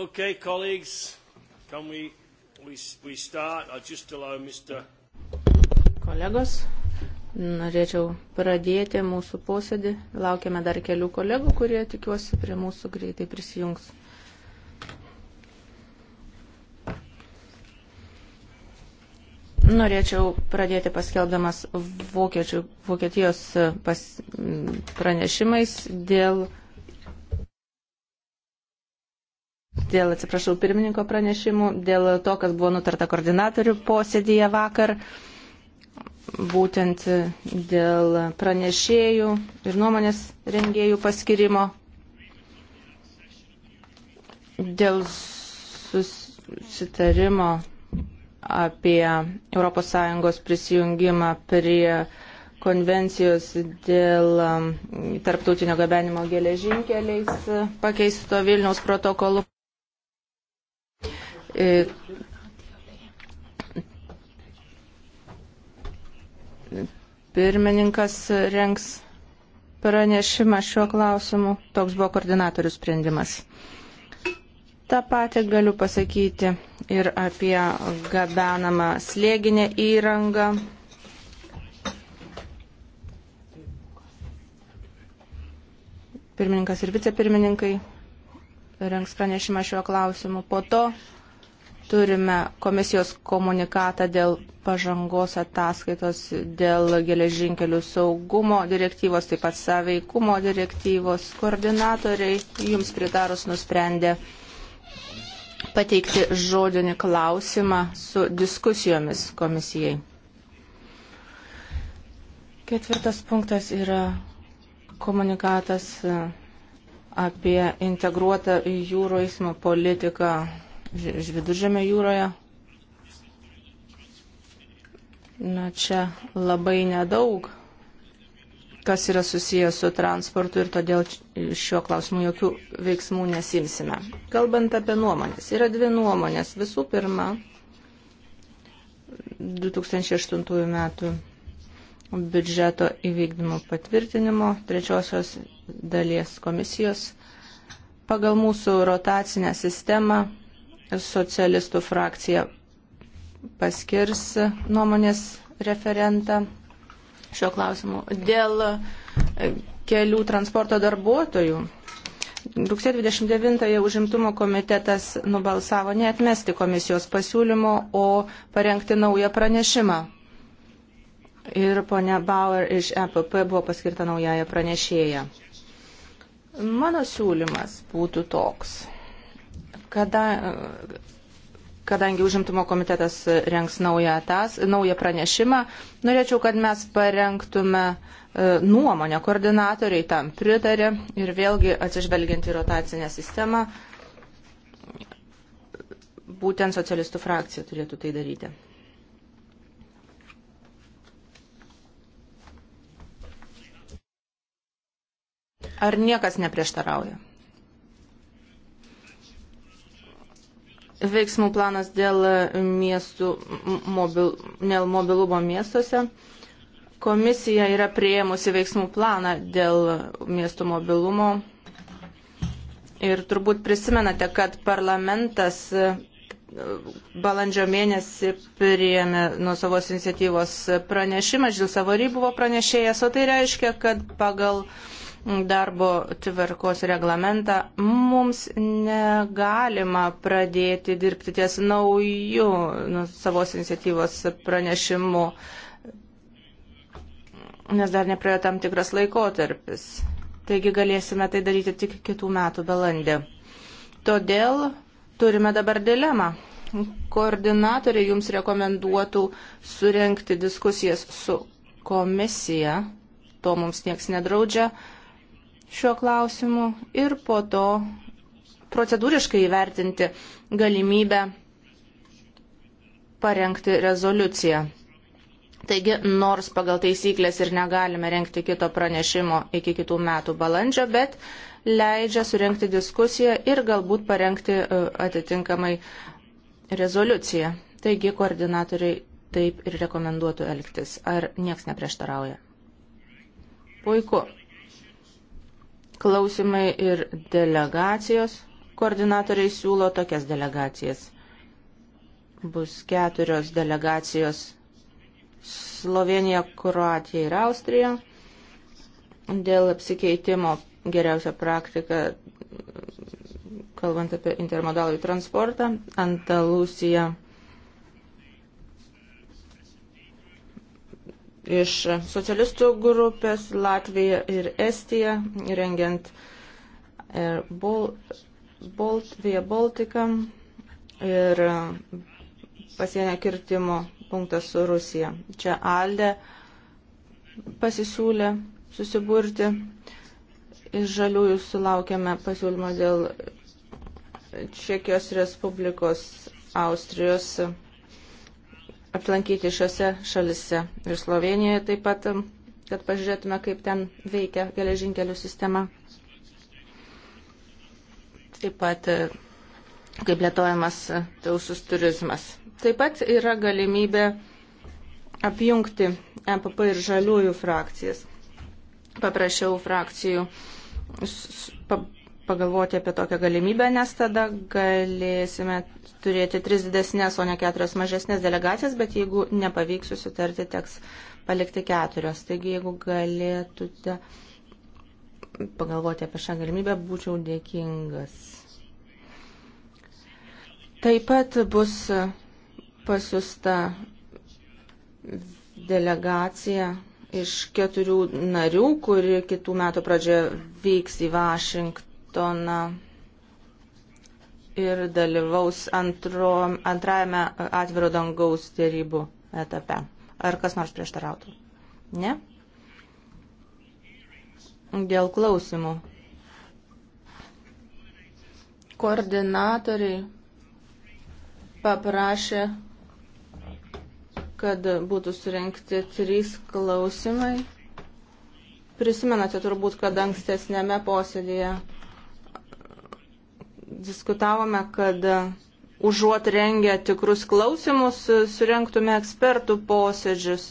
Okay, colleagues, can we, we, we start? I'll just allow Mr. Kolegos, norėčiau pradėti mūsų posėdį. Laukiame dar kelių kolegų, kurie tikiuosi prie mūsų greitai prisijungs. Norėčiau pradėti paskelbdamas Vokiečių, Vokietijos pas, pranešimais dėl dėl, atsiprašau, pirmininko pranešimų, dėl to, kas buvo nutarta koordinatorių posėdėje vakar, būtent dėl pranešėjų ir nuomonės rengėjų paskirimo, dėl susitarimo apie ES prisijungimą prie konvencijos dėl um, tarptautinio gabenimo geležinkeliais pakeisto Vilniaus protokolu. E, pirmininkas rengs pranešimą šiuo klausimu. Toks buvo koordinatorių sprendimas. Ta pati galiu pasakyti ir apie gabenamą slėginę įrangą. Pirmininkas ir vicepirmininkai rengs pranešimą šiuo klausimu. Po to Turime komisijos komunikatą dėl pažangos ataskaitos, dėl geležinkelių saugumo direktyvos, taip pat saveikumo direktyvos. Koordinatoriai jums pritarus nusprendė pateikti žodinį klausimą su diskusijomis komisijai. Ketvirtas punktas yra komunikatas apie integruotą jūro eismo politiką Viduržėme jūroje. Na čia labai nedaug, kas yra susijęs su transportu ir todėl šiuo klausimu jokių veiksmų nesimsime. Kalbant apie nuomonės, yra dvi nuomonės. Visų pirma, 2008 metų biudžeto įvykdymo patvirtinimo trečiosios dalies komisijos. Pagal mūsų rotacinę sistemą Socialistų frakcija paskirs nuomonės referentą šio klausimu. Dėl e, kelių transporto darbuotojų. Rugsėjo 29-ąją užimtumo komitetas nubalsavo neatmesti komisijos pasiūlymo, o parengti naują pranešimą. Ir ponia Bauer iš EPP buvo paskirta naująją pranešėją. Mano siūlymas būtų toks. Kada, kadangi užimtumo komitetas rengs naują, tas, naują pranešimą, norėčiau, kad mes parengtume e, nuomonę, koordinatoriai tam pritarė ir vėlgi atsižvelgiant į rotacinę sistemą, būtent socialistų frakcija turėtų tai daryti. Ar niekas neprieštarauja? veiksmų planas dėl miestų mobil, dėl mobilumo miestuose. Komisija yra prieimusi veiksmų planą dėl miestų mobilumo. Ir turbūt prisimenate, kad parlamentas e, balandžio mėnesį priėmė nuo savos iniciatyvos pranešimą, Žil Savary buvo pranešėjas, o tai reiškia, kad pagal uh, darbo tvarkos reglamentą, mums negalima pradėti dirbti ties naujų nu, savos iniciatyvos pranešimu, nes dar nepraėjo tam tikras laikotarpis. Taigi galėsime tai daryti tik kitų metų balandį. Todėl turime dabar dilemą koordinatoriai jums rekomenduotų surenkti diskusijas su komisija, to mums nieks nedraudžia, šiuo klausimu ir po to procedūriškai įvertinti galimybę parengti rezoliuciją. Taigi, nors pagal taisyklės ir negalime renkti kito pranešimo iki kitų metų balandžio, bet leidžia surenkti diskusiją ir galbūt parengti e, atitinkamai rezoliuciją. Taigi, koordinatoriai taip ir rekomenduotų elgtis. Ar nieks neprieštarauja? Puiku klausimai ir delegacijos. Koordinatoriai siūlo tokias delegacijas. Bus keturios delegacijos Slovenija, Kroatija ir Austrija. Dėl apsikeitimo geriausia praktika, kalbant apie intermodalų transportą, Antalusija iš socialistų grupės Latvija ir Estija, rengiant e, Bol, Bolt, Via Baltica ir e, pasienio kirtimo punktas su Rusija. Čia Alde pasisiūlė susiburti. Iš žaliųjų sulaukėme pasiūlymo dėl Čekijos Respublikos, Austrijos aplankyti šiuose šalise ir Slovenijoje taip pat, kad pažiūrėtume, kaip ten veikia geležinkelių sistema. Taip pat, kaip plėtojamas tausus turizmas. Taip pat yra galimybė apjungti MPP ir žaliųjų frakcijas. Paprašiau frakcijų pagalvoti apie tokią galimybę, nes tada galėsime turėti tris didesnės, o ne keturias mažesnės delegacijas, bet jeigu nepavyks susitarti, teks palikti keturios. Taigi, jeigu galėtumėte pagalvoti apie šią galimybę, būčiau dėkingas. Taip pat bus pasiusta delegacija iš keturių narių, kuri kitų metų pradžioje vyks į Vašingtoną Vašingtoną ir dalyvaus antro, antrajame atviro dangaus dėrybų etape. Ar kas nors prieštarautų? Ne? Dėl klausimų. Koordinatoriai paprašė, kad būtų surinkti trys klausimai. Prisimenate turbūt, kad ankstesnėme posėdėje diskutavome, kad užuot rengę tikrus klausimus, surenktume ekspertų posėdžius,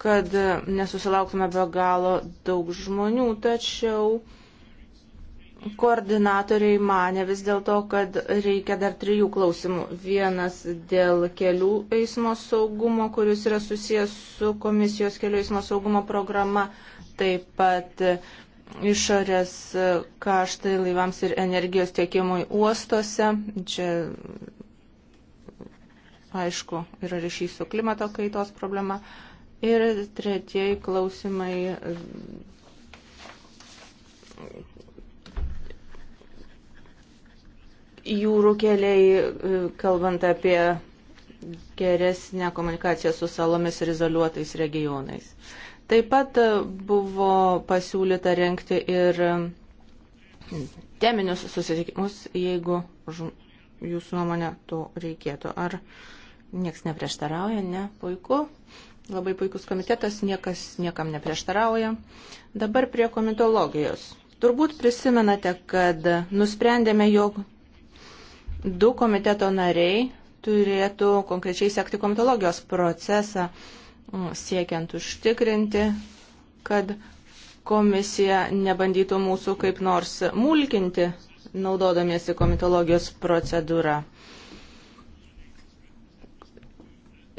kad nesusilauktume be galo daug žmonių, tačiau koordinatoriai mane vis dėlto, kad reikia dar trijų klausimų. Vienas dėl kelių eismo saugumo, kuris yra susijęs su komisijos kelių eismo saugumo programa, taip pat išorės kaštai laivams ir energijos tiekimui uostuose. Čia, aišku, yra ryšys su klimato kaitos problema. Ir tretieji klausimai. Jūrų keliai, kalbant apie geresnę komunikaciją su salomis ir izoliuotais regionais. Uh, Taip pat e, buvo pasiūlyta renkti ir e, teminius susitikimus, jeigu jūsų nuomonė to reikėtų. Ar nieks neprieštarauja? Ne, puiku. Labai puikus komitetas, niekas niekam neprieštarauja. Dabar prie komitologijos. Turbūt prisimenate, kad nusprendėme, jog du komiteto nariai turėtų konkrečiai sekti komitologijos procesą siekiant užtikrinti, kad komisija nebandytų mūsų kaip nors mulkinti, naudodamiesi komitologijos procedūrą.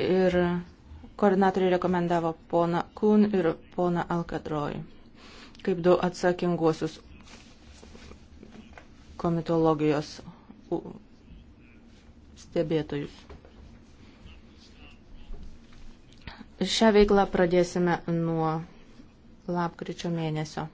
Ir koordinatoriai rekomendavo pona Kun ir pona Alkadroj kaip du atsakinguosius komitologijos stebėtojus. Šią veiklą pradėsime nuo lapkričio mėnesio.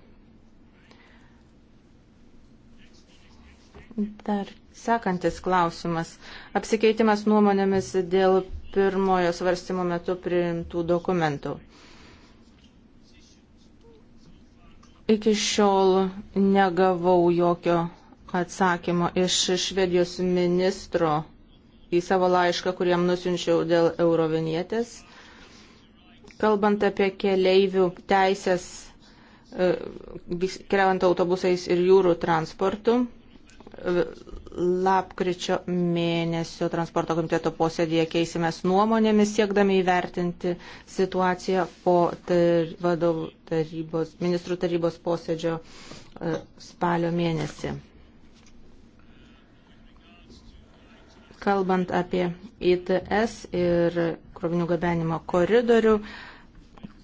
Dar sekantis klausimas. Apsikeitimas nuomonėmis dėl pirmojo svarstymo metu priimtų dokumentų. Iki šiol negavau jokio atsakymo iš Švedijos ministro į savo laišką, kuriam nusinčiau dėl eurovinietės. Kalbant apie keleivių teisės e, keliaujant autobusais ir jūrų transportu, e, lapkričio mėnesio transporto komiteto posėdėje keisimės nuomonėmis siekdami įvertinti situaciją po tar, vadovų tarybos, ministrų tarybos posėdžio e, spalio mėnesį. Kalbant apie ITS ir krovinių gabenimo koridorių,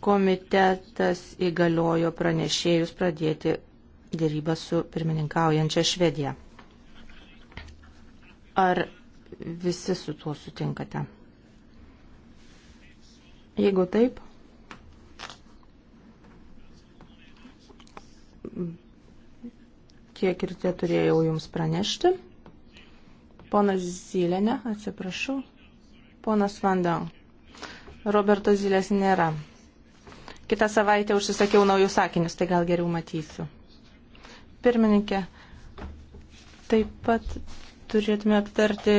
komitetas įgaliojo pranešėjus pradėti dėrybą su pirmininkaujančia Švedija. Ar visi su tuo sutinkate? Jeigu taip, tiek ir tie turėjau jums pranešti. Ponas Zylėne, atsiprašau. Ponas Vandau. Roberto Zylės nėra. Kitą savaitę užsisakiau naujus sakinius, tai gal geriau matysiu. Pirmininkė, taip pat turėtume aptarti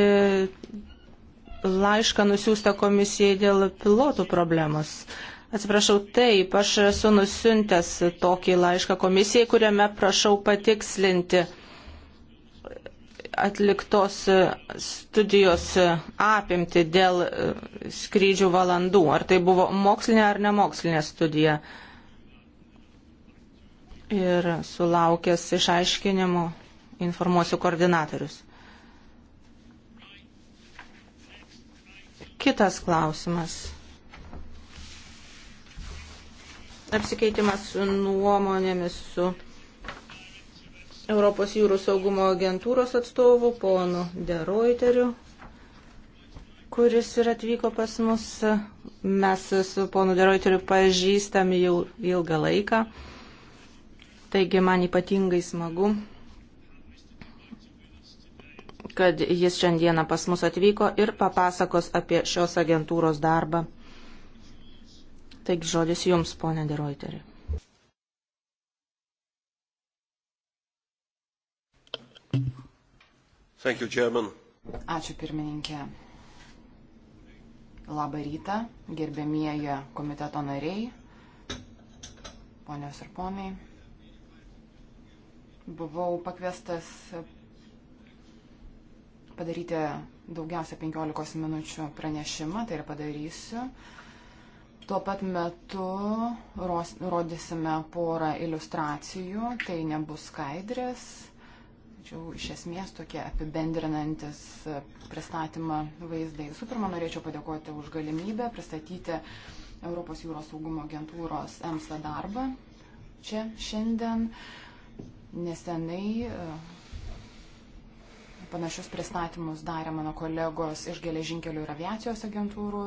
laišką nusiųstą komisijai dėl pilotų problemos. Atsiprašau, taip, aš esu nusiuntęs tokį laišką komisijai, kuriame prašau patikslinti atliktos e, studijos e, apimti dėl e, skrydžių valandų? Ar tai buvo mokslinė ar nemokslinė studija? Ir sulaukęs išaiškinimų informuosiu koordinatorius. Kitas klausimas. Apsikeitimas nuomonėmis su Europos jūrų saugumo agentūros atstovu, ponu Deroiteriu, kuris ir atvyko pas mus. Mes su ponu Deroiteriu pažįstami jau ilgą laiką, taigi man ypatingai smagu, kad jis šiandieną pas mus atvyko ir papasakos apie šios agentūros darbą. Taigi žodis jums, ponė Deroiteriu. Thank you, Chairman. Ačiū pirmininkė. Labą rytą, gerbėmieji komiteto nariai, ponios ir ponai. Buvau pakviestas padaryti daugiausia 15 minučių pranešimą, tai ir padarysiu. Tuo pat metu ros, rodysime porą iliustracijų, tai nebus skaidrės Tačiau iš esmės tokie apibendrinantis e, pristatymą vaizdai. Visų pirma, norėčiau padėkoti už galimybę pristatyti Europos jūros saugumo agentūros EMSA darbą. Čia šiandien nesenai e, panašius pristatymus darė mano kolegos iš geležinkelių ir aviacijos agentūrų.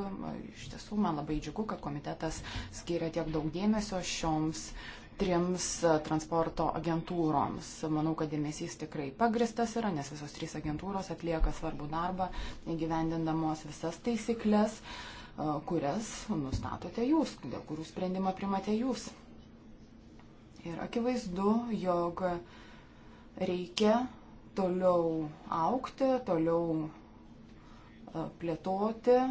Iš tiesų, man labai džiugu, kad komitetas skiria tiek daug dėmesio šioms uh, trims e, transporto agentūroms. Manau, kad dėmesys tikrai pagristas yra, nes visos trys agentūros atlieka svarbų darbą, įgyvendindamos visas taisyklės, e, kurias nustatote jūs, dėl kurių sprendimą primate jūs. Ir akivaizdu, jog reikia toliau aukti, toliau e, plėtoti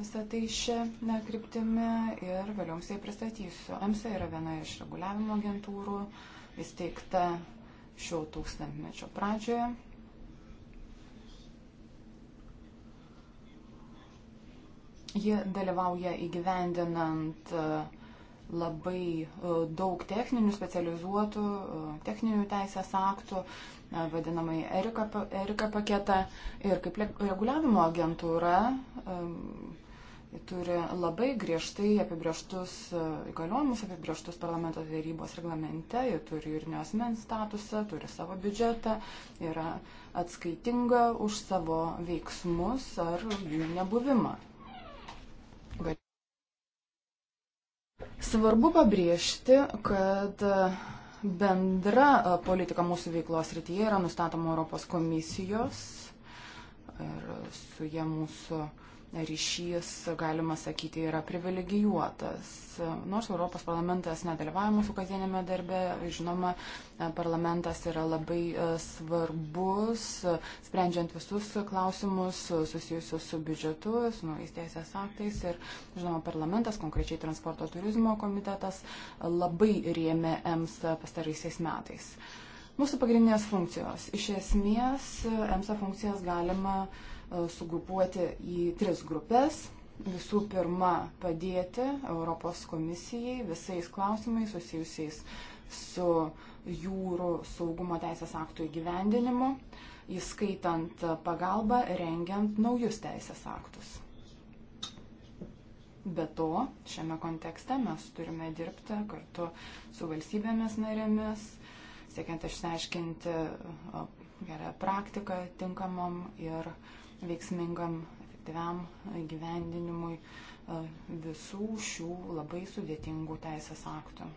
visą tai šią kryptimį ir vėliau jums tai pristatysiu. EMSA yra viena iš reguliavimo agentūrų, įsteigta šio tūkstantmečio pradžioje. Ji dalyvauja įgyvendinant e, labai e, daug techninių specializuotų e, techninių teisės aktų, vadinamai Erika, Erika paketą. Ir kaip reguliavimo agentūra turi labai griežtai apibrieštus e, įgaliojimus, apibrieštus parlamento tarybos reglamente, ji turi juridinio asmens statusą, turi savo biudžetą, yra atskaitinga už savo veiksmus ar jų nebuvimą. Svarbu pabrėžti, kad bendra e, politika mūsų veiklos rytyje yra nustatoma Europos komisijos ir su jie mūsų uh, ryšys, galima sakyti, yra privilegijuotas. Nors Europos parlamentas nedalyvauja mūsų kasdienėme darbe, žinoma, parlamentas yra labai e, svarbus, sprendžiant visus klausimus susijusius su biudžetu, su naujais teisės aktais. Ir, žinoma, parlamentas, konkrečiai transporto turizmo komitetas, labai rėmė EMS pastaraisiais metais. Mūsų pagrindinės funkcijos. Iš esmės, EMSA funkcijas galima uh, E, sugrupuoti į tris grupės. Visų pirma, padėti Europos komisijai visais klausimais susijusiais su jūrų saugumo teisės aktų įgyvendinimu, įskaitant pagalbą rengiant naujus teisės aktus. Be to, šiame kontekste mes turime dirbti kartu su valstybėmis narėmis, siekiant išsiaiškinti e, gerą praktiką tinkamam ir uh, veiksmingam, efektyviam gyvendinimui e, visų šių labai sudėtingų teisės aktų.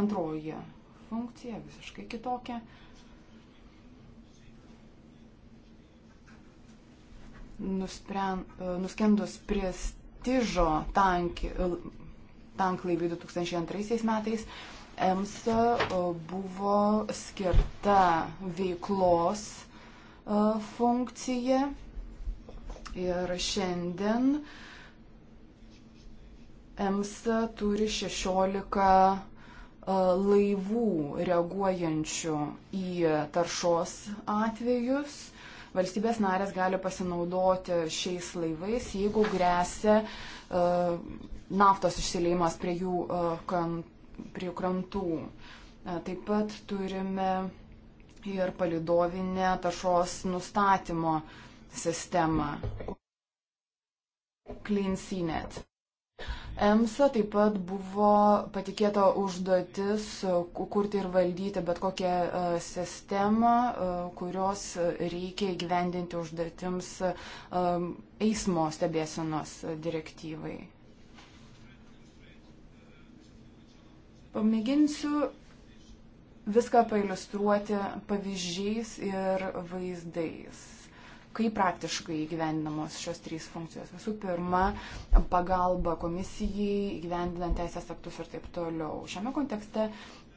Antroji funkcija visiškai kitokia. Nuspren, e, nuskendus prestižo tanki, e, tanklaivį 2002 metais EMSA buvo skirta veiklos funkciją. Ir šiandien EMSA turi 16 laivų reaguojančių į taršos atvejus. Valstybės narės gali pasinaudoti šiais laivais, jeigu grėsia naftos išsileimas prie jų, prie jų krantų. Taip pat turime ir palidovinę taršos nustatymo sistemą. Clean CNET. EMSA taip pat buvo patikėta užduotis e, kurti ir valdyti bet kokią e, sistemą, e, kurios reikia įgyvendinti užduotims eismo stebėsenos direktyvai. Pamėginsiu viską pailustruoti pavyzdžiais ir vaizdais. Kaip praktiškai įgyvendinamos šios trys funkcijos? Visų pirma, pagalba komisijai, įgyvendinant teisės aktus ir taip toliau. Šiame kontekste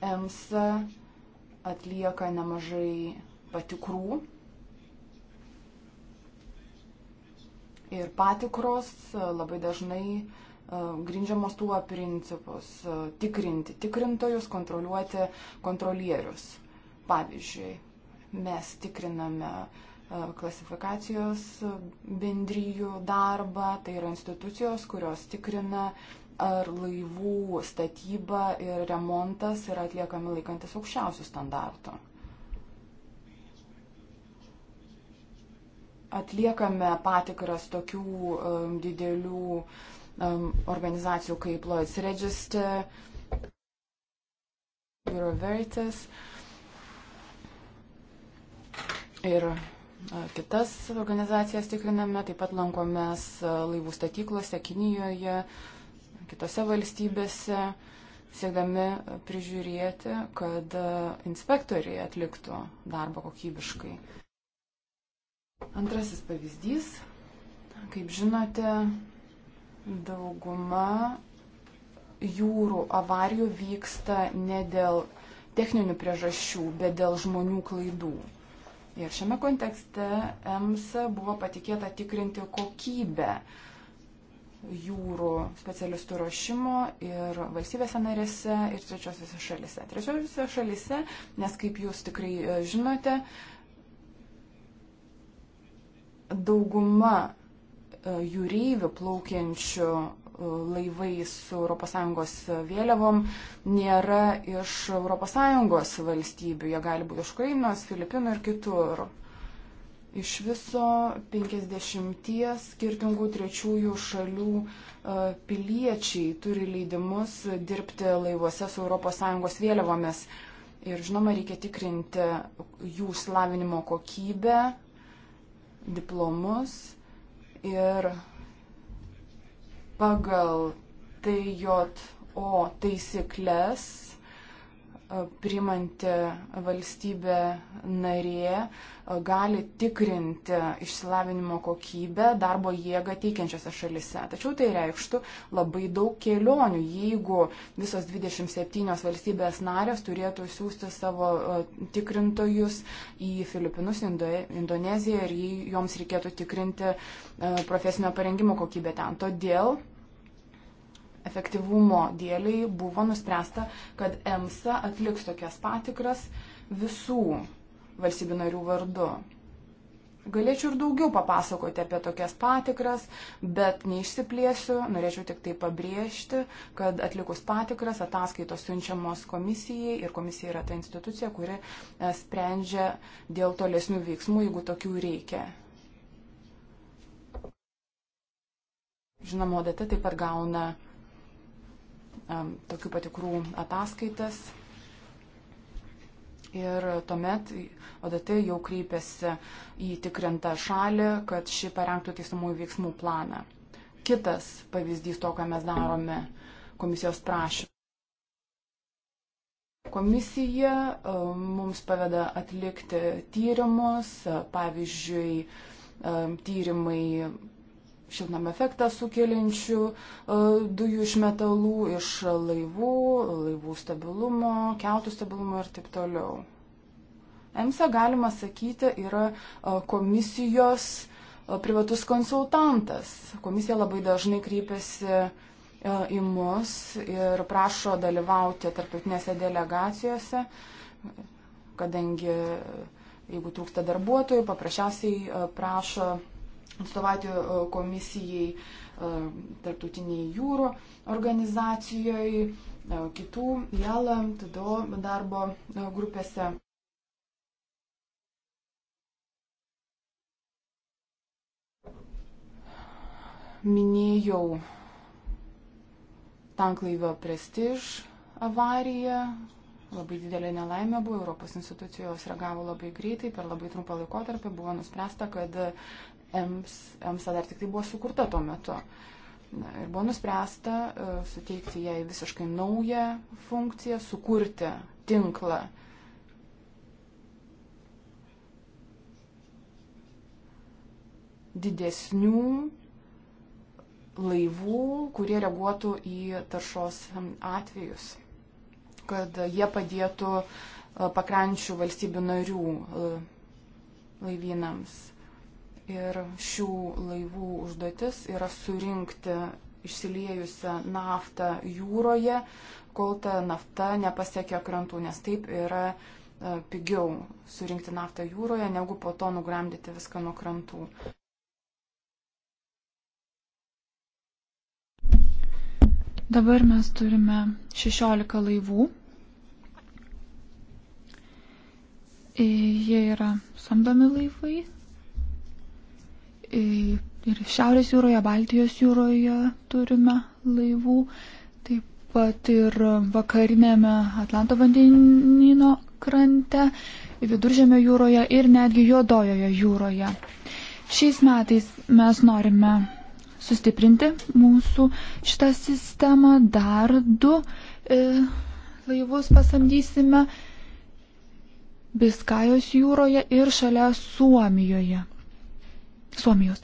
EMSA atlieka nemažai patikrų ir patikros labai dažnai uh, E, grindžiamos tuo principus e, - tikrinti tikrintojus, kontroliuoti kontrolierius. Pavyzdžiui, mes tikriname e, klasifikacijos bendryjų darbą, tai yra institucijos, kurios tikrina, ar laivų statyba ir remontas yra atliekami laikantis aukščiausių standartų. Atliekame patikras tokių didelių uh, Um, organizacijų kaip Lloyd's Register, Bureau Veritas ir uh, kitas organizacijas tikriname, taip pat lankomės uh, laivų statyklose Kinijoje, kitose valstybėse, siekdami uh, prižiūrėti, kad inspektoriai atliktų darbą kokybiškai. Antrasis pavyzdys. Kaip žinote, Dauguma jūrų avarijų vyksta ne dėl techninių priežasčių, bet dėl žmonių klaidų. Ir šiame kontekste EMSA buvo patikėta tikrinti kokybę jūrų specialistų ruošimo ir valstybėse narėse ir trečiosiuose šalise. Trečiosiuose šalise, nes kaip jūs tikrai e, žinote, dauguma E, jūreivių plaukiančių e, laivais su ES vėliavom nėra iš ES valstybių. Jie gali būti iš Ukrainos, Filipinų ir kitur. Iš viso 50 skirtingų trečiųjų šalių e, piliečiai turi leidimus dirbti laivuose su ES vėliavomis. Ir žinoma, reikia tikrinti jų slavinimo kokybę, diplomus ir pagal TJO taisyklės primanti valstybė narė e, gali tikrinti išsilavinimo kokybę darbo jėgą teikiančiose šalise. Tačiau tai reikštų labai daug kelionių, jeigu visos 27 valstybės narės turėtų siūsti savo e, tikrintojus į Filipinus, Indo, Indoneziją ir joms reikėtų tikrinti e, profesinio parengimo kokybę ten. Todėl efektyvumo dėliai buvo nuspręsta, kad EMSA atliks tokias patikras visų valstybių narių vardu. Galėčiau ir daugiau papasakoti apie tokias patikras, bet neišsiplėsiu, norėčiau tik tai pabrėžti, kad atlikus patikras ataskaitos siunčiamos komisijai ir komisija yra ta institucija, kuri e, sprendžia dėl tolesnių veiksmų, jeigu tokių reikia. Žinoma, ODT taip pat gauna tokių patikrų ataskaitas. Ir tuomet ODT jau kreipėsi į tikrintą šalį, kad ši parengtų teismųjų veiksmų planą. Kitas pavyzdys to, ką mes darome komisijos prašymą. Komisija e, mums paveda atlikti tyrimus, e, pavyzdžiui, e, tyrimai šiltnamio efektą sukeliančių e, dujų iš metalų, iš laivų, laivų stabilumo, keltų stabilumo ir taip toliau. EMSA, galima sakyti, yra e, komisijos e, privatus konsultantas. Komisija labai dažnai kreipiasi į mus ir prašo dalyvauti tarptautinėse delegacijose, kadangi jeigu trūksta darbuotojų, paprasčiausiai prašo atstovauti e, komisijai e, tarptautiniai jūro organizacijoje, kitų JALA, TDO darbo e, grupėse. Minėjau tanklaivio prestiž avariją, labai didelė nelaimė buvo, Europos institucijos reagavo labai greitai, per labai trumpą laikotarpį buvo nuspręsta, kad EMS, EMSA dar tik tai buvo sukurta tuo metu. Na, ir buvo nuspręsta uh, suteikti jai visiškai naują funkciją, sukurti tinklą. didesnių laivų, kurie reaguotų į taršos atvejus, kad jie padėtų e, pakrančių valstybių narių e, laivynams. Ir šių laivų užduotis yra surinkti išsiliejusią naftą jūroje, kol ta nafta nepasiekia krantų, nes taip yra e, pigiau surinkti naftą jūroje, negu po to nugramdyti viską nuo krantų. Dabar mes turime 16 laivų. E, jie yra samdomi laivai, ir Šiaurės jūroje, Baltijos jūroje turime laivų, taip pat ir vakarinėme Atlanto vandenino krante, Viduržėmio jūroje ir netgi Juodojoje jūroje. Šiais metais mes norime sustiprinti mūsų šitą sistemą, dar du e, laivus pasamdysime Biskajos jūroje ir šalia Suomijoje. Suomijos.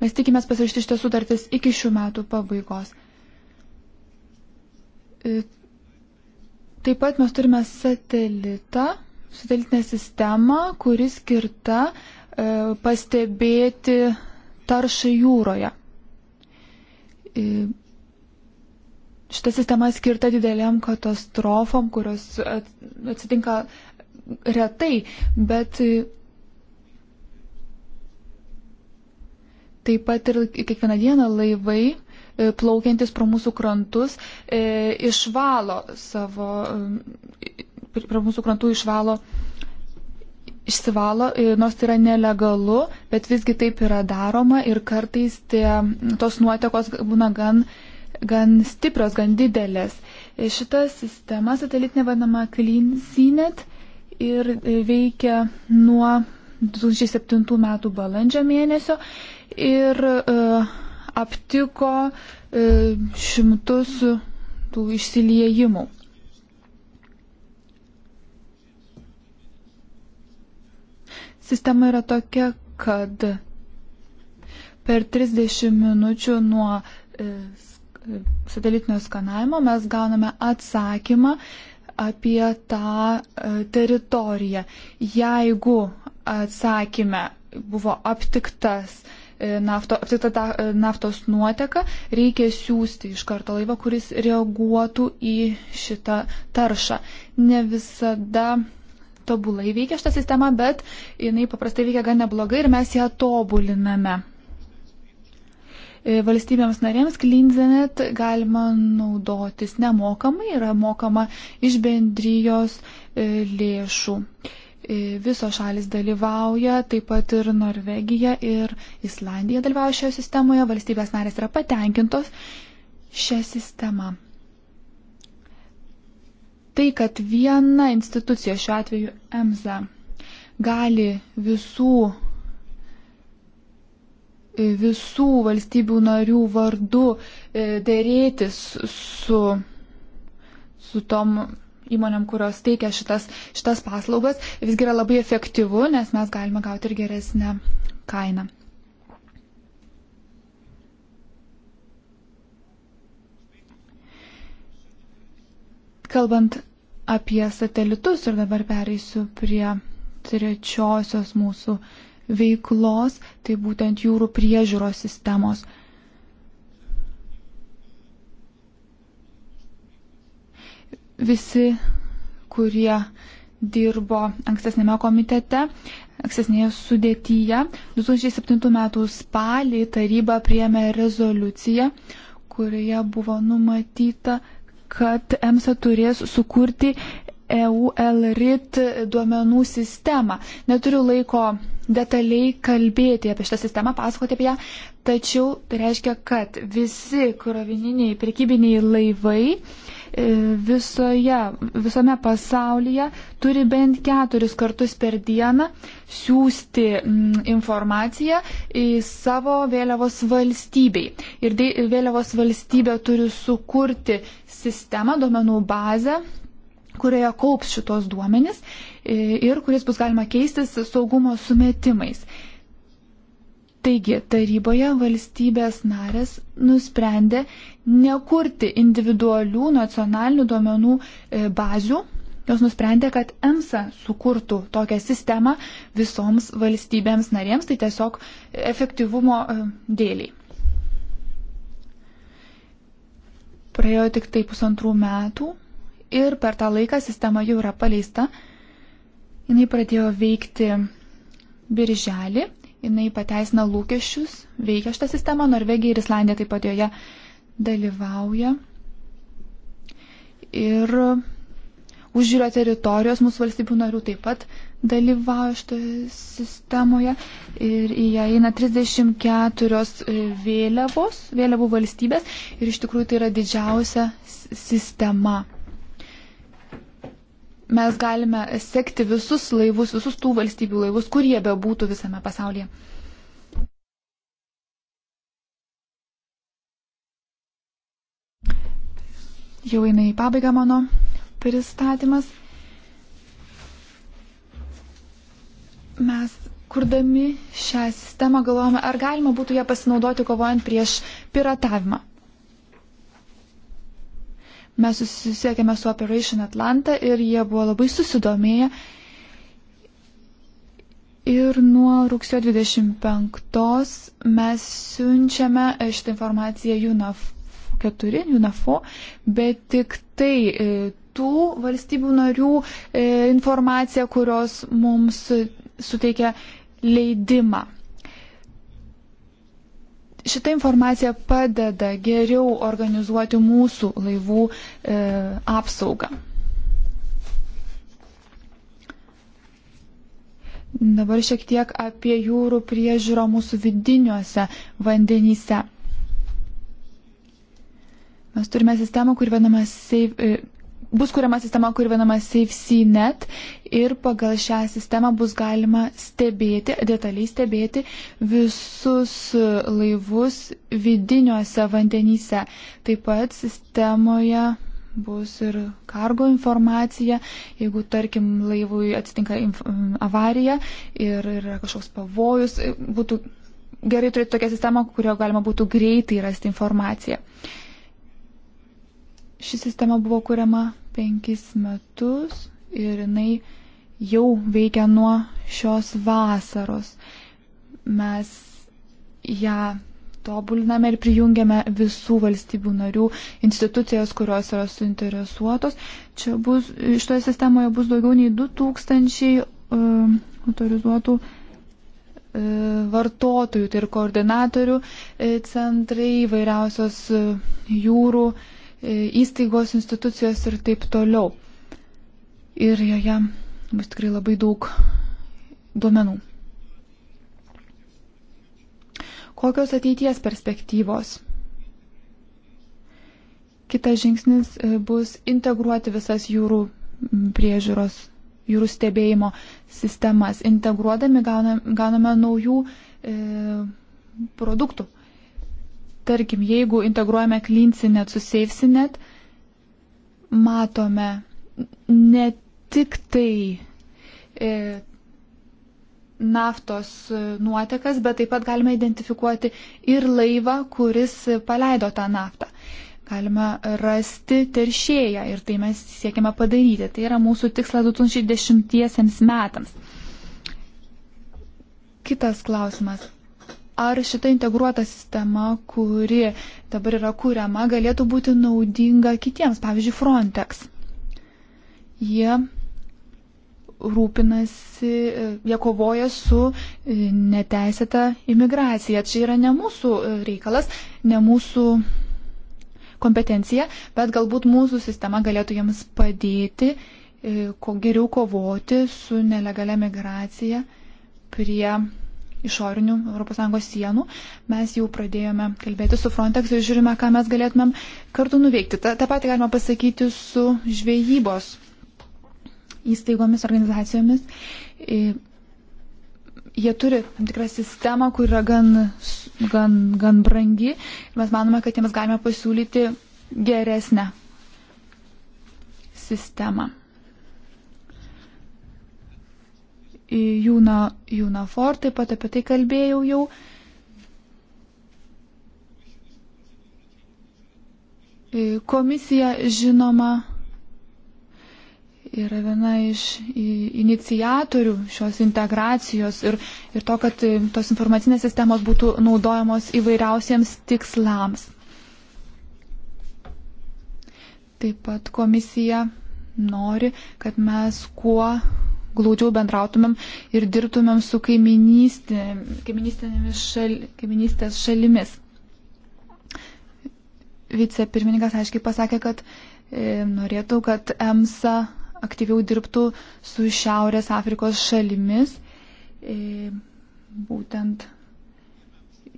Mes tikimės pasirašyti šitą sutartis iki šių metų pabaigos. E, taip pat mes turime satelitą, satelitinę sistemą, kuri skirta e, pastebėti taršą jūroje. E, šita sistema skirta dideliam katastrofom, kurios atsitinka retai, bet Taip pat ir kiekvieną dieną laivai e, plaukiantis pro mūsų krantus e, išvalo savo, e, pro mūsų krantų išvalo, išsivalo, nors tai yra nelegalu, bet visgi taip yra daroma ir kartais tie, tos nuotekos būna gan, gan stiprios, gan didelės. Šita sistema satelitinė vadinama CleanSeaNet ir veikia nuo 2007 metų balandžio mėnesio ir e, aptiko e, šimtus tų išsiliejimų. Sistema yra tokia, kad per 30 minučių nuo e, satelitinio skanavimo mes gauname atsakymą apie tą teritoriją. Jeigu atsakymę buvo aptiktas uh, E, nafto, aptiktą e, naftos nuoteką, reikia siūsti iš karto laivą, kuris reaguotų į šitą taršą. Ne visada tobulai veikia šitą sistemą, bet jinai paprastai veikia gan neblogai ir mes ją tobuliname. E, valstybėms narėms Klinzenet galima naudotis nemokamai, yra mokama iš bendrijos lėšų. E, visos šalis dalyvauja, taip pat ir Norvegija ir Islandija dalyvauja šioje sistemoje, valstybės narės yra patenkintos šią sistemą. Tai, kad viena institucija, šiuo atveju EMSA, gali visų, e, visų valstybių narių vardu e, dėrėtis su, su tom įmonėm, kurios teikia šitas, šitas paslaugas, visgi yra labai efektyvu, nes mes galime gauti ir geresnę kainą. Kalbant apie satelitus ir dabar pereisiu prie trečiosios mūsų veiklos, tai būtent jūrų priežiūros sistemos. visi, kurie dirbo ankstesnėme komitete, ankstesnėje sudėtyje. 2007 m. spalį taryba priemė rezoliuciją, kurioje buvo numatyta, kad EMSA turės sukurti EULRIT duomenų sistemą. Neturiu laiko detaliai kalbėti apie šitą sistemą, pasakoti apie ją, tačiau tai reiškia, kad visi krovininiai prekybiniai laivai E, visoje, visame pasaulyje turi bent keturis kartus per dieną siūsti informaciją į savo vėliavos valstybei. Ir vėliavos valstybė turi sukurti sistemą, duomenų bazę, kurioje kaups šitos duomenys e, ir kuriais bus galima keistis saugumo sumetimais. Taigi taryboje valstybės narės nusprendė nekurti individualių nacionalinių duomenų e, bazių. Jos nusprendė, kad EMSA sukurtų tokią sistemą visoms valstybėms narėms, tai tiesiog efektyvumo e, dėliai. Praėjo tik tai pusantrų metų ir per tą laiką sistema jau yra paleista. Jis pradėjo veikti birželį jinai pateisina lūkesčius, veikia šitą sistemą, Norvegija ir Islandija taip pat joje dalyvauja. Ir užžiūrio teritorijos mūsų valstybių narių taip pat dalyvauja šitoje sistemoje ir į ją eina 34 e, vėliavos, vėliavų valstybės ir iš tikrųjų tai yra didžiausia sistema mes galime sekti visus laivus, visus tų valstybių laivus, kur jie bebūtų visame pasaulyje. Jau eina į pabaigą mano pristatymas. Mes kurdami šią sistemą galvojame, ar galima būtų ją pasinaudoti kovojant prieš piratavimą. Mes susisiekėme su Operation Atlanta ir jie buvo labai susidomėję. Ir nuo rugsėjo 25 mes siunčiame šitą informaciją UNAF 4, UNAFO, bet tik tai e, tų valstybių narių e, informacija, kurios mums suteikia leidimą Šita informacija padeda geriau organizuoti mūsų laivų e, apsaugą. Dabar šiek tiek apie jūrų priežiūrą mūsų vidiniuose vandenyse. Mes turime sistemą, kur vadinama Save e, bus kuriama sistema, kuri vienama SafeCNet ir pagal šią sistemą bus galima stebėti, detaliai stebėti visus laivus vidiniuose vandenyse. Taip pat sistemoje bus ir kargo informacija, jeigu, tarkim, laivui atsitinka avarija ir yra kažkoks pavojus, būtų gerai turėti tokią sistemą, kurio galima būtų greitai rasti informaciją. Ši sistema buvo kuriama penkis metus ir jinai jau veikia nuo šios vasaros. Mes ją tobuliname ir prijungiame visų valstybių narių institucijas, kurios yra suinteresuotos. Čia bus, šitoje sistemoje bus daugiau nei 2000 um, e, autorizuotų e, vartotojų, tai ir koordinatorių e, centrai, vairiausios jūrų E, įstaigos, institucijos ir taip toliau. Ir joje bus tikrai labai daug duomenų. Kokios ateities perspektyvos? Kitas žingsnis e, bus integruoti visas jūrų priežiūros, jūrų stebėjimo sistemas. Integruodami gauname, gauname naujų e, produktų tarkim, jeigu integruojame klinsinet su seifsinet, matome ne tik tai e, naftos nuotekas, bet taip pat galime identifikuoti ir laivą, kuris paleido tą naftą. Galime rasti teršėją ir tai mes siekiame padaryti. Tai yra mūsų tikslas 2010 metams. Kitas klausimas ar šita integruota sistema, kuri dabar yra kuriama, galėtų būti naudinga kitiems, pavyzdžiui, Frontex. Jie rūpinasi, jie kovoja su e, neteisėta imigracija. Čia yra ne mūsų e, reikalas, ne mūsų kompetencija, bet galbūt mūsų sistema galėtų jiems padėti e, ko geriau kovoti su nelegalia migracija prie išorinių ES sienų. Mes jau pradėjome kalbėti su Frontex ir žiūrime, ką mes galėtumėm kartu nuveikti. Ta, tą patį galima pasakyti su žvejybos įstaigomis, organizacijomis. E, jie turi tam tikrą sistemą, kur yra gan, gan, gan brangi ir mes manome, kad jiems galime pasiūlyti geresnę sistemą. Jūna, Jūna Ford, taip pat apie tai kalbėjau jau. E, komisija, žinoma, yra viena iš inicijatorių šios integracijos ir, ir to, kad e, tos informacinės sistemos būtų naudojamos įvairiausiems tikslams. Taip pat komisija nori, kad mes kuo glaudžiau bendrautumėm ir dirbtumėm su kaiminystės šal, šalimis. Vicepirmininkas aiškiai pasakė, kad e, norėtų, kad EMSA aktyviau dirbtų su Šiaurės Afrikos šalimis, e, būtent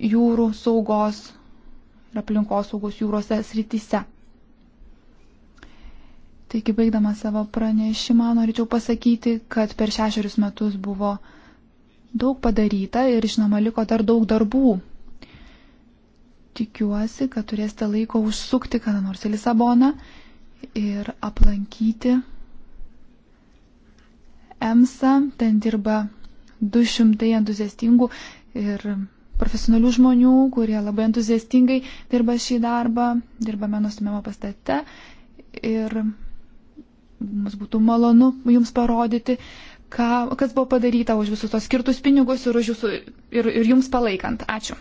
jūrų saugos ir aplinkos saugos jūrose srityse. Taigi, baigdama savo pranešimą, norėčiau pasakyti, kad per šešerius metus buvo daug padaryta ir, žinoma, liko dar daug darbų. Tikiuosi, kad turėsite laiko užsukti kada nors į Lisaboną ir aplankyti EMSA. Ten dirba 200 entuziastingų ir profesionalių žmonių, kurie labai entuziastingai dirba šį darbą, dirbame nustumiamo pastate. Ir mums būtų malonu jums parodyti, ką, kas buvo padaryta už visus tos skirtus pinigus ir, jūsų, ir, ir jums palaikant. Ačiū.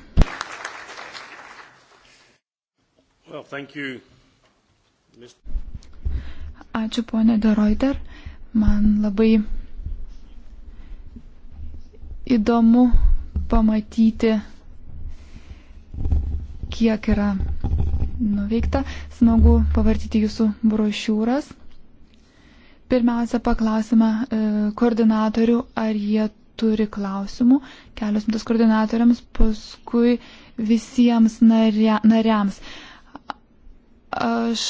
Well, Ačiū, ponė Deroiter. Man labai įdomu pamatyti, kiek yra nuveikta. Smagu pavartyti jūsų brošiūras. Pirmiausia, paklausime e, koordinatorių, ar jie turi klausimų. Kelios mintis koordinatoriams, paskui visiems naria, nariams. Aš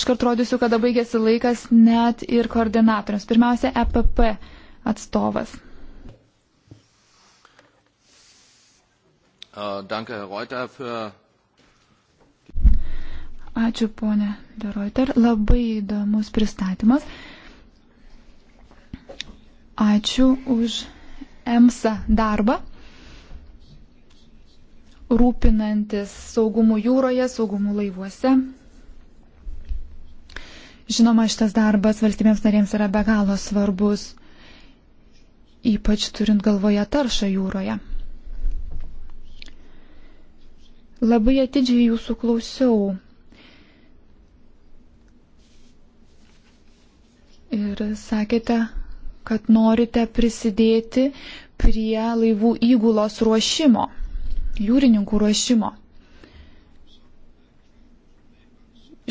iškart rodysiu, kada baigėsi laikas net ir koordinatoriams. Pirmiausia, EPP atstovas. Uh, danke, Herr Reuter, für Ačiū, ponė Deroiter. Labai įdomus pristatymas. Ačiū už EMSA darbą, rūpinantis saugumu jūroje, saugumu laivuose. Žinoma, šitas darbas valstybėms narėms yra be galo svarbus, ypač turint galvoje taršą jūroje. Labai atidžiai jūsų klausiau ir sakėte, kad norite prisidėti prie laivų įgulos ruošimo, jūrininkų ruošimo.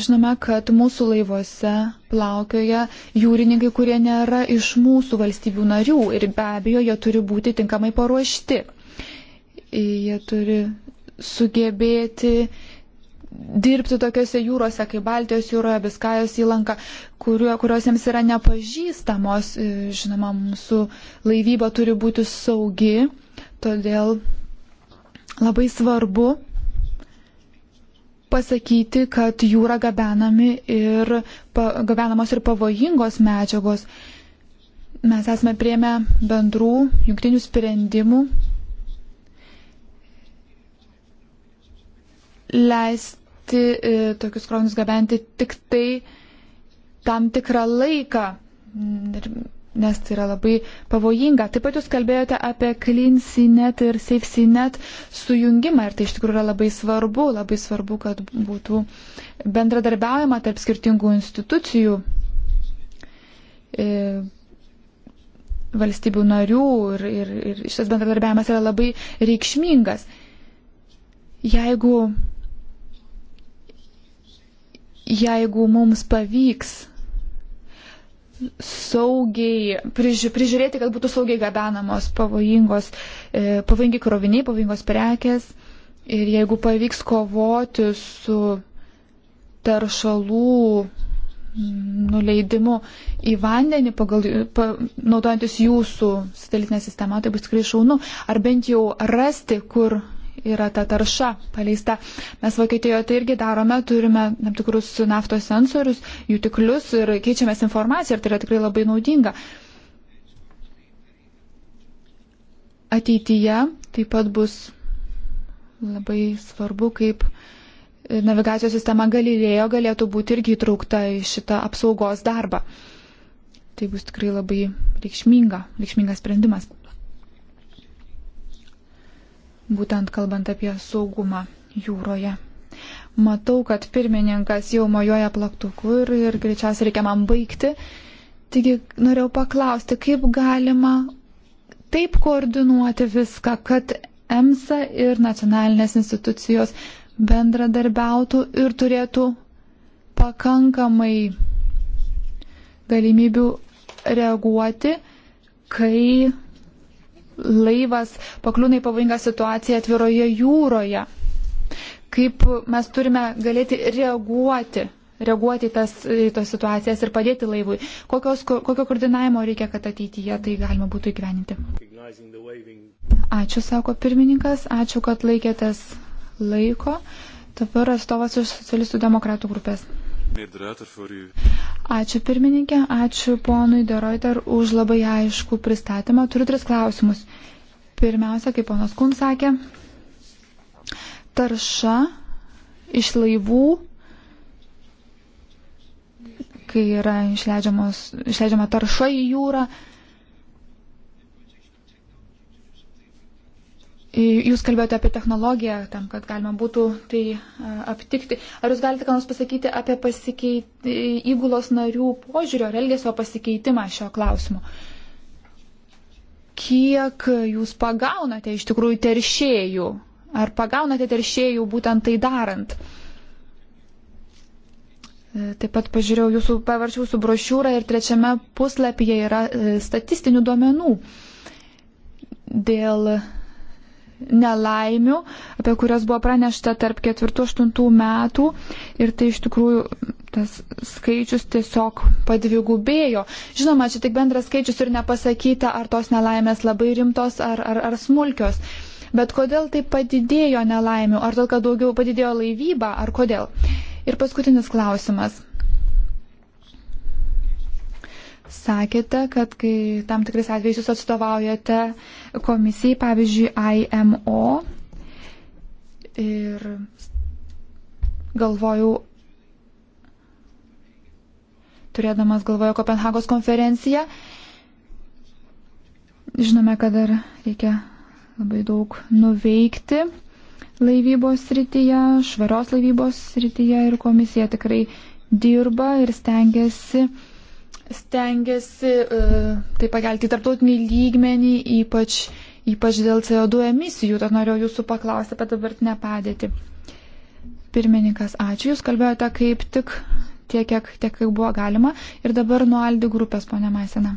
Žinome, kad mūsų laivuose plaukioja jūrininkai, kurie nėra iš mūsų valstybių narių ir be abejo, jie turi būti tinkamai paruošti. Jie turi sugebėti dirbti tokiuose jūrose kaip Baltijos jūroje, Biskajos įlanka, kurio, kurios jiems yra nepažįstamos. E, žinoma, mūsų laivyba turi būti saugi, todėl labai svarbu pasakyti, kad jūra gabenami ir pa, gabenamos ir pavojingos medžiagos. Mes esame prieėmę bendrų jungtinių sprendimų leist leisti e, tokius krovinius gabenti tik tai tam tikrą laiką, mm, nes tai yra labai pavojinga. Taip pat jūs kalbėjote apie CleanSeaNet ir SafeSeaNet sujungimą ir tai iš tikrųjų yra labai svarbu, labai svarbu, kad būtų bendradarbiaujama tarp skirtingų institucijų e, valstybių narių ir, ir, ir šis bendradarbiavimas yra labai reikšmingas. Jeigu jeigu mums pavyks saugiai priži, prižiūrėti, kad būtų saugiai gabenamos pavojingos, e, pavojingi kroviniai, pavojingos prekes ir jeigu pavyks kovoti su teršalų nuleidimu į vandenį, pagal, pa, naudojantis jūsų satelitinę sistemą, tai bus tikrai šaunu, ar bent jau rasti, kur yra ta tarša paleista. Mes Vokietijoje tai irgi darome, turime tam tikrus naftos sensorius, jutiklius ir keičiamės informaciją ir tai yra tikrai labai naudinga. Ateityje taip pat bus labai svarbu, kaip navigacijos sistema Galilėjo galėtų būti irgi įtraukta į šitą apsaugos darbą. Tai bus tikrai labai reikšminga, reikšmingas sprendimas būtent kalbant apie saugumą jūroje. Matau, kad pirmininkas jau mojoja plaktuku ir, ir greičiausiai reikia man baigti. Taigi norėjau paklausti, kaip galima taip koordinuoti viską, kad EMSA ir nacionalinės institucijos bendradarbiautų ir turėtų pakankamai galimybių reaguoti, kai laivas pakliūna į pavojingą situaciją atviroje jūroje. Kaip mes turime galėti reaguoti, reaguoti į tas, į tas situacijas ir padėti laivui. Kokios, kokio koordinavimo reikia, kad ateityje tai galima būtų įgyveninti. Ačiū, sako pirmininkas, ačiū, kad laikėtės laiko. Dabar atstovas iš socialistų demokratų grupės. Ačiū pirmininkė, ačiū ponui Deroiter už labai aišku pristatymą. Turiu tris klausimus. Pirmiausia, kaip ponas Kun sakė, tarša iš laivų, kai yra išleidžiama tarša į jūrą, Jūs kalbėjote apie technologiją, tam, kad galima būtų tai aptikti. Ar jūs galite ką nors pasakyti apie pasikeit... įgulos narių požiūrio ir elgesio pasikeitimą šio klausimu? Kiek jūs pagaunate iš tikrųjų teršėjų? Ar pagaunate teršėjų būtent tai darant? E, taip pat pažiūrėjau jūsų, pavarčiau jūsų brošiūrą ir trečiame puslapyje yra e, statistinių duomenų dėl nelaimių, apie kurias buvo pranešta tarp 4-8 metų ir tai iš tikrųjų tas skaičius tiesiog padvigubėjo. Žinoma, čia tik bendras skaičius ir nepasakyta, ar tos nelaimės labai rimtos ar, ar, ar smulkios. Bet kodėl taip padidėjo nelaimių? Ar dėl, kad daugiau padidėjo laivyba, ar kodėl? Ir paskutinis klausimas sakėte, kad kai tam tikrais atvejais jūs atstovaujate komisijai, pavyzdžiui, IMO. Ir galvojau, turėdamas galvoje Kopenhagos konferenciją, žinome, kad dar reikia labai daug nuveikti laivybos srityje, švarios laivybos srityje ir komisija tikrai dirba ir stengiasi stengiasi e, tai pakelti tarptautinį lygmenį, ypač, ypač dėl CO2 emisijų. Tad norėjau jūsų paklausti apie dabartinę padėtį. Pirmininkas, ačiū. Jūs kalbėjote kaip tik tiek, kiek, tiek, kiek buvo galima. Ir dabar nuo Aldi grupės, ponia Maisena.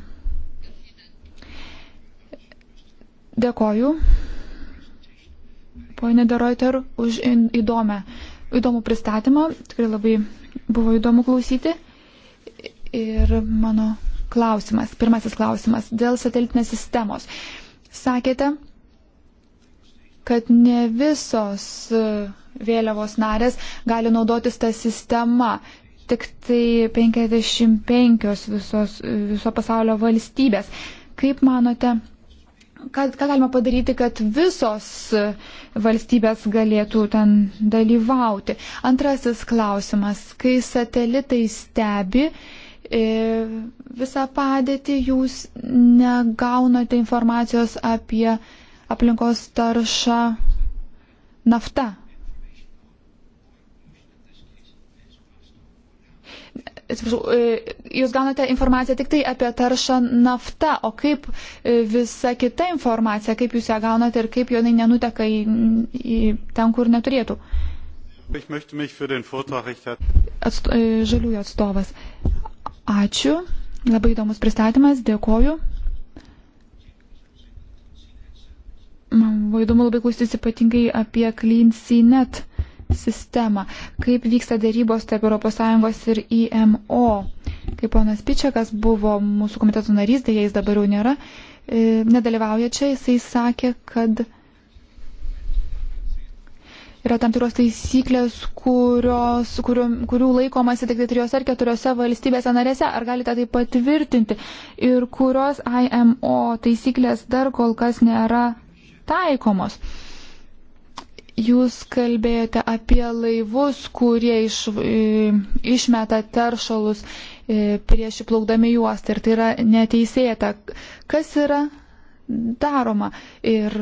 Dėkoju, ponė Deroiter, už įdomę, įdomų pristatymą. Tikrai labai buvo įdomu klausyti ir mano klausimas, pirmasis klausimas dėl satelitinės sistemos. Sakėte, kad ne visos e, vėliavos narės gali naudotis tą sistemą. Tik tai 55 visos, viso pasaulio valstybės. Kaip manote, ką, ką galima padaryti, kad visos e, valstybės galėtų ten dalyvauti? Antrasis klausimas. Kai satelitai stebi, uh, E, visą padėtį, jūs negaunate informacijos apie aplinkos taršą nafta. Atsiprašau, e, jūs gaunate informaciją tik tai apie taršą nafta, o kaip e, visa kita informacija, kaip jūs ją gaunate ir kaip jinai nenuteka į, į ten, kur neturėtų. Atsto, žaliųjų atstovas. Ačiū. Labai įdomus pristatymas. Dėkoju. Man buvo įdomu labai klausytis ypatingai apie CleanSeaNet sistemą. Kaip vyksta dėrybos tarp ES ir IMO. Kaip ponas Pičiakas buvo mūsų komiteto narys, dėja jis dabar jau nėra, e, nedalyvauja čia, jisai sakė, kad Yra tam tikros taisyklės, kurios, kurių, kurių laikomasi tik tai trijose ar keturiose valstybėse narėse. Ar galite tai patvirtinti? Ir kurios IMO taisyklės dar kol kas nėra taikomos? Jūs kalbėjote apie laivus, kurie iš, e, išmeta teršalus e, prieš įplaukdami juostą ir tai yra neteisėta. Kas yra daroma? Ir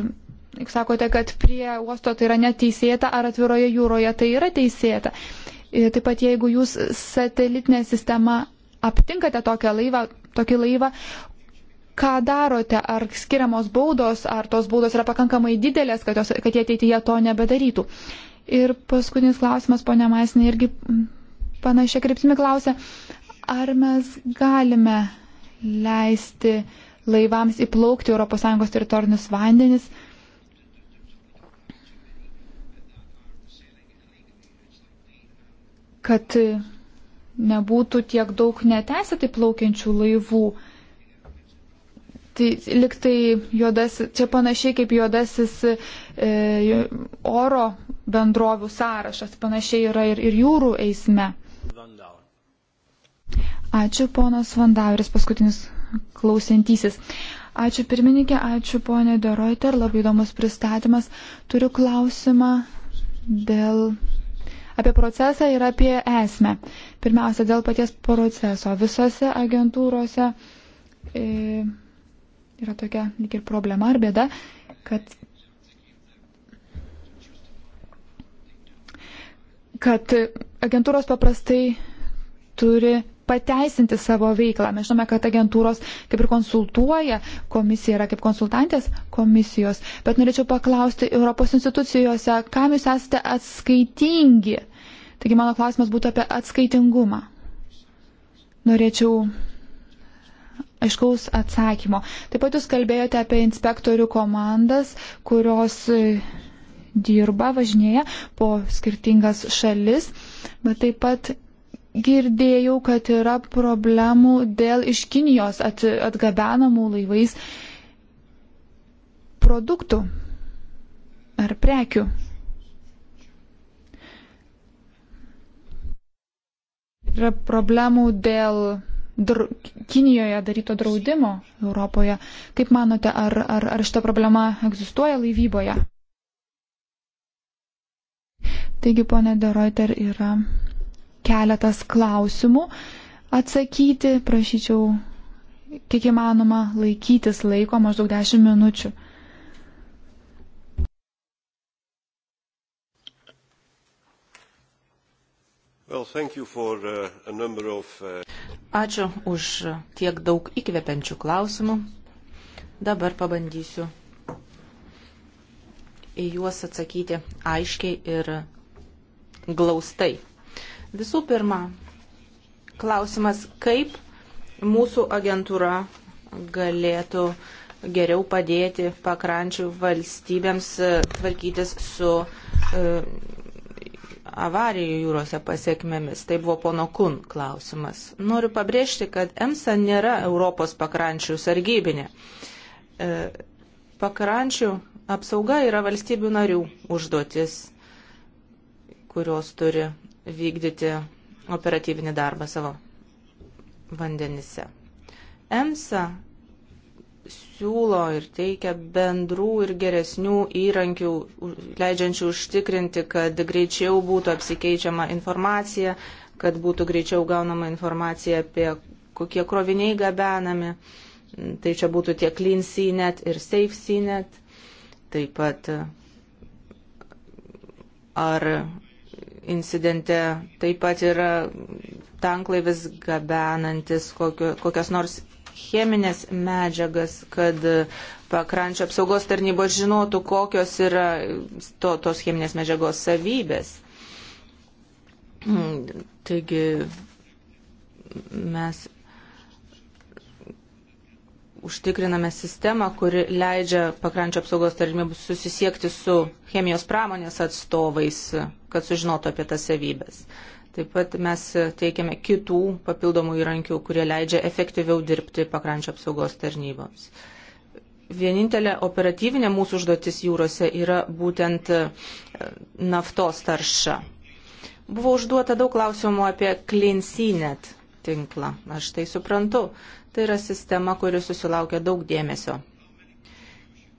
sakote, kad prie uosto tai yra neteisėta, ar atviroje jūroje tai yra teisėta. Ir taip pat jeigu jūs satelitinė sistema aptinkate tokią laivą, tokį laivą, ką darote, ar skiriamos baudos, ar tos baudos yra pakankamai didelės, kad, jos, kad jie ateityje to nebedarytų. Ir paskutinis klausimas, ponia Maisinė, irgi panašia kryptimi klausia, ar mes galime leisti laivams įplaukti ES teritorinius vandenis, uh, kad nebūtų tiek daug neteisėtai plaukiančių laivų. Tai liktai juodas, čia panašiai kaip juodasis e, oro bendrovių sąrašas, panašiai yra ir, ir jūrų eisme. Ačiū ponas Vandauris, paskutinis klausintysis. Ačiū pirmininkė, ačiū ponė Deroiter, labai įdomus pristatymas. Turiu klausimą dėl apie procesą ir apie esmę. Pirmiausia, dėl paties proceso. Visose agentūrose e, yra tokia lyg ir problema ar bėda, kad kad agentūros paprastai turi pateisinti savo veiklą. Mes žinome, kad agentūros kaip ir konsultuoja, komisija yra kaip konsultantės komisijos, bet norėčiau paklausti Europos institucijose, kam jūs esate atskaitingi. Taigi mano klausimas būtų apie atskaitingumą. Norėčiau aiškaus atsakymo. Taip pat jūs kalbėjote apie inspektorių komandas, kurios e, dirba, važinėja po skirtingas šalis, bet taip pat girdėjau, kad yra problemų dėl iš Kinijos at, atgabenamų laivais produktų ar prekių. Yra problemų dėl dr Kinijoje daryto draudimo Europoje. Kaip manote, ar, ar, ar šita problema egzistuoja laivyboje? Taigi, ponė Deroiter, yra keletas klausimų atsakyti, prašyčiau, kiek įmanoma, laikytis laiko maždaug 10 minučių. Well, for, uh, of, uh... Ačiū už tiek daug įkvepiančių klausimų. Dabar pabandysiu į juos atsakyti aiškiai ir glaustai. Visų pirma, klausimas, kaip mūsų agentūra galėtų geriau padėti pakrančių valstybėms e, tvarkytis su e, avarijų jūrose pasiekmėmis. Tai buvo pono Kun klausimas. Noriu pabrėžti, kad EMSA nėra Europos pakrančių sargybinė. E, pakrančių apsauga yra valstybių narių užduotis, kurios turi vykdyti operatyvinį darbą savo vandenise. EMSA siūlo ir teikia bendrų ir geresnių įrankių, leidžiančių užtikrinti, kad greičiau būtų apsikeičiama informacija, kad būtų greičiau gaunama informacija apie kokie kroviniai gabenami. Tai čia būtų tiek Clean CNET ir Safe CNET. Taip pat ar incidente taip pat yra tanklaivis gabenantis kokio, kokias nors cheminės medžiagas, kad pakrančio apsaugos tarnybos žinotų, kokios yra to, tos cheminės medžiagos savybės. Hmm, taigi mes užtikriname sistemą, kuri leidžia pakrančio apsaugos tarnybai susisiekti su chemijos pramonės atstovais, kad sužinotų apie tas savybės. Taip pat mes teikiame kitų papildomų įrankių, kurie leidžia efektyviau dirbti pakrančio apsaugos tarnyboms. Vienintelė operatyvinė mūsų užduotis jūrose yra būtent e, naftos tarša. Buvo užduota daug klausimų apie Clean Seanet tinklą. Aš tai suprantu. Tai yra sistema, kuri susilaukia daug dėmesio.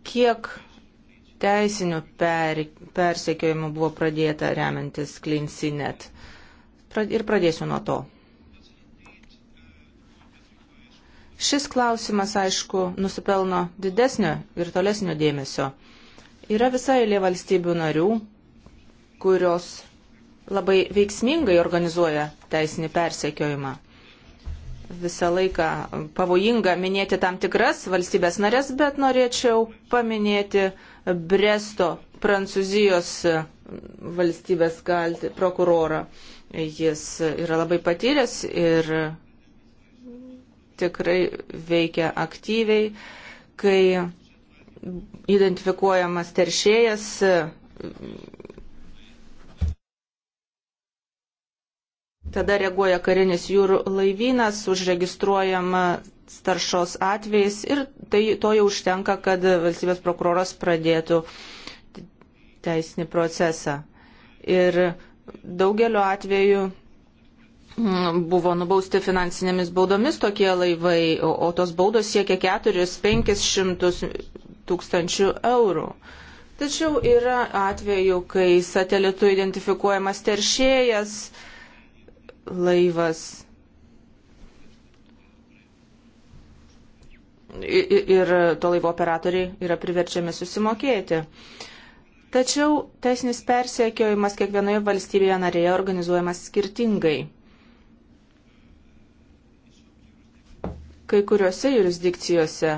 Kiek teisinių per, persekiojimų buvo pradėta remiantis Klinsinet? Prad, ir pradėsiu nuo to. Šis klausimas, aišku, nusipelno didesnio ir tolesnio dėmesio. Yra visai lė valstybių narių, kurios labai veiksmingai organizuoja teisinį persekiojimą visą laiką pavojinga minėti tam tikras valstybės narės, bet norėčiau paminėti Bresto Prancūzijos valstybės kalti prokurorą. Jis yra labai patyręs ir tikrai veikia aktyviai, kai identifikuojamas teršėjas Tada reaguoja karinis jūrų laivynas, užregistruojama taršos atvejais ir tai, to jau užtenka, kad valstybės prokuroras pradėtų teisinį procesą. Ir daugeliu atveju mm, buvo nubausti finansinėmis baudomis tokie laivai, o, o tos baudos siekia 4-500 tūkstančių eurų. Tačiau yra atveju, kai satelitu identifikuojamas teršėjas, laivas. Ir to laivo operatoriai yra priverčiami susimokėti. Tačiau teisinis persiekiojimas kiekvienoje valstybėje narėje organizuojamas skirtingai. Kai kuriuose jurisdikcijose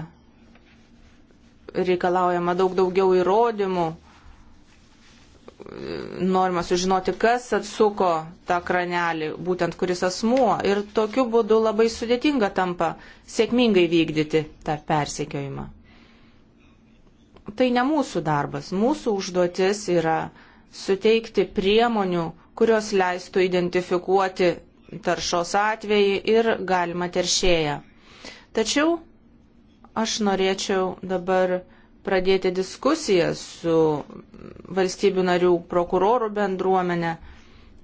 reikalaujama daug daugiau įrodymų, norima sužinoti, kas atsuko tą kranelį, būtent kuris asmuo. Ir tokiu būdu labai sudėtinga tampa sėkmingai vykdyti tą persekiojimą. Tai ne mūsų darbas. Mūsų užduotis yra suteikti priemonių, kurios leistų identifikuoti taršos atvejį ir galimą teršėją. Tačiau aš norėčiau dabar pradėti diskusiją su valstybių narių prokurorų bendruomenė.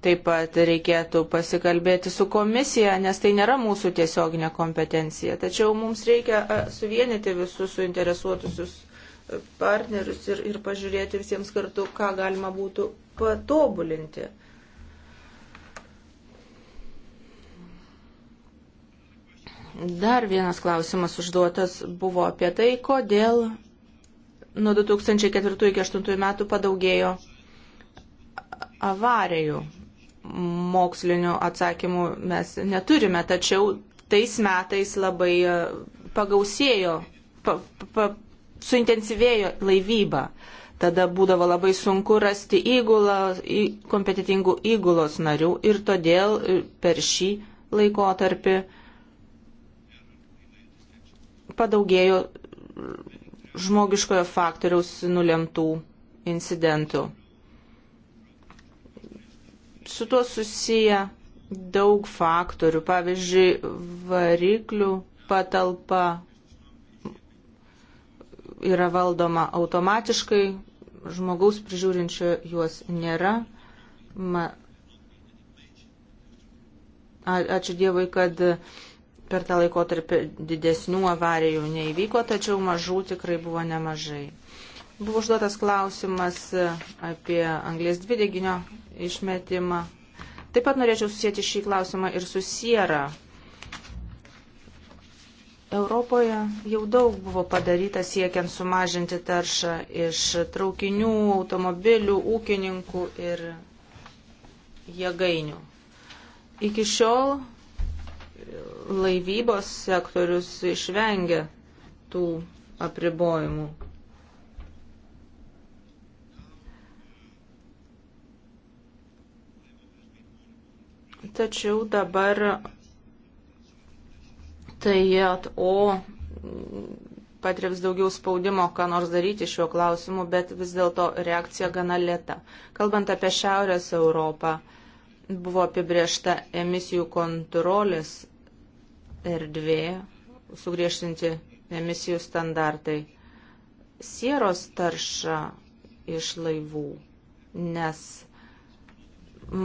Taip pat reikėtų pasikalbėti su komisija, nes tai nėra mūsų tiesioginė kompetencija. Tačiau mums reikia suvienyti visus suinteresuotusius e, partnerius ir, ir pažiūrėti visiems kartu, ką galima būtų patobulinti. Dar vienas klausimas užduotas buvo apie tai, kodėl nuo 2004 iki 2008 metų padaugėjo avarijų. Mokslinių atsakymų mes neturime, tačiau tais metais labai e, pagausėjo, pa, pa, suintensyvėjo laivyba. Tada būdavo labai sunku rasti įgulą, kompetitingų įgulos narių ir todėl e, per šį laikotarpį padaugėjo žmogiškojo faktoriaus nulemtų incidentų. Su tuo susiję daug faktorių, pavyzdžiui, variklių patalpa yra valdoma automatiškai, žmogaus prižiūrinčio juos nėra. Ma... Ačiū Dievui, kad uh, per tą laikotarpį didesnių avarijų neįvyko, tačiau mažų tikrai buvo nemažai. Buvo užduotas klausimas apie anglės dvideginio išmetimą. Taip pat norėčiau susijęti šį klausimą ir su siera. Europoje jau daug buvo padaryta siekiant sumažinti taršą iš traukinių, automobilių, ūkininkų ir jėgainių. Iki šiol laivybos sektorius išvengia tų apribojimų. Tačiau dabar tai o patiria vis daugiau spaudimo, ką nors daryti šiuo klausimu, bet vis dėlto reakcija gana lėta. Kalbant apie Šiaurės Europą, buvo apibriešta emisijų kontrolės erdvė, sugriežtinti emisijų standartai, sieros tarša iš laivų, nes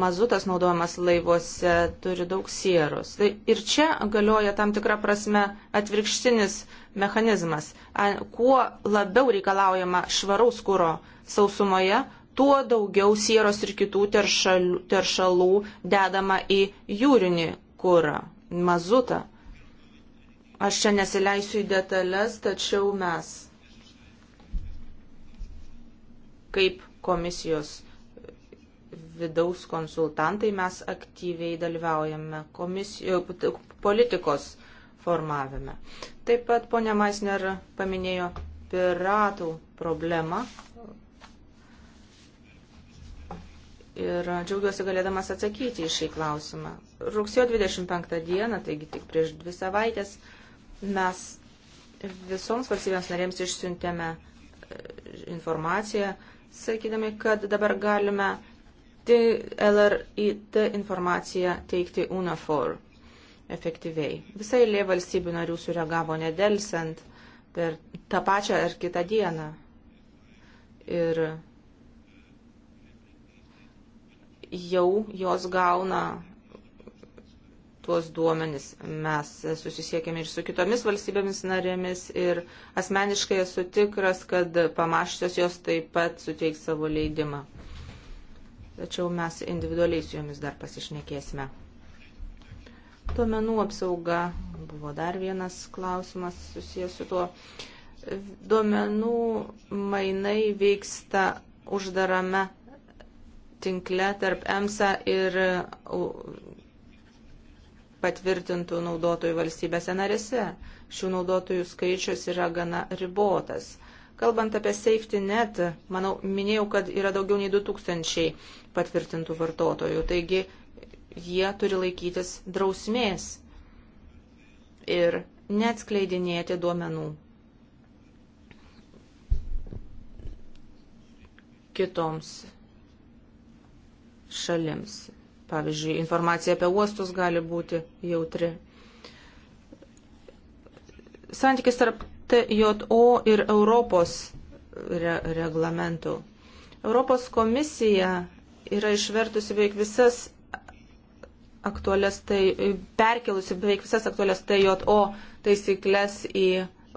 mazutas naudojamas laivuose turi daug sieros. Tai ir čia galioja tam tikrą prasme atvirkštinis mechanizmas. Kuo labiau reikalaujama švaraus kūro sausumoje, tuo daugiau sieros ir kitų teršalų, teršalų dedama į jūrinį kūrą, mazutą. Aš čia nesileisiu į detalės, tačiau mes kaip komisijos vidaus konsultantai mes aktyviai dalyvaujame komisijo, politikos formavime. Taip pat ponia Maisner paminėjo piratų problemą. Ir džiaugiuosi galėdamas atsakyti į šį klausimą. Rugsėjo 25 dieną, taigi tik prieš dvi savaitės, Mes visoms valstybėms narėms išsiuntėme e, informaciją, sakydami, kad dabar galime LRIT informaciją teikti UNAFOR efektyviai. Visai lė valstybių narių sureagavo nedelsant per tą pačią ar kitą dieną. Ir jau jos gauna tuos duomenis. Mes susisiekėme ir su kitomis valstybėmis narėmis ir asmeniškai esu tikras, kad pamaščios jos taip pat suteiks savo leidimą. Tačiau mes individualiai su jomis dar pasišnekėsime. Duomenų apsauga buvo dar vienas klausimas susijęs su tuo. Duomenų mainai vyksta uždarame tinkle tarp EMSA ir patvirtintų naudotojų valstybėse narėse. Šių naudotojų skaičius yra gana ribotas. Kalbant apie SafetyNet, manau, minėjau, kad yra daugiau nei 2000 patvirtintų vartotojų, taigi jie turi laikytis drausmės ir neatskleidinėti duomenų kitoms šalims. Pavyzdžiui, informacija apie uostus gali būti jautri. Santykis tarp TJO ir Europos re reglamentų. Europos komisija yra išvertusi beveik visas aktualias, tai perkelusi beveik visas aktualias TJO taisyklės į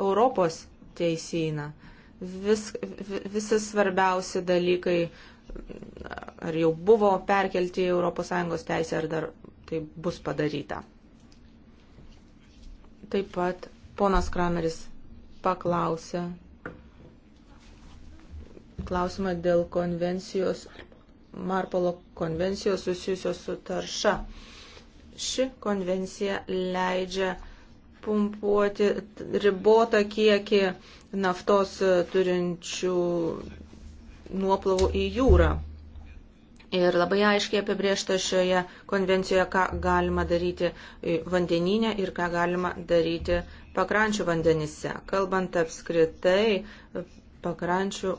Europos teisyną. Vis, visas svarbiausi dalykai ar jau buvo perkelti į ES teisę, ar dar tai bus padaryta. Taip pat ponas Krameris paklausė klausimą dėl konvencijos, Marpolo konvencijos susijusios su tarša. Ši konvencija leidžia pumpuoti ribotą kiekį naftos turinčių nuoplavų į jūrą. Ir labai aiškiai apibriešta šioje konvencijoje, ką galima daryti vandeninė ir ką galima daryti pakrančių vandenyse. Kalbant apskritai, pakrančių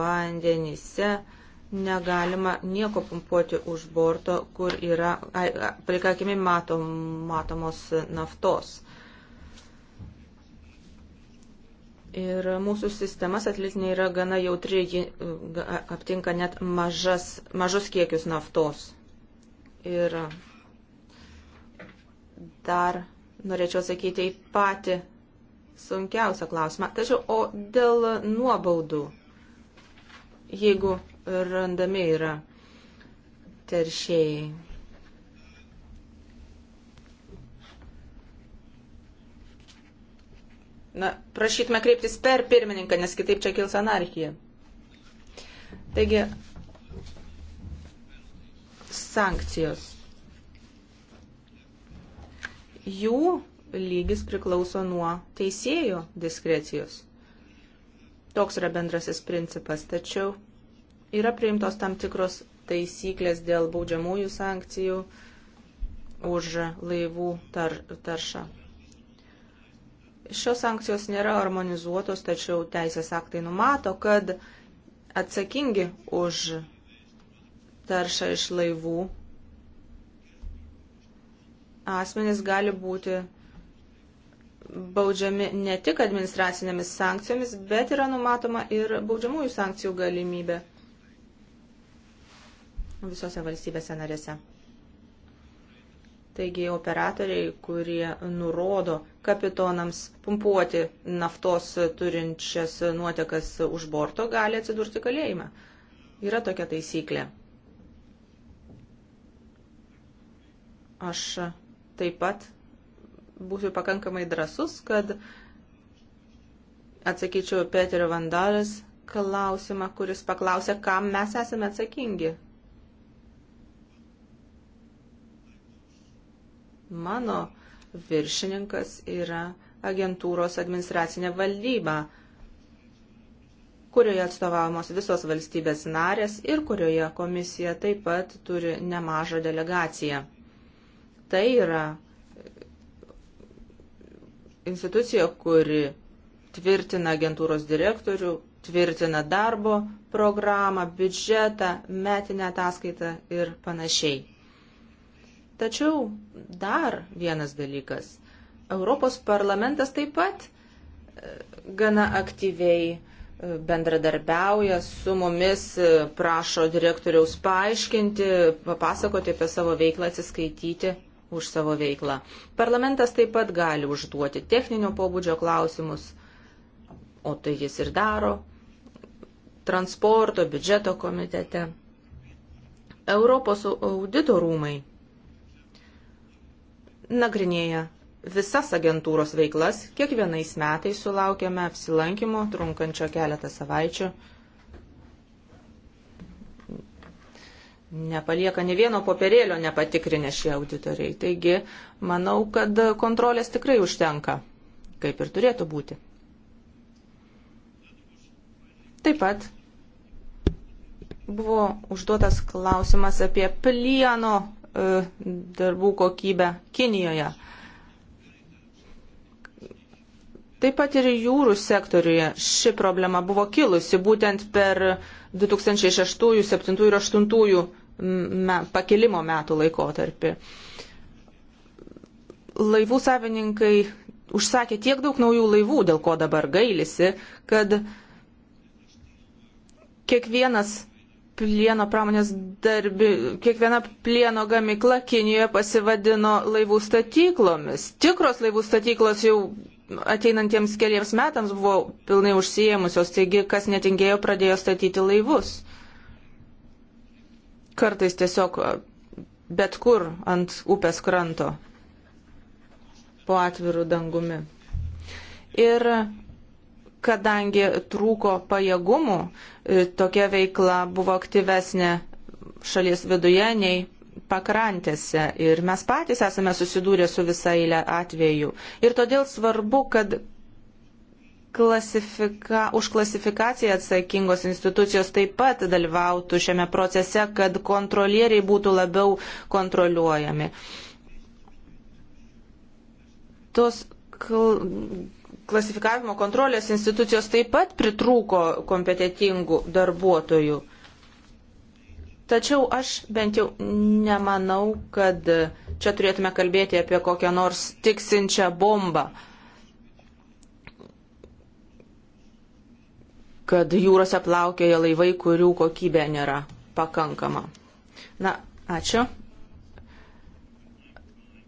vandenyse negalima nieko pumpuoti už borto, kur yra, plikakimi matom, matomos naftos. Ir mūsų sistemas atlitinė yra gana jautri, ji e, aptinka net mažas, mažus kiekius naftos. Ir e, dar norėčiau sakyti į patį sunkiausią klausimą. Tačiau, o dėl nuobaudų, jeigu randami yra teršėjai. Na, prašytume kreiptis per pirmininką, nes kitaip čia kils anarchija. Taigi, sankcijos. Jų lygis priklauso nuo teisėjo diskrecijos. Toks yra bendrasis principas, tačiau yra priimtos tam tikros taisyklės dėl baudžiamųjų sankcijų už laivų tar taršą. Šios sankcijos nėra harmonizuotos, tačiau teisės aktai numato, kad atsakingi už taršą iš laivų asmenys gali būti baudžiami ne tik administracinėmis sankcijomis, bet yra numatoma ir baudžiamųjų sankcijų galimybė visose valstybėse narėse. Taigi operatoriai, kurie nurodo kapitonams pumpuoti naftos turinčias nuotekas už borto gali atsidurti kalėjime. Yra tokia taisyklė. Aš taip pat būsiu pakankamai drasus, kad atsakyčiau Peterio Vandalis klausimą, kuris paklausė, kam mes esame atsakingi. Mano viršininkas yra agentūros administracinė valdyba, kurioje atstovaujamos visos valstybės narės ir kurioje komisija taip pat turi nemažą delegaciją. Tai yra institucija, kuri tvirtina agentūros direktorių, tvirtina darbo programą, biudžetą, metinę ataskaitą ir panašiai. Tačiau dar vienas dalykas. Europos parlamentas taip pat e, gana aktyviai e, bendradarbiauja su mumis, e, prašo direktoriaus paaiškinti, papasakoti apie savo veiklą, atsiskaityti už savo veiklą. Parlamentas taip pat gali užduoti techninio pobūdžio klausimus, o tai jis ir daro transporto, biudžeto komitete. Europos audito rūmai nagrinėja visas agentūros veiklas. Kiekvienais metais sulaukiame apsilankimo, trunkančio keletą savaičių. Nepalieka ne vieno popierėlio nepatikrinę šie auditoriai. Taigi, manau, kad kontrolės tikrai užtenka, kaip ir turėtų būti. Taip pat buvo užduotas klausimas apie plieno E, darbų kokybę Kinijoje. Taip pat ir jūrų sektoriuje ši problema buvo kilusi būtent per 2006, 2007 ir 2008 pakilimo metų laikotarpį. Laivų savininkai užsakė tiek daug naujų laivų, dėl ko dabar gailisi, kad kiekvienas plieno pramonės darbi, kiekviena plieno gamikla Kinijoje pasivadino laivų statyklomis. Tikros laivų statyklos jau ateinantiems keliams metams buvo pilnai užsijėmusios, taigi kas netingėjo pradėjo statyti laivus. Kartais tiesiog bet kur ant upės kranto po atvirų dangumi. Ir kadangi trūko pajėgumų, e, tokia veikla buvo aktyvesnė šalies viduje nei pakrantėse ir mes patys esame susidūrę su visa eilė atvejų. Ir todėl svarbu, kad klasifika, už klasifikaciją atsakingos institucijos taip pat dalyvautų šiame procese, kad kontrolieriai būtų labiau kontroliuojami. Tos kl klasifikavimo kontrolės institucijos taip pat pritrūko kompetitingų darbuotojų. Tačiau aš bent jau nemanau, kad čia turėtume kalbėti apie kokią nors tiksinčią bombą, kad jūrose plaukioja laivai, kurių kokybė nėra pakankama. Na, ačiū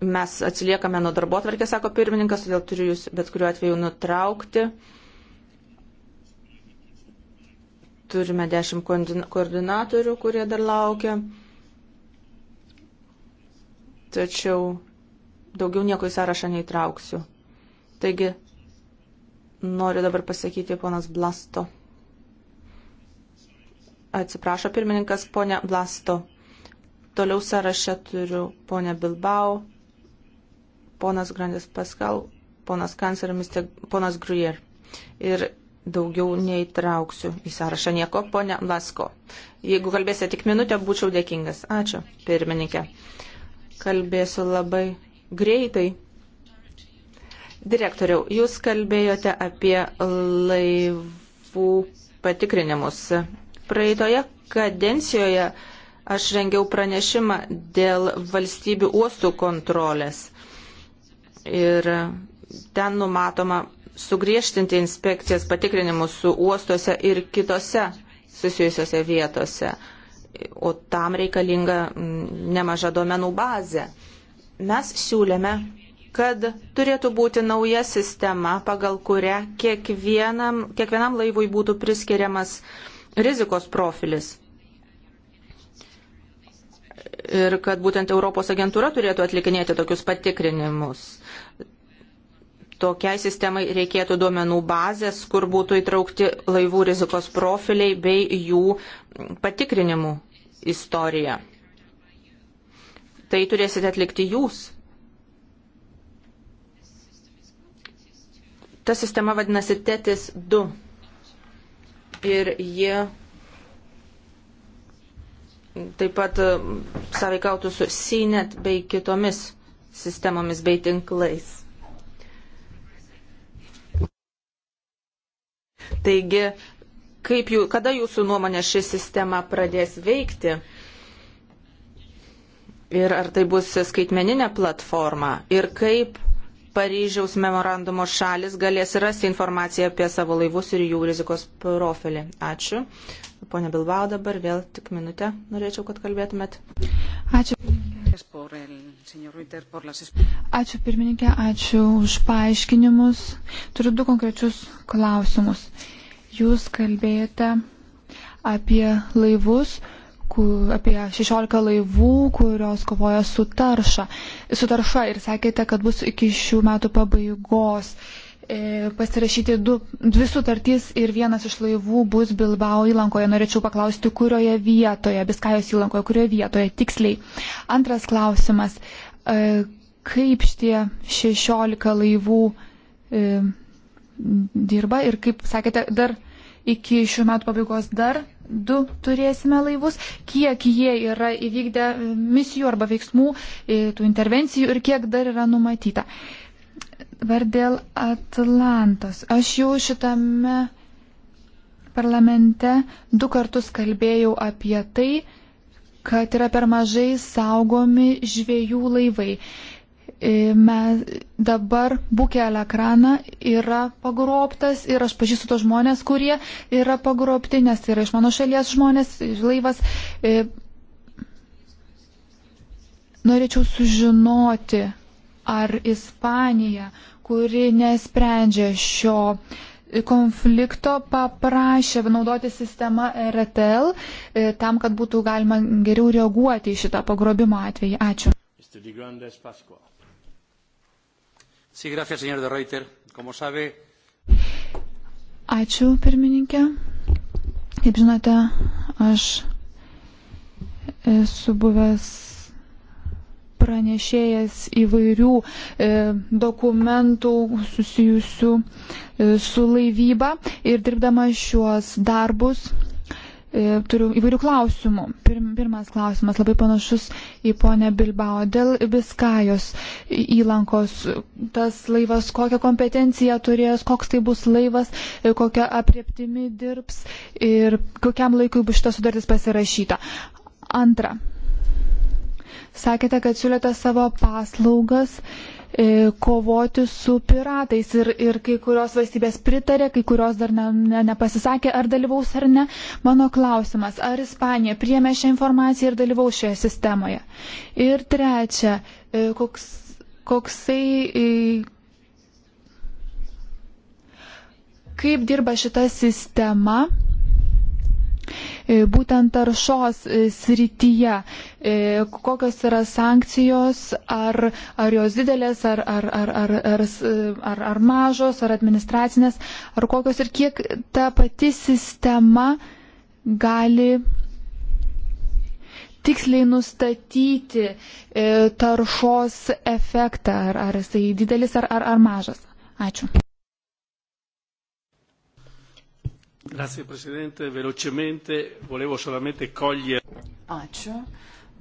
mes atsiliekame nuo darbo atvarkės, sako pirmininkas, todėl turiu jūs bet kuriuo atveju nutraukti. Turime dešimt koordinatorių, kurie dar laukia. Tačiau daugiau nieko į sąrašą neįtrauksiu. Taigi, noriu dabar pasakyti ponas Blasto. Atsiprašo pirmininkas, ponia Blasto. Toliau sąraše turiu ponę Bilbao, ponas Grandis Paskal, ponas Kancer, ponas Gruyer. Ir daugiau neįtrauksiu į sąrašą nieko, ponia Lasko. Jeigu kalbėsite tik minutę, būčiau dėkingas. Ačiū, pirmininkė. Kalbėsiu labai greitai. Direktoriau, jūs kalbėjote apie laivų patikrinimus. Praeitoje kadencijoje aš rengiau pranešimą dėl valstybių uostų kontrolės. Ir ten numatoma sugriežtinti inspekcijas patikrinimus su uostuose ir kitose susijusiose vietose. O tam reikalinga mm, nemaža duomenų bazė. Mes siūlėme, kad turėtų būti nauja sistema, pagal kurią kiekvienam, kiekvienam laivui būtų priskiriamas rizikos profilis ir kad būtent Europos agentūra turėtų atlikinėti tokius patikrinimus. Tokiai sistemai reikėtų duomenų bazės, kur būtų įtraukti laivų rizikos profiliai bei jų patikrinimų istorija. Tai turėsite atlikti jūs. Ta sistema vadinasi TETIS 2 ir ji taip pat e, sąveikautų su CNET bei kitomis sistemomis bei tinklais. Taigi, kaip jų, kada jūsų nuomonė ši sistema pradės veikti? Ir ar tai bus skaitmeninė platforma? Ir kaip Paryžiaus memorandumo šalis galės rasti informaciją apie savo laivus ir jų rizikos profilį. Ačiū. Pone Bilbao, dabar vėl tik minutę norėčiau, kad kalbėtumėt. Ačiū. Ačiū pirmininkė, ačiū už paaiškinimus. Turiu du konkrečius klausimus. Jūs kalbėjote apie laivus, apie 16 laivų, kurios kovoja su tarša, su tarša ir sakėte, kad bus iki šių metų pabaigos e, pasirašyti du, dvi sutartys ir vienas iš laivų bus Bilbao įlankoje. Norėčiau paklausti, kurioje vietoje, Biskajos įlankoje, kurioje vietoje tiksliai. Antras klausimas, e, kaip šitie 16 laivų e, dirba ir kaip sakėte, dar iki šių metų pabaigos dar du turėsime laivus, kiek jie yra įvykdę misijų arba veiksmų, e, tų intervencijų ir kiek dar yra numatyta. Dabar dėl Atlantos. Aš jau šitame parlamente du kartus kalbėjau apie tai, kad yra per mažai saugomi žviejų laivai mes dabar Bukė Lekrana yra pagrobtas ir aš pažįstu tos žmonės, kurie yra pagrobti, nes tai yra iš mano šalies žmonės, laivas. E, norėčiau sužinoti, ar Ispanija, kuri nesprendžia šio konflikto, paprašė naudoti sistemą RTL e, tam, kad būtų galima geriau reaguoti į šitą pagrobimo atvejį. Ačiū. Mr. De Grandes Pasqua. Sí, gracias, señor de Reuter. Como sabe... Ačiū, pirmininkė. Kaip žinote, aš esu buvęs pranešėjas įvairių e, dokumentų susijusių e, su laivyba ir dirbdama šiuos darbus E, turiu įvairių klausimų. Pirmas klausimas labai panašus į ponę Bilbao dėl Biskajos įlankos. Tas laivas, kokią kompetenciją turės, koks tai bus laivas, e, kokią aprieptimi dirbs ir kokiam laikui bus šita sudartis pasirašyta. Antra. Sakėte, kad siūlėte savo paslaugas E, kovoti su piratais ir, ir kai kurios valstybės pritarė, kai kurios dar ne, ne, nepasisakė, ar dalyvaus ar ne. Mano klausimas, ar Ispanija priemė šią informaciją ir dalyvaus šioje sistemoje. Ir trečia, e, koks, koksai. E, kaip dirba šita sistema? E, būtent taršos e, srityje. E, kokios yra sankcijos, ar, ar jos didelės, ar, ar, ar, ar, ar, ar, ar mažos, ar administracinės, ar kokios ir kiek ta pati sistema gali tiksliai nustatyti taršos efektą, ar, ar jisai didelis, ar, ar, ar mažas. Ačiū. Grazie, Presidente. Velocemente volevo solamente cogliere. Ačiū.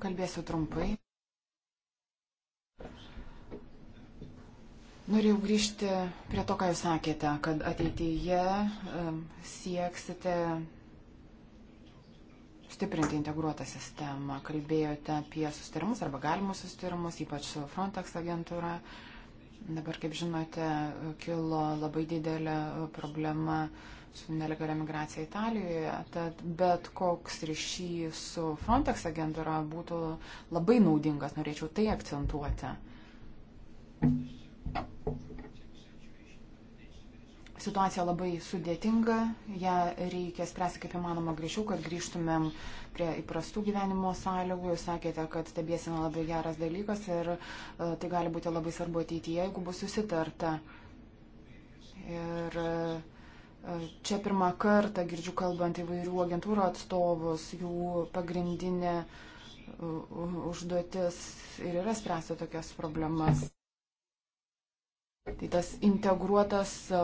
Kalbėsiu trumpai. Norėjau grįžti prie to, ką Jūs sakėte, kad ateityje sieksite stiprinti integruotą sistemą. Kalbėjote apie sustarimus arba galimus sustarimus, ypač su Frontex agentūra. Dabar, kaip žinote, kilo labai didelė e, problema su nelegalia migracija Italijoje, tad bet koks ryšys su Frontex agentūra būtų labai naudingas, norėčiau tai akcentuoti. Situacija labai sudėtinga, ją reikia spręsti kaip įmanoma grįžčiau, kad grįžtumėm prie įprastų gyvenimo sąlygų. Jūs sakėte, kad stebėsina labai geras dalykas ir e, tai gali būti labai svarbu ateityje, jeigu bus susitarta. Ir uh, Čia pirmą kartą girdžiu kalbant įvairių agentūrų atstovus, jų pagrindinė užduotis ir yra spręsti tokias problemas. Tai tas integruotas e,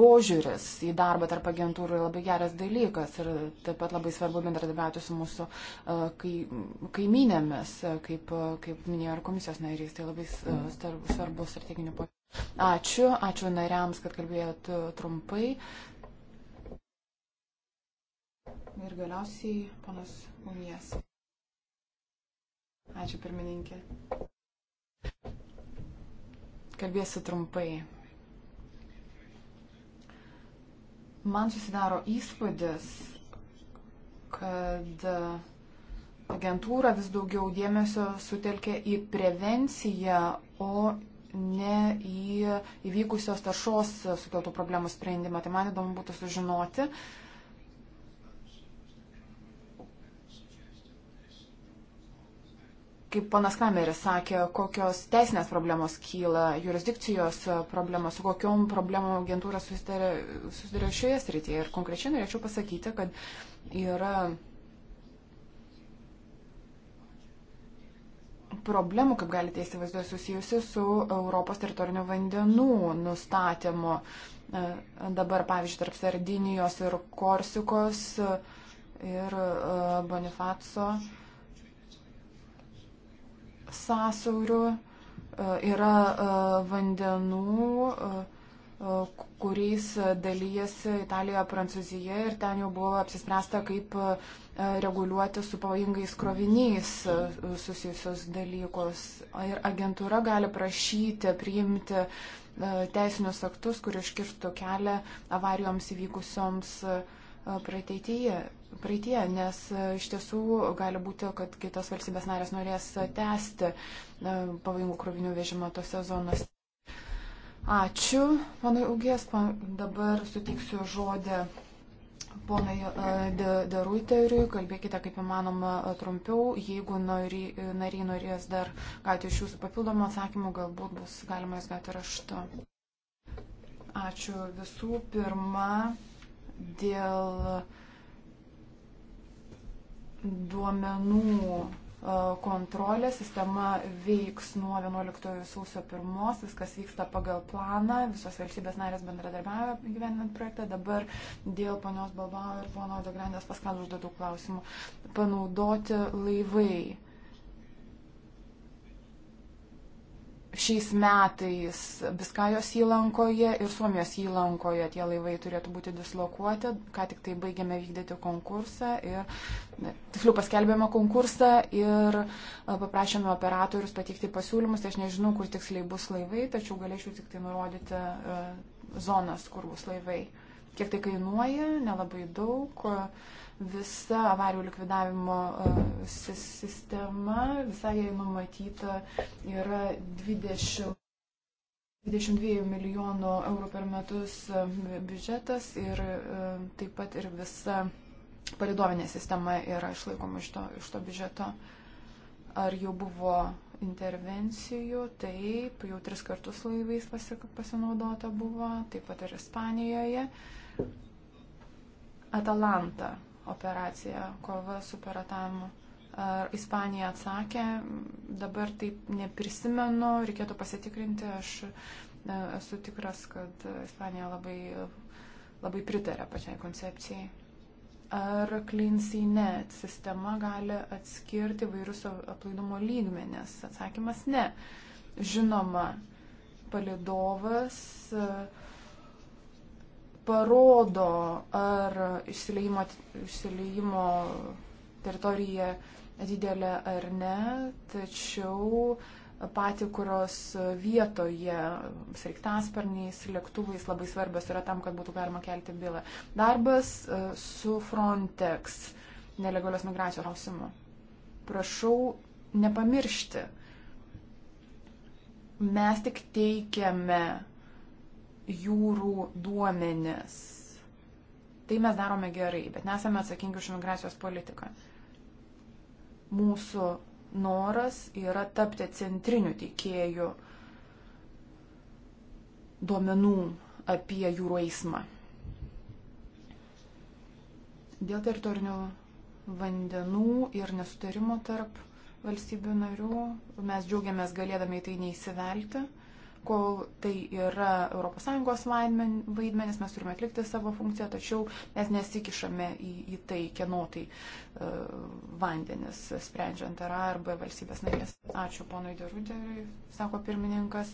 požiūris į darbą tarp agentūrų yra labai geras dalykas ir taip pat labai svarbu bendradarbiauti su mūsų e, kai, kaiminėmis, kaip, e, kaip minėjo ir komisijos narys, tai labai svarbus strateginių požiūrį. Ačiū, ačiū nariams, kad kalbėjot e, trumpai. Ir galiausiai panas Unijas. Ačiū pirmininkė. Kalbėsiu trumpai. Man susidaro įspūdis, kad agentūra vis daugiau dėmesio sutelkia į prevenciją, o ne į įvykusios taršos sukeltų problemų sprendimą. Tai man įdomu būtų sužinoti. Kaip panas Kameris sakė, kokios teisinės problemos kyla, jurisdikcijos problemos, su kokiom problemom agentūra susidarė šioje srityje. Ir konkrečiai norėčiau pasakyti, kad yra problemų, kaip galite įsivaizduoti, susijusi su Europos teritorinių vandenų nustatymu. E, dabar, pavyzdžiui, tarp Sardinijos ir Korsikos ir e, Bonifaco sąsaurių e, yra vandenų kuriais dalyjasi Italija, Prancūzija ir ten jau buvo apsispręsta, kaip e, reguliuoti su pavojingais kroviniais e, susijusius dalykus. Ir agentūra gali prašyti priimti e, teisinius aktus, kurie iškirstų kelią avarijoms įvykusioms praeitėje, praeitie, nes iš tiesų gali būti, kad kitos valstybės narės norės tęsti pavojingų krovinių vežimą tose zonose. Ačiū, panai Ugės. Dabar suteiksiu žodį ponai e, Daruteriui. Kalbėkite kaip įmanoma e, trumpiau. Jeigu e, nariai norės dar gauti iš jūsų papildomą atsakymą, galbūt bus galima jas gauti raštu. Ačiū visų pirma dėl duomenų kontrolė, sistema veiks nuo 11 sausio 1, viskas vyksta pagal planą, visos valstybės narės bendradarbiavo gyvenant projektą, dabar dėl ponios Balbao ir pono Degrandės paskal užduotų klausimų. Panaudoti laivai šiais metais Biskajos įlankoje ir Suomijos įlankoje tie laivai turėtų būti dislokuoti. Ką tik tai baigėme vykdyti konkursą ir, tiksliau, paskelbėme konkursą ir e, paprašėme operatorius pateikti pasiūlymus. Tai aš nežinau, kur tiksliai bus laivai, tačiau galėčiau tik tai nurodyti e, zonas, kur bus laivai. Kiek tai kainuoja, nelabai daug visa avarijų likvidavimo e, sistema, visai jai numatyta yra 20. 22 milijonų eurų per metus e, biudžetas ir e, taip pat ir visa palidovinė sistema yra išlaikoma iš to, iš to biudžeto. Ar jau buvo intervencijų? Taip, jau tris kartus laivais pasinaudota buvo, taip pat ir Ispanijoje. Atalanta operacija, kova su piratavimu. Ar Ispanija atsakė, dabar taip neprisimenu, reikėtų pasitikrinti, aš e, esu tikras, kad Ispanija labai, labai pritarė pačiai koncepcijai. Ar Clean CNET sistema gali atskirti vairius aplaidumo lygmenis? Atsakymas ne. Žinoma, palidovas. Uh, parodo, ar išsileimo, išsileimo teritorija didelė ar ne, tačiau patikros vietoje sraigtasparniais, lėktuvais labai svarbios yra tam, kad būtų galima kelti bylą. Darbas e, su Frontex nelegalios migracijos klausimu. Prašau nepamiršti. Mes tik teikiame jūrų duomenis. Tai mes darome gerai, bet nesame atsakingi už migracijos politiką. Mūsų noras yra tapti centriniu teikėju duomenų apie jūrų eismą. Dėl teritorinių vandenų ir nesutarimo tarp valstybių narių mes džiaugiamės galėdami į tai neįsivelti kol tai yra ES vaidmenis, mes turime atlikti savo funkciją, tačiau mes nesikišame į, į tai, kieno tai uh, vandenis, sprendžiant ar A ar B valstybės narės. Ačiū ponui Deruteriui, sako pirmininkas.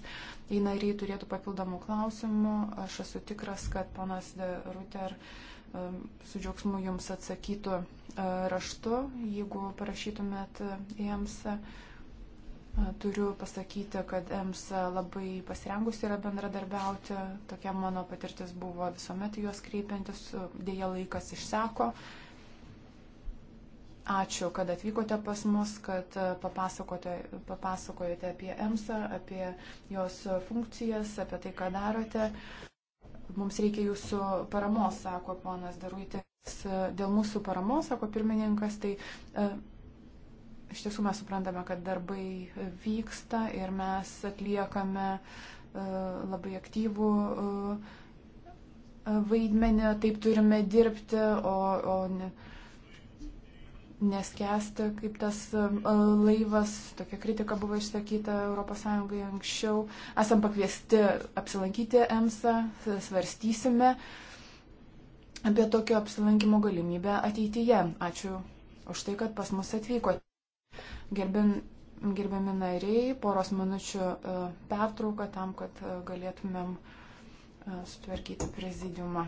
Jei nariai turėtų papildomų klausimų, aš esu tikras, kad ponas Deruter um, su džiaugsmu jums atsakytų uh, raštu, jeigu parašytumėt jiems. Uh, Turiu pasakyti, kad EMS labai pasirengusi yra bendradarbiauti. Tokia mano patirtis buvo visuomet juos kreipiantis, dėja laikas išseko. Ačiū, kad atvykote pas mus, kad e, papasakojote apie EMSA, apie jos funkcijas, apie tai, ką darote. Mums reikia jūsų paramos, sako ponas Daruitė. E, dėl mūsų paramos, sako pirmininkas, tai e, Iš tiesų mes suprantame, kad darbai vyksta ir mes atliekame e, labai aktyvų e, vaidmenį, taip turime dirbti, o, o ne, neskęsti, kaip tas e, laivas, tokia kritika buvo išsakyta ES anksčiau. Esam pakviesti apsilankyti EMSA, svarstysime apie tokio apsilankimo galimybę ateityje. Ačiū už tai, kad pas mus atvykote. Gerbim, gerbiami nariai, poros minučių e, pertrauką tam, kad e, galėtumėm e, sutvarkyti prezidiumą.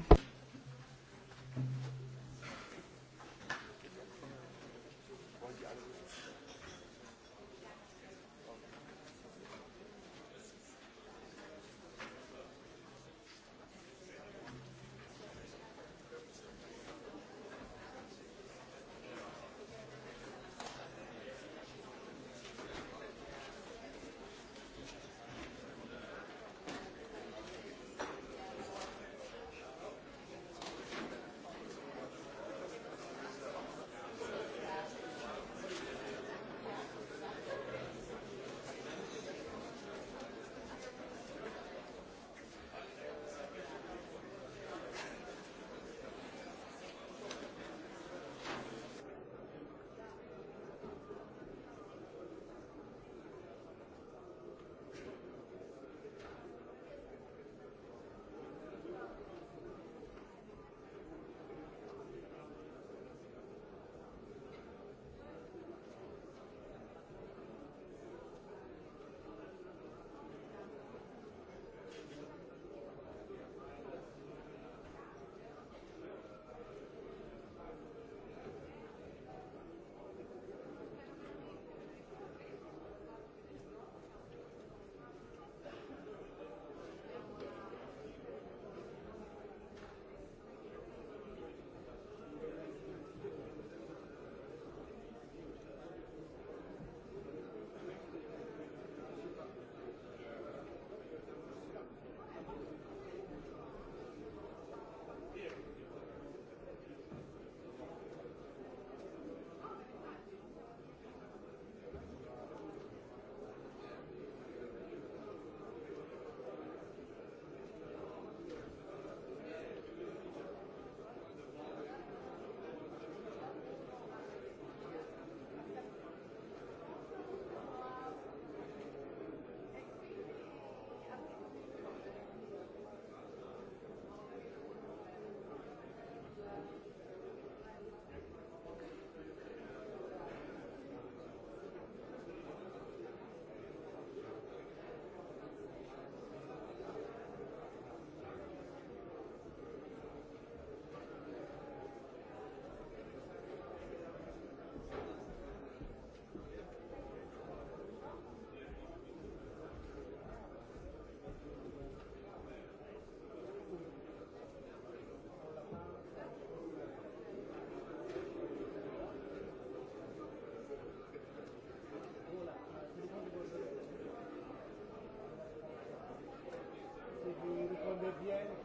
Quando vier,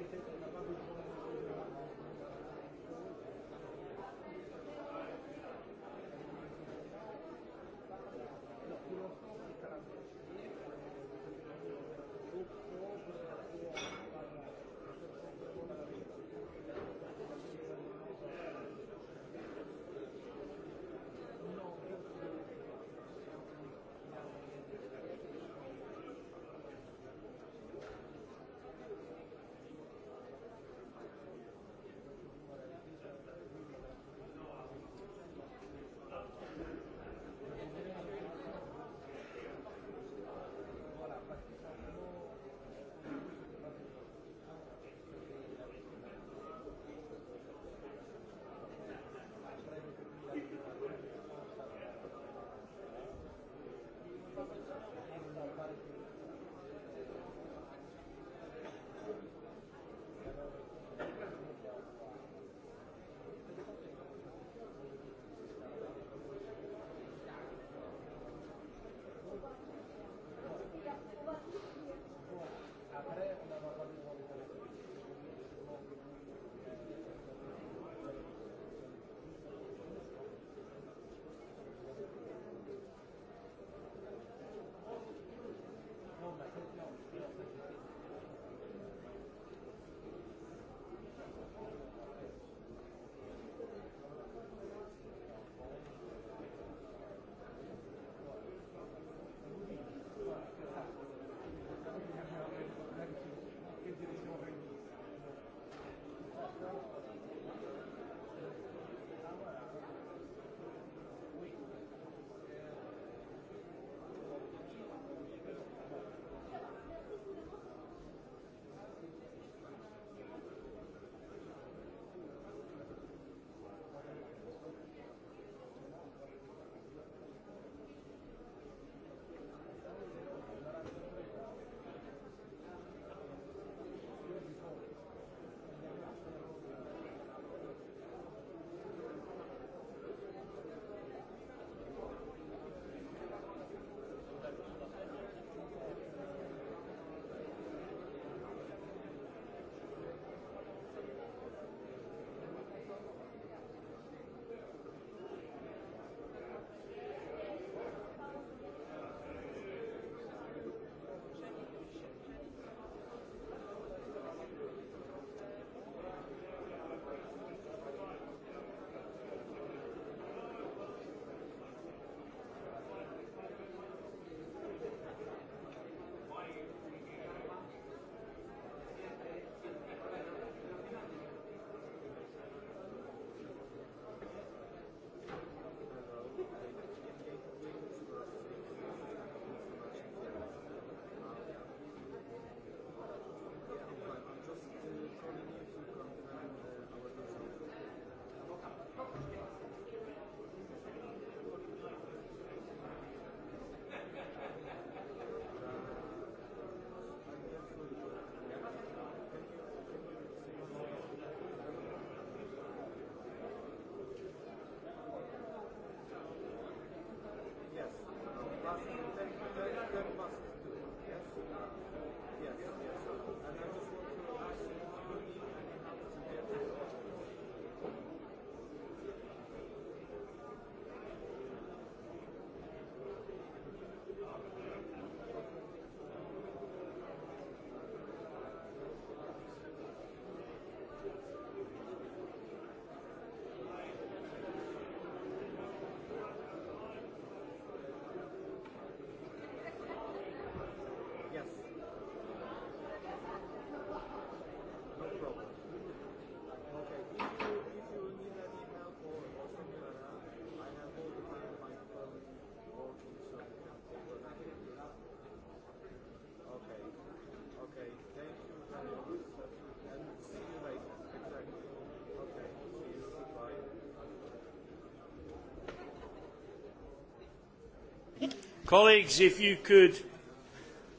Colleagues, if you could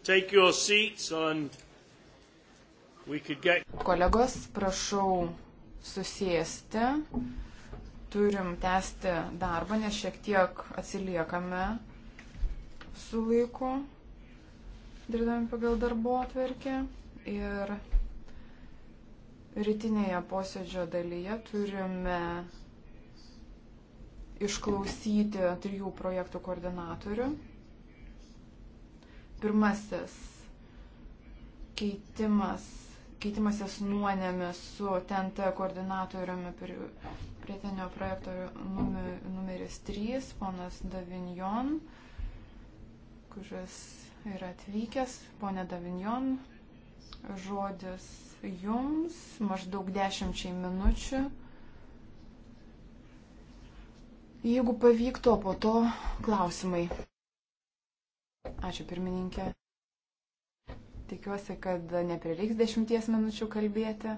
take your seats and we could get. Kolegos, prašau susėsti. Turim tęsti darbą, nes šiek tiek atsiliekame su laiku, dirbdami pagal darbo atverkę. Ir rytinėje posėdžio dalyje turime išklausyti trijų projektų koordinatorių Pirmasis keitimas, keitimasis nuonėmis su TNT koordinatoriumi prietinio projekto numeris 3, ponas Davignon, kuris yra atvykęs, ponė Davignon, žodis jums maždaug dešimčiai minučių. Jeigu pavyktų, po to klausimai. Ačiū pirmininkė. Tikiuosi, kad neprireiks dešimties minučių kalbėti.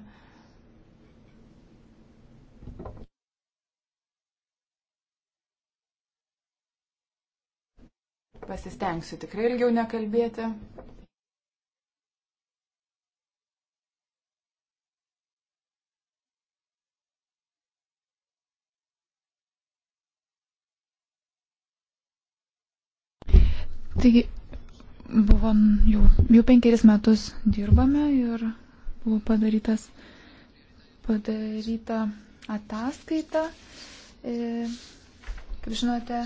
Pasistengsiu tikrai ilgiau nekalbėti. Taigi buvom jau, jau penkeris metus dirbame ir buvo padarytas, padaryta ataskaita. E, kaip žinote,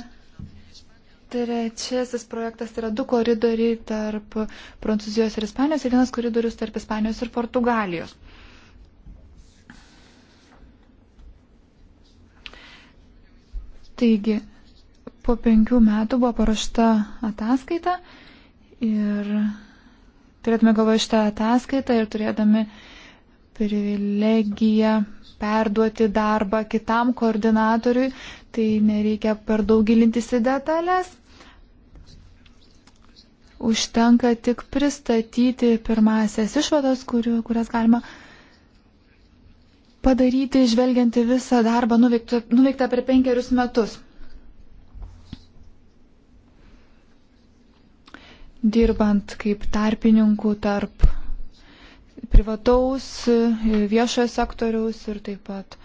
Trečiasis projektas yra du koridoriai tarp Prancūzijos ir Ispanijos ir vienas koridorius tarp Ispanijos ir Portugalijos. Taigi, Po penkių metų buvo parašta ataskaita ir turėtume galvoje šitą ataskaitą ir turėdami privilegiją perduoti darbą kitam koordinatoriui, tai nereikia per daug gilintis į detalės. Užtenka tik pristatyti pirmasias išvadas, kurių, kurias galima padaryti, žvelgianti visą darbą nuveiktą, nuveiktą per penkerius metus. dirbant kaip tarpininku tarp privataus, viešojo sektoriaus ir taip pat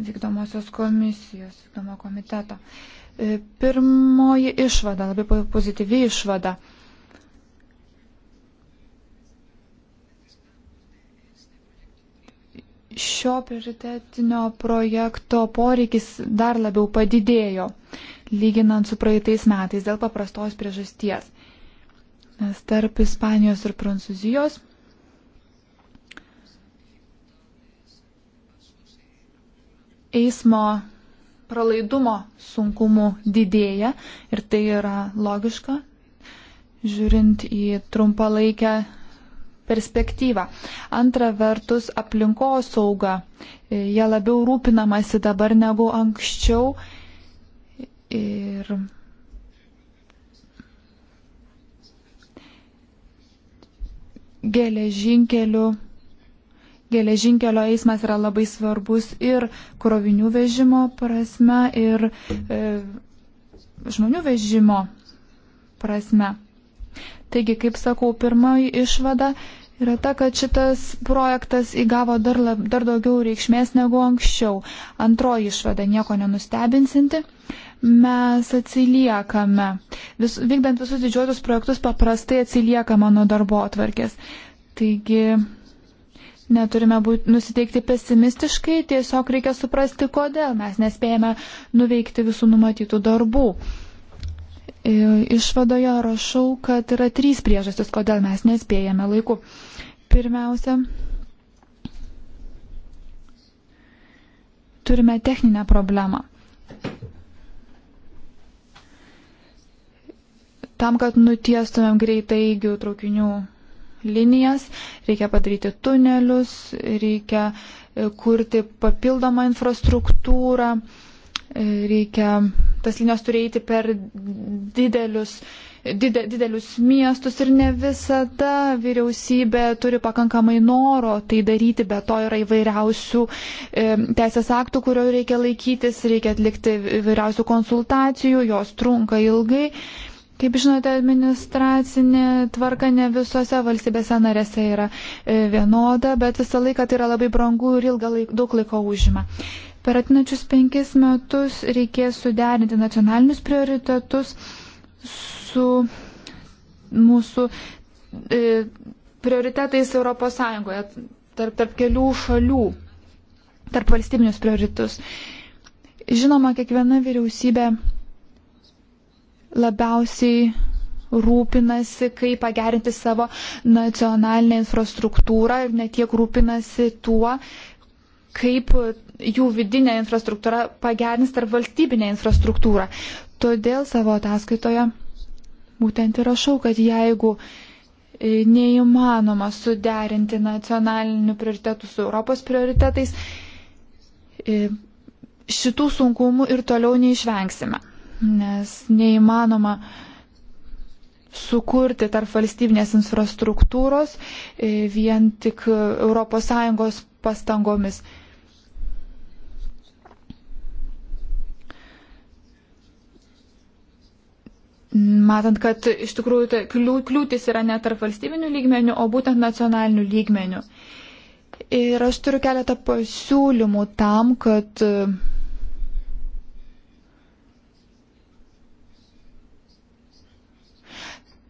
vykdomosios komisijos, vykdomo komiteto. Pirmoji išvada, labai pozityvi išvada. Šio prioritetinio projekto poreikis dar labiau padidėjo, lyginant su praeitais metais dėl paprastos priežasties nes tarp Ispanijos ir Prancūzijos eismo pralaidumo sunkumų didėja ir tai yra logiška, žiūrint į trumpalaikę perspektyvą. Antra vertus, aplinkos sauga. Jie labiau rūpinamasi dabar negu anksčiau. Ir geležinkelių. Geležinkelio eismas yra labai svarbus ir krovinių vežimo prasme, ir e, žmonių vežimo prasme. Taigi, kaip sakau, pirmoji išvada yra ta, kad šitas projektas įgavo dar, lab, dar daugiau reikšmės negu anksčiau. Antroji išvada nieko nenustebinsinti mes atsiliekame. Vis, vykdant visus didžiuosius projektus paprastai atsiliekame nuo darbo atvarkės. Taigi neturime būti nusiteikti pesimistiškai, tiesiog reikia suprasti, kodėl mes nespėjame nuveikti visų numatytų darbų. E, išvadoje rašau, kad yra trys priežastis, kodėl mes nespėjame laiku. Pirmiausia, turime techninę problemą. Tam, kad nutiestumėm greitaigių traukinių linijas, reikia padaryti tunelius, reikia e, kurti papildomą infrastruktūrą, e, reikia, tas linijos turi eiti per didelius, dide, didelius miestus ir ne visada vyriausybė turi pakankamai noro tai daryti, bet to yra įvairiausių e, teisės aktų, kurio reikia laikytis, reikia atlikti įvairiausių konsultacijų, jos trunka ilgai. E, Kaip žinote, administracinė tvarka ne visose valstybėse narėse yra e, vienoda, bet visą laiką tai yra labai brangu ir ilgą laik, daug laiko užima. Per atinačius penkis metus reikės suderinti nacionalinius prioritetus su mūsų e, prioritetais ES, tarp, tarp kelių šalių, tarp valstybinius prioritus. Žinoma, kiekviena vyriausybė labiausiai rūpinasi, kaip pagerinti savo nacionalinę infrastruktūrą ir netiek rūpinasi tuo, kaip jų vidinė infrastruktūra pagerins tarp valstybinę infrastruktūrą. Todėl savo ataskaitoje būtent ir rašau, kad jeigu e, neįmanoma suderinti nacionalinių prioritetų su Europos prioritetais, e, šitų sunkumų ir toliau neišvengsime nes neįmanoma sukurti tarp valstybinės infrastruktūros e, vien tik ES pastangomis. Matant, kad iš tikrųjų tai kliūtis yra ne tarp valstybinių lygmenių, o būtent nacionalinių lygmenių. Ir aš turiu keletą pasiūlymų tam, kad uh,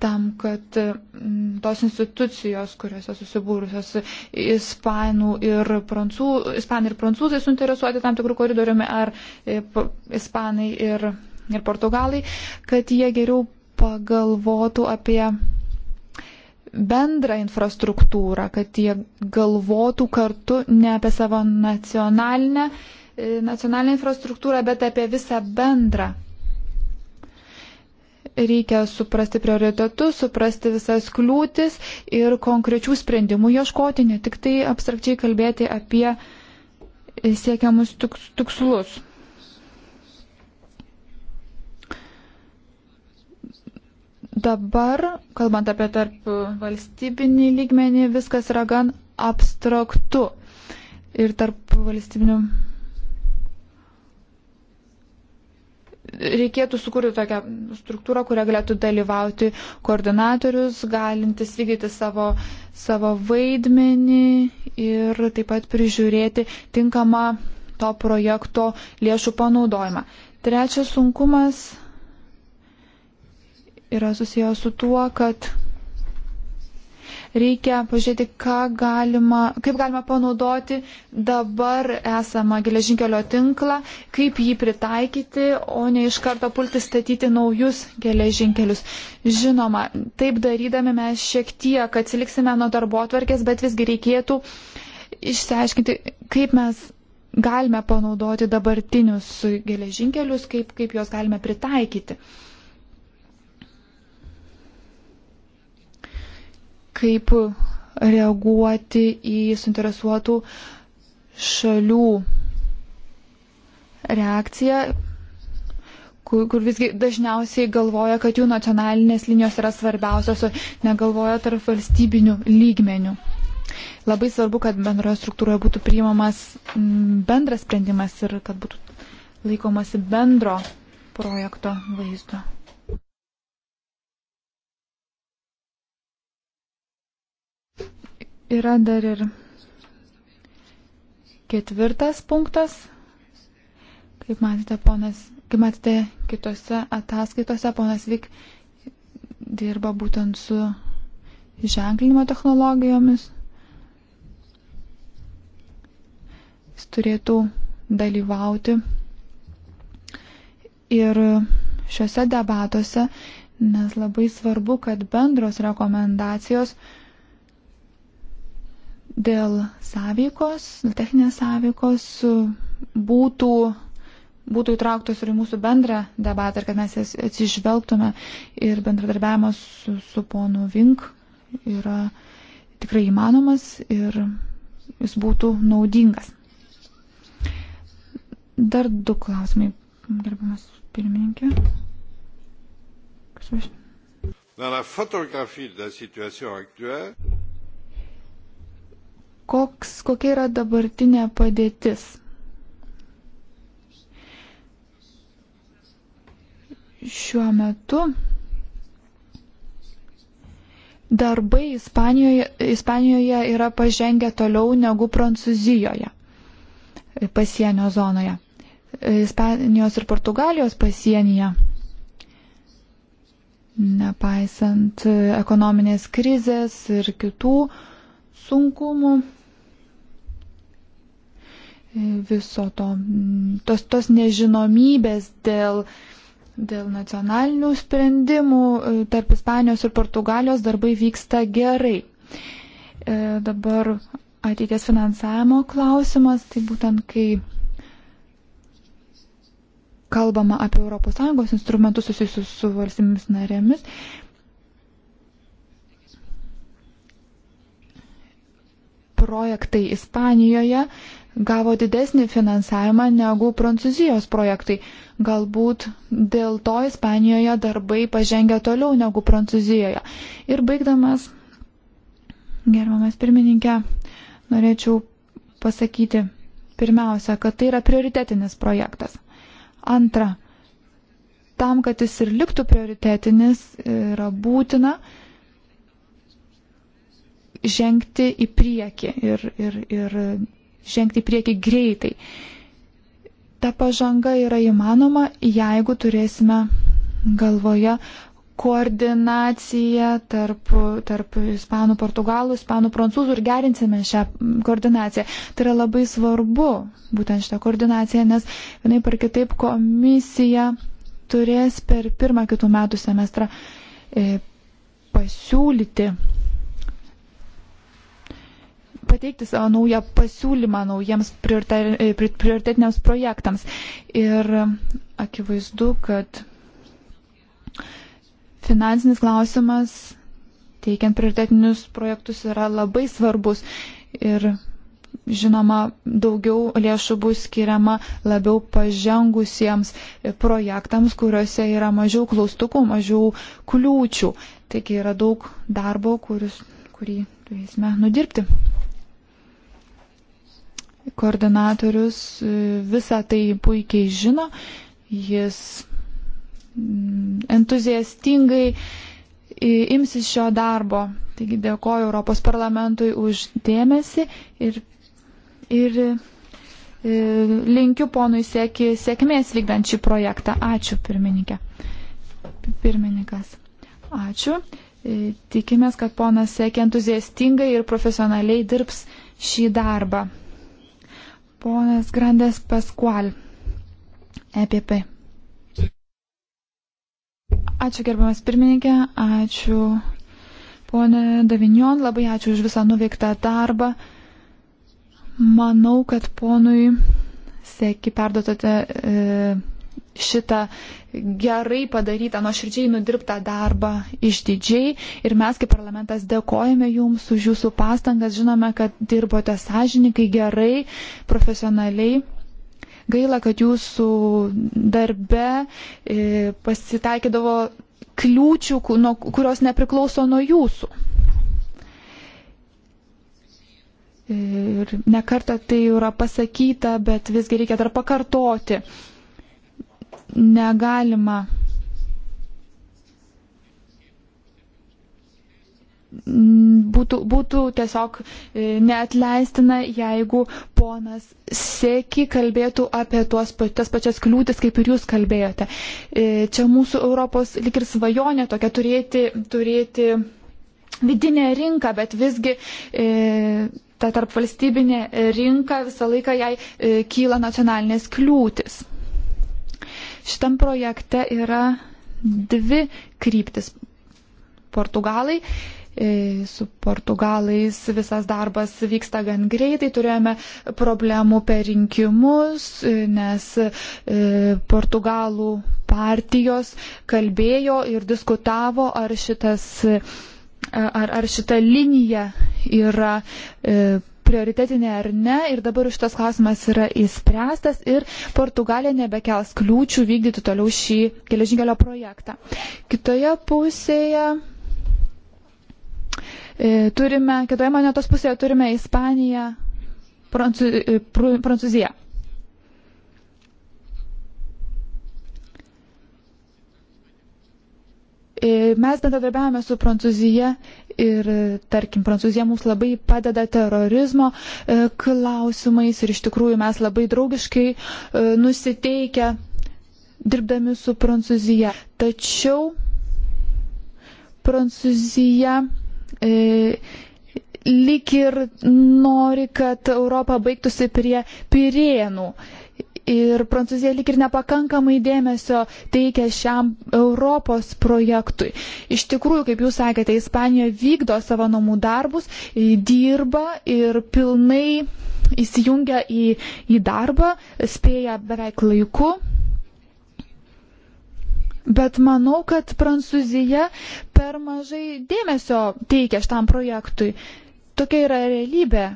tam, kad mm, tos institucijos, kuriuose susibūrusios ispanų ir prancūzų, ispanai ir prancūzai suinteresuoti tam tikrų koridoriumi, ar e, ispanai ir, ir portugalai, kad jie geriau pagalvotų apie bendrą infrastruktūrą, kad jie galvotų kartu ne apie savo nacionalinę, e, nacionalinę infrastruktūrą, bet apie visą bendrą reikia suprasti prioritetus, suprasti visas kliūtis ir konkrečių sprendimų ieškoti, ne tik tai abstrakčiai kalbėti apie siekiamus tikslus. Dabar, kalbant apie tarp valstybinį lygmenį, viskas yra gan abstraktu ir tarp valstybinių reikėtų sukurti tokią struktūrą, kurioje galėtų dalyvauti koordinatorius, galintis vykdyti savo, savo vaidmenį ir taip pat prižiūrėti tinkamą to projekto lėšų panaudojimą. Trečias sunkumas yra susijęs su tuo, kad reikia pažiūrėti, galima, kaip galima panaudoti dabar esamą geležinkelio tinklą, kaip jį pritaikyti, o ne iš karto pulti statyti naujus geležinkelius. Žinoma, taip darydami mes šiek tiek atsiliksime nuo darbo atvarkės, bet visgi reikėtų išsiaiškinti, kaip mes galime panaudoti dabartinius geležinkelius, kaip, kaip juos galime pritaikyti. kaip reaguoti į suinteresuotų šalių reakciją, kur, kur visgi dažniausiai galvoja, kad jų nacionalinės linijos yra svarbiausios, o negalvoja tarp valstybinių lygmenių. Labai svarbu, kad bendroje struktūroje būtų priimamas mm, bendras sprendimas ir kad būtų laikomasi bendro projekto vaizdo. Yra dar ir ketvirtas punktas. Kaip matėte, ponas, kaip matėte kitose ataskaitose, ponas Vik dirba būtent su ženklinimo technologijomis. Jis turėtų dalyvauti ir šiuose debatuose, nes labai svarbu, kad bendros rekomendacijos dėl sąveikos, techninės sąveikos būtų, būtų įtrauktos ir mūsų bendrą debatą ir kad mes jas atsižvelgtume ir bendradarbiavimas su, su ponu Vink yra tikrai įmanomas ir jis būtų naudingas. Dar du klausimai, gerbiamas pirmininkė. Dans la photographie de la situation actuelle, koks, kokia yra dabartinė padėtis. Šiuo metu darbai Ispanijoje, Ispanijoje yra pažengę toliau negu Prancūzijoje pasienio zonoje. Ispanijos ir Portugalijos pasienyje nepaisant ekonominės krizės ir kitų sunkumų, viso to, mm, tos, tos nežinomybės dėl, dėl nacionalinių sprendimų e, tarp Ispanijos ir Portugalijos darbai vyksta gerai. E, dabar ateities finansavimo klausimas, tai būtent kai kalbama apie ES instrumentus susijusius su valstybėmis narėmis. Projektai Ispanijoje gavo didesnį finansavimą negu Prancūzijos projektai. Galbūt dėl to Ispanijoje darbai pažengia toliau negu Prancūzijoje. Ir baigdamas, gerbamas pirmininkė, norėčiau pasakyti pirmiausia, kad tai yra prioritetinis projektas. Antra, tam, kad jis ir liktų prioritetinis, yra būtina žengti į priekį ir, ir, ir žengti prieki greitai. Ta pažanga yra įmanoma, jeigu turėsime galvoje koordinaciją tarp, tarp ispanų, portugalų, ispanų, prancūzų ir gerinsime šią koordinaciją. Tai yra labai svarbu, būtent šitą koordinaciją, nes vienai par kitaip komisija turės per pirmą kitų metų semestrą e, pasiūlyti pateikti savo naują pasiūlymą naujiems e, prioritetiniams projektams. Ir akivaizdu, kad finansinis klausimas, teikiant prioritetinius projektus, yra labai svarbus. Ir žinoma, daugiau lėšų bus skiriama labiau pažengusiems projektams, kuriuose yra mažiau klaustukų, mažiau kliūčių. Taigi yra daug darbo, kuris, kurį turėsime nudirbti. Koordinatorius e, visą tai puikiai žino, jis mm, entuziastingai imsis šio darbo. Taigi dėkoju Europos parlamentui už dėmesį ir, ir e, linkiu ponui sėki, sėkmės vykdant šį projektą. Ačiū, pirmininkė. Pirmininkas. Ačiū. E, tikimės, kad ponas sėki entuziastingai ir profesionaliai dirbs šį darbą. Ponas Grandes Paskual, EPP. Ačiū gerbiamas pirmininkė, ačiū ponė Davinion, labai ačiū už visą nuveiktą darbą. Manau, kad ponui Seki perdotate e, šitą gerai padarytą, nuoširdžiai nudirbtą darbą išdidžiai. Ir mes kaip parlamentas dėkojame Jums už Jūsų pastangas. Žinome, kad dirbote sąžininkai, gerai, profesionaliai. Gaila, kad Jūsų darbe e, pasitaikydavo kliūčių, kurios nepriklauso nuo Jūsų. Ir nekarta tai yra pasakyta, bet visgi reikia dar pakartoti negalima būtų, būtų tiesiog e, neatleistina, jeigu ponas Seki kalbėtų apie tuos, tas pačias kliūtis, kaip ir jūs kalbėjote. E, čia mūsų Europos lik ir svajonė tokia turėti, turėti vidinę rinką, bet visgi. E, ta tarp valstybinė rinka visą laiką jai kyla nacionalinės kliūtis. Šitam projekte yra dvi kryptis. Portugalai. E, su portugalais visas darbas vyksta gan greitai, turėjome problemų per rinkimus, e, nes e, portugalų partijos kalbėjo ir diskutavo, ar, šitas, ar, ar šita linija yra prioritetinė ar ne. Ir dabar šitas klausimas yra įspręstas ir Portugalija nebekels kliūčių vykdyti toliau šį geležinkelio projektą. Kitoje pusėje. E, turime, kitoje monetos pusėje turime Ispaniją, e, Prancūziją. E, mes bendradarbiavame su Prancūzija ir, tarkim, Prancūzija mums labai padeda terorizmo e, klausimais ir iš tikrųjų mes labai draugiškai e, nusiteikę dirbdami su Prancūzija. Tačiau Prancūzija. E, lyg ir nori, kad Europa baigtųsi prie Pirėnų ir Prancūzija lik ir nepakankamai dėmesio teikia šiam Europos projektui. Iš tikrųjų, kaip jūs sakėte, Ispanija vykdo savo namų darbus, dirba ir pilnai įsijungia į, į darbą, spėja beveik laiku. Bet manau, kad Prancūzija per mažai dėmesio teikia šitam projektui. Tokia yra realybė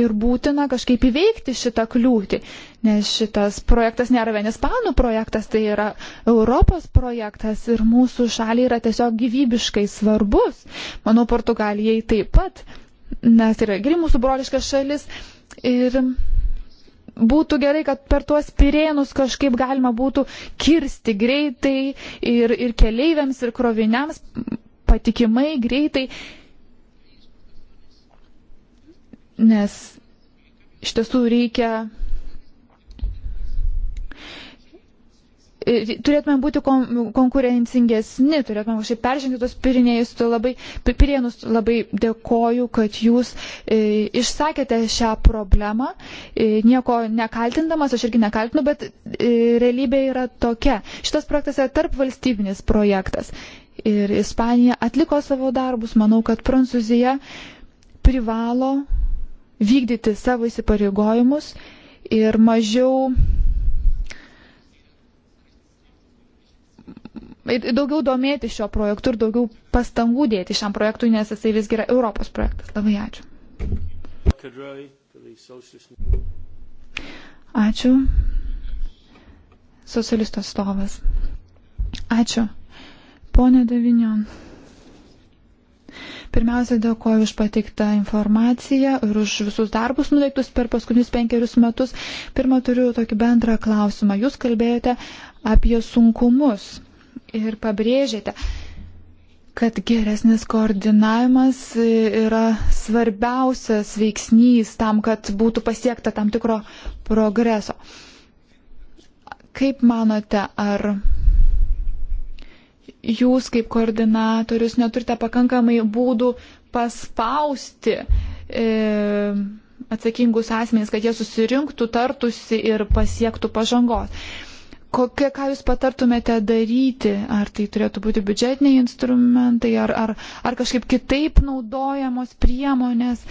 ir būtina kažkaip įveikti šitą kliūtį, nes šitas projektas nėra vien ispanų projektas, tai yra Europos projektas ir mūsų šaliai yra tiesiog gyvybiškai svarbus. Manau, Portugalijai taip pat, nes tai yra geri mūsų broliška šalis ir būtų gerai, kad per tuos pirėnus kažkaip galima būtų kirsti greitai ir, ir keleiviams, ir kroviniams patikimai, greitai nes iš tiesų reikia. Turėtume būti konkurencingesni, turėtume kažkaip peržengti tos pirinėjus, tu labai, pirienus labai dėkoju, kad jūs e, išsakėte šią problemą, e, nieko nekaltindamas, aš irgi nekaltinu, bet e, realybė yra tokia. Šitas projektas yra tarp valstybinis projektas ir Ispanija atliko savo darbus, manau, kad Prancūzija privalo vykdyti savo įsipareigojimus ir mažiau. Daugiau domėti šio projektu ir daugiau pastangų dėti šiam projektui, nes jisai visgi yra Europos projektas. Labai ačiū. Ačiū. Socialisto atstovas. Ačiū. Pone Davinion. Pirmiausia, dėkoju už pateiktą informaciją ir už visus darbus nuveiktus per paskutinius penkerius metus. Pirma, turiu tokį bendrą klausimą. Jūs kalbėjote apie sunkumus ir pabrėžėte, kad geresnis koordinavimas yra svarbiausias veiksnys tam, kad būtų pasiekta tam tikro progreso. Kaip manote, ar jūs kaip koordinatorius neturite pakankamai būdų paspausti e, atsakingus asmenys, kad jie susirinktų, tartusi ir pasiektų pažangos. Kokie, ką jūs patartumėte daryti? Ar tai turėtų būti biudžetiniai instrumentai, ar, ar, ar kažkaip kitaip naudojamos priemonės,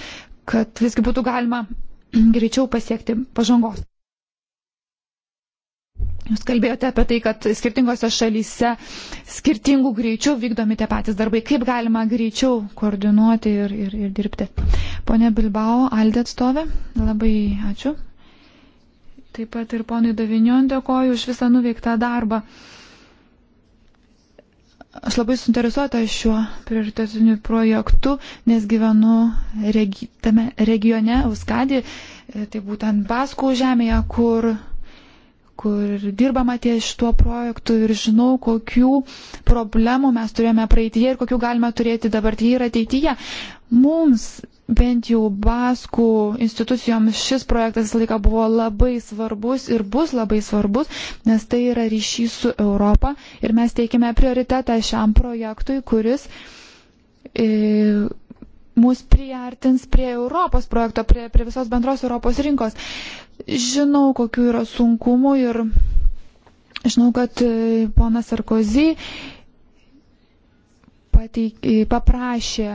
kad visgi būtų galima greičiau pasiekti pažangos? Jūs kalbėjote apie tai, kad skirtingose šalyse skirtingų greičių vykdomi tie patys darbai. Kaip galima greičiau koordinuoti ir, ir, ir dirbti? Pone Bilbao, Aldė atstovė, labai ačiū. Taip pat ir ponui Davinion dėkoju už visą nuveiktą darbą. Aš labai suinteresuota šiuo prioritetiniu projektu, nes gyvenu regi tame regione, Euskadį, tai būtent Baskų žemėje, kur kur dirbama ties šituo projektu ir žinau, kokių problemų mes turėjome praeitie ir kokių galime turėti dabartyje ir ateityje. Mums bent jau Baskų institucijoms šis projektas visą laiką buvo labai svarbus ir bus labai svarbus, nes tai yra ryšys su Europa ir mes teikime prioritetą šiam projektui, kuris. E, mus priartins prie Europos projekto, prie, prie visos bendros Europos rinkos. Žinau, kokiu yra sunkumu ir žinau, kad e, ponas Sarkozy pateik, e, paprašė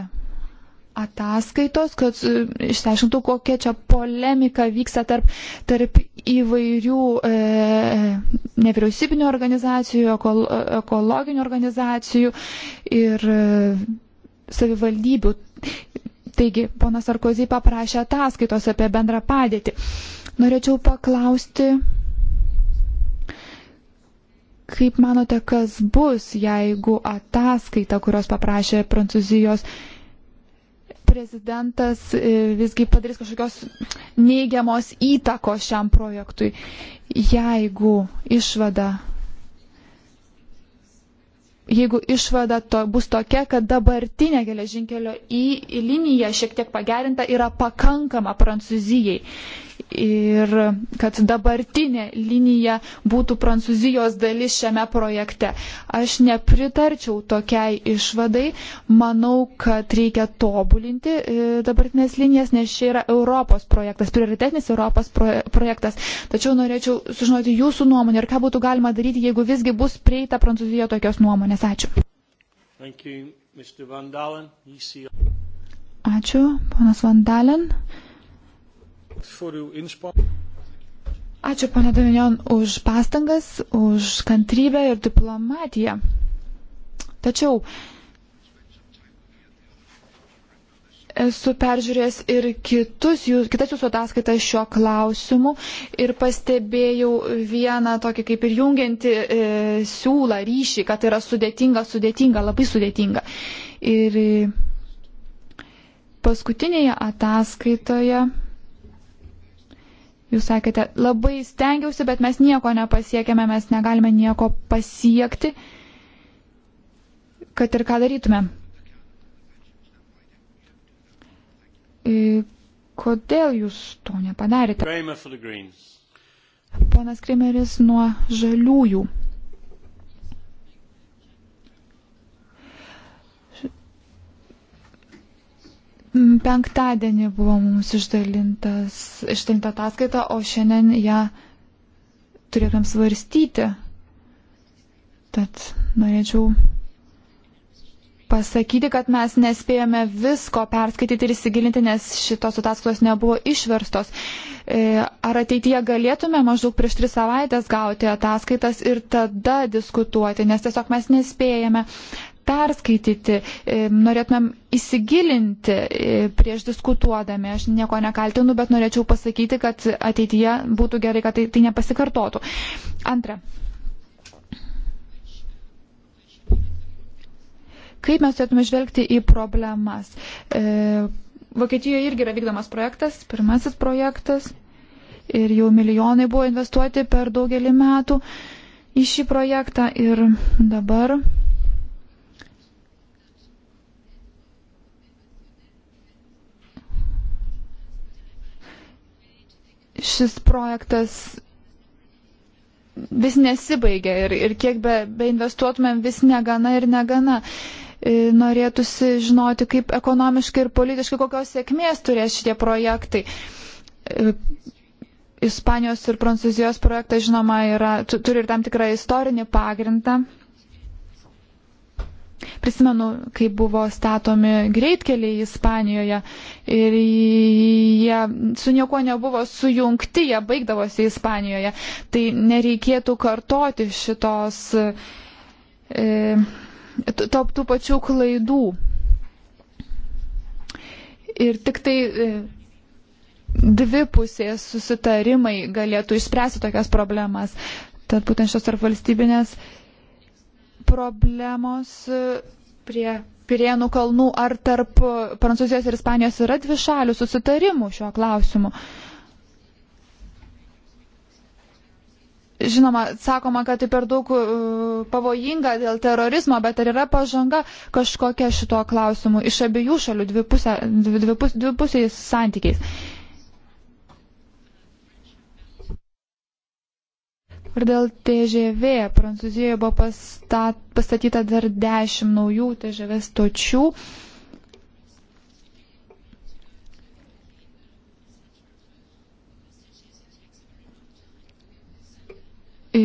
ataskaitos, kad e, išsiaiškintų, kokia čia polemika vyksta tarp, tarp įvairių e, nevyriausybinio organizacijų, ekol, ekologinių organizacijų ir e, savivaldybių. Taigi, ponas Sarkozy paprašė ataskaitos apie bendrą padėtį. Norėčiau paklausti, kaip manote, kas bus, jeigu ataskaita, kurios paprašė Prancūzijos prezidentas e, visgi padarys kažkokios neigiamos įtakos šiam projektui. Jeigu išvada jeigu išvada to bus tokia, kad dabartinė geležinkelio į, į liniją šiek tiek pagerinta yra pakankama Prancūzijai ir kad dabartinė linija būtų Prancūzijos dalis šiame projekte. Aš nepritarčiau tokiai išvadai. Manau, kad reikia tobulinti e, dabartinės linijas, nes čia yra Europos projektas, prioritetinis Europos projektas. Tačiau norėčiau sužinoti jūsų nuomonę ir ką būtų galima daryti, jeigu visgi bus prieita Prancūzijoje tokios nuomonės. Ačiū. Thank you, Mr. Van Dalen. Ačiū, ponas Vandalen. Ačiū, pana Davinion, už pastangas, už kantrybę ir diplomatiją. Tačiau esu peržiūrėjęs ir kitus, jūs, kitas jūsų ataskaitas šio klausimu ir pastebėjau vieną tokį kaip ir jungiantį e, siūlą ryšį, kad tai yra sudėtinga, sudėtinga, labai sudėtinga. Ir paskutinėje ataskaitoje Jūs sakėte, labai stengiausi, bet mes nieko nepasiekėme, mes negalime nieko pasiekti, kad ir ką darytume. E, kodėl jūs to nepadarėte? Ponas Krimeris nuo žaliųjų. Mm, penktadienį buvo mums išdalinta ataskaita, o šiandien ją turėtum svarstyti. Tad norėčiau pasakyti, kad mes nespėjome visko perskaityti ir įsigilinti, nes šitos ataskaitos nebuvo išverstos. E, ar ateityje galėtume maždaug prieš tris savaitės gauti ataskaitas ir tada diskutuoti, nes tiesiog mes nespėjame perskaityti, e, norėtumėm įsigilinti e, prieš diskutuodami. Aš nieko nekaltinu, bet norėčiau pasakyti, kad ateityje būtų gerai, kad tai, tai nepasikartotų. Antra. Kaip mes turėtume žvelgti į problemas? E, Vokietijoje irgi yra vykdomas projektas, pirmasis projektas, ir jau milijonai buvo investuoti per daugelį metų į šį projektą ir dabar šis projektas vis nesibaigia ir, ir kiek be, be investuotumėm vis negana ir negana. E, norėtųsi žinoti, kaip ekonomiškai ir politiškai kokios sėkmės turės šitie projektai. E, Ispanijos ir Prancūzijos projektas, žinoma, yra, turi ir tam tikrą istorinį pagrindą. Prisimenu, kai buvo statomi greitkeliai Ispanijoje ir jie su niekuo nebuvo sujungti, jie baigdavosi Ispanijoje. Tai nereikėtų kartoti šitos, e, to, tų pačių klaidų. Ir tik tai e, dvi pusės susitarimai galėtų išspręsti tokias problemas. Tad būtent šios tarp valstybinės. E, problemos prie Pirėnų kalnų, ar tarp Prancūzijos ir Ispanijos yra dvišalių susitarimų šiuo klausimu. Žinoma, sakoma, kad tai per daug uh, pavojinga dėl terorizmo, bet ar yra pažanga kažkokia šituo klausimu iš abiejų šalių dvipusiais dvi, dvi, dvi santykiais? Ir dėl TŽV Prancūzijoje buvo pastat, pastatyta dar dešimt naujų TŽV stočių. Į, į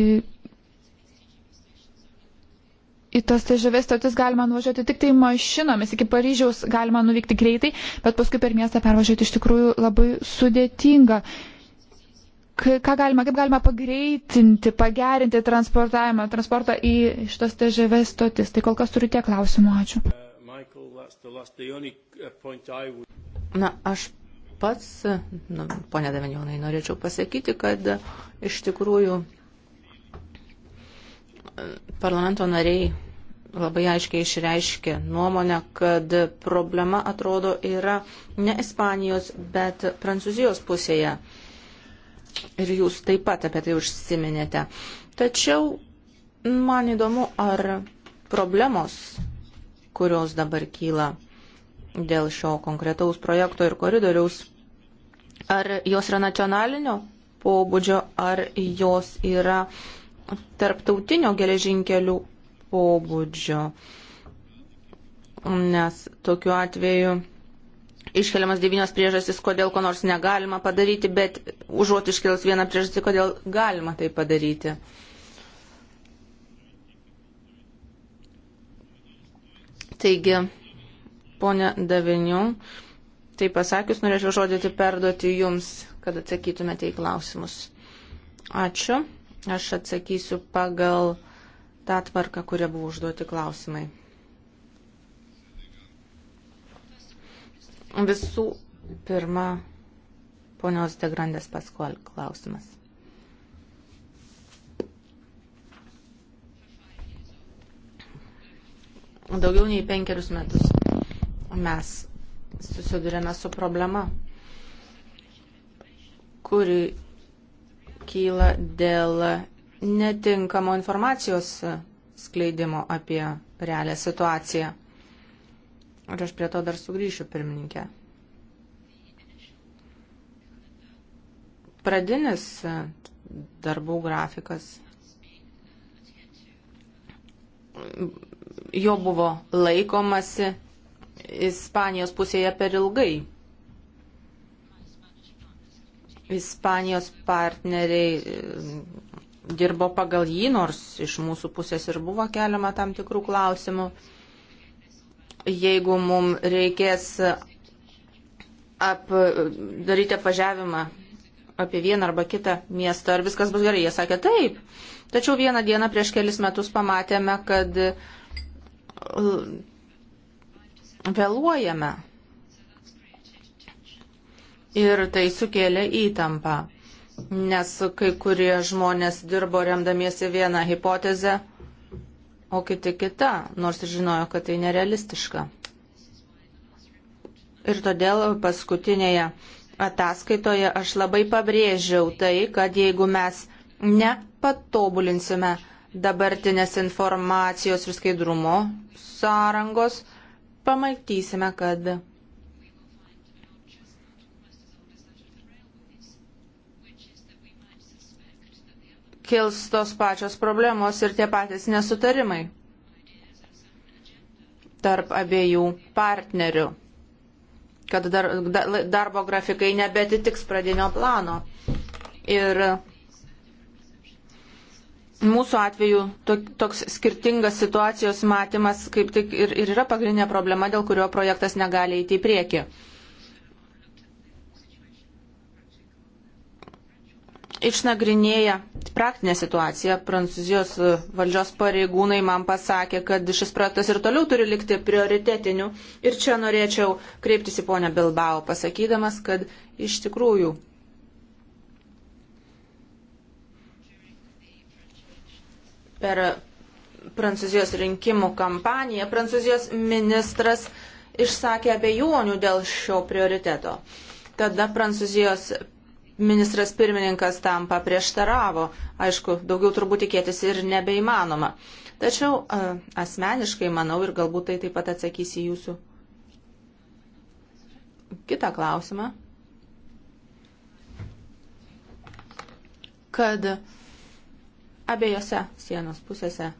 tas TŽV stotis galima nuvažiuoti tik tai mašinomis, iki Paryžiaus galima nuvykti greitai, bet paskui per miestą pervažiuoti iš tikrųjų labai sudėtinga. Uh, ką galima, kaip galima pagreitinti, pagerinti transportavimą, transportą į šitas TŽV stotis. Tai kol kas turiu tiek klausimų. Ačiū. Uh, uh, Na, aš pats, nu, ponė Davinjonai, norėčiau pasakyti, kad uh, iš tikrųjų parlamento nariai labai aiškiai išreiškė nuomonę, kad problema atrodo yra ne Ispanijos, bet Prancūzijos pusėje ir jūs taip pat apie tai užsiminėte. Tačiau man įdomu, ar problemos, kurios dabar kyla dėl šio konkretaus projekto ir koridoriaus, ar jos yra nacionalinio pobūdžio, ar jos yra tarptautinio geležinkelių pobūdžio. Nes tokiu atveju iškeliamas devynios priežastys, kodėl ko nors negalima padaryti, bet užuot iškėlus vieną priežastį, kodėl galima tai padaryti. Taigi, ponė Daviniu, tai pasakius, norėčiau žodėti perduoti jums, kad atsakytumėte į klausimus. Ačiū. Aš atsakysiu pagal tą tvarką, kuria buvo užduoti klausimai. Visų pirma, ponios Degrandės Paskual klausimas. Daugiau nei penkerius metus mes susidurėme su problema, kuri kyla dėl netinkamo informacijos skleidimo apie realią situaciją. Ir aš prie to dar sugrįšiu, pirmininkė. Pradinis darbų grafikas jo buvo laikomasi Ispanijos pusėje per ilgai. Ispanijos partneriai e, dirbo pagal jį, nors iš mūsų pusės ir buvo keliama tam tikrų klausimų jeigu mums reikės ap, daryti apvažiavimą apie vieną arba kitą miestą, ar viskas bus gerai. Jie sakė taip. Tačiau vieną dieną prieš kelis metus pamatėme, kad uh, vėluojame. Ir tai sukėlė įtampą, nes kai kurie žmonės dirbo remdamiesi vieną hipotezę o kiti kita, nors ir žinojo, kad tai nerealistiška. Ir todėl paskutinėje ataskaitoje aš labai pabrėžiau tai, kad jeigu mes nepatobulinsime dabartinės informacijos ir skaidrumo sąrangos, pamatysime, kad kils tos pačios problemos ir tie patys nesutarimai tarp abiejų partnerių, kad dar, darbo grafikai nebetitiks pradinio plano. Ir mūsų atveju toks skirtingas situacijos matymas kaip tik ir, ir yra pagrindinė problema, dėl kurio projektas negali eiti į priekį. išnagrinėję praktinę situaciją, prancūzijos e, valdžios pareigūnai man pasakė, kad šis projektas ir toliau turi likti prioritetiniu. Ir čia norėčiau kreiptis į ponę Bilbao, pasakydamas, kad iš tikrųjų. Per Prancūzijos rinkimų kampaniją Prancūzijos ministras išsakė abejonių dėl šio prioriteto. Tada Prancūzijos ministras pirmininkas tam paprieštaravo. Aišku, daugiau turbūt tikėtis ir nebeįmanoma. Tačiau e, asmeniškai manau ir galbūt tai taip pat atsakys į jūsų kitą klausimą. Kad abiejose sienos pusėse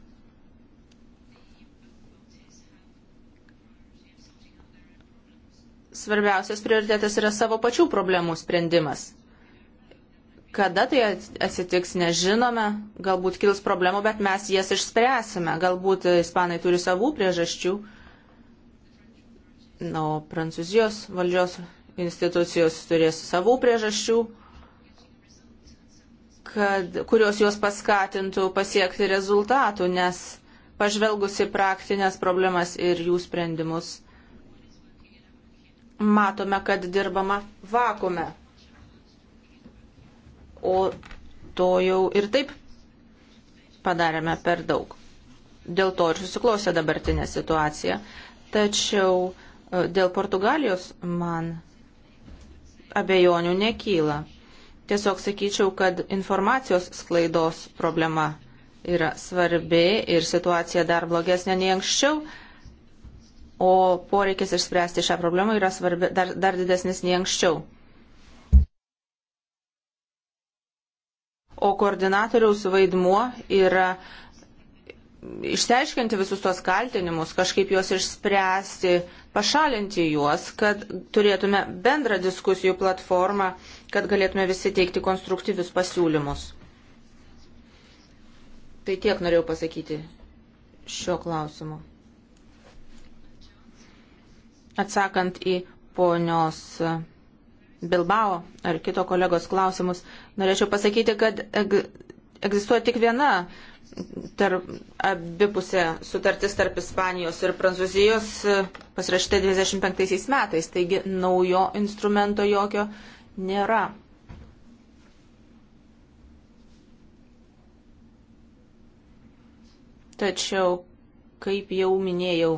svarbiausias prioritetas yra savo pačių problemų sprendimas. Kada tai atsitiks, nežinome, galbūt kils problemų, bet mes jas išspręsime. Galbūt ispanai turi savų priežasčių. Na, o prancūzijos valdžios institucijos turės savų priežasčių, kad, kurios juos paskatintų pasiekti rezultatų, nes pažvelgusi praktinės problemas ir jų sprendimus, matome, kad dirbama vakume o to jau ir taip padarėme per daug. Dėl to ir susiklausė dabartinė situacija. Tačiau e, dėl Portugalijos man abejonių nekyla. Tiesiog sakyčiau, kad informacijos sklaidos problema yra svarbi ir situacija dar blogesnė nei anksčiau, o poreikis išspręsti šią problemą yra svarbi, dar, dar didesnis nei anksčiau. o koordinatoriaus vaidmuo yra išsiaiškinti visus tuos kaltinimus, kažkaip juos išspręsti, pašalinti juos, kad turėtume bendrą diskusijų platformą, kad galėtume visi teikti konstruktyvius pasiūlymus. Tai tiek norėjau pasakyti šio klausimu. Atsakant į ponios Bilbao ar kito kolegos klausimus, norėčiau pasakyti, kad eg, egzistuoja tik viena tarp, abipusė sutartis tarp Ispanijos ir Prancūzijos e, pasirašyta 95 metais, taigi naujo instrumento jokio nėra. Tačiau, kaip jau minėjau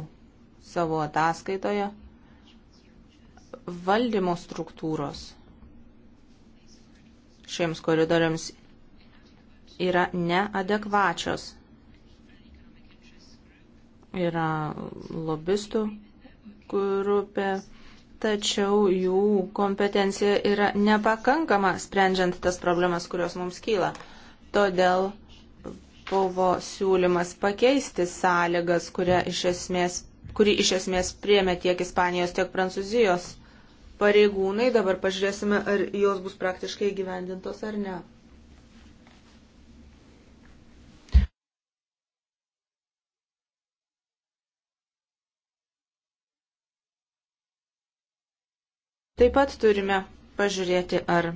savo ataskaitoje, valdymo struktūros šiems koridoriams yra neadekvačios. Yra lobistų grupė, tačiau jų kompetencija yra nepakankama sprendžiant tas problemas, kurios mums kyla. Todėl buvo siūlymas pakeisti sąlygas, iš esmės, kuri iš esmės priemė tiek Ispanijos, tiek Prancūzijos pareigūnai. Dabar pažiūrėsime, ar jos bus praktiškai gyvendintos ar ne. Taip pat turime pažiūrėti, ar,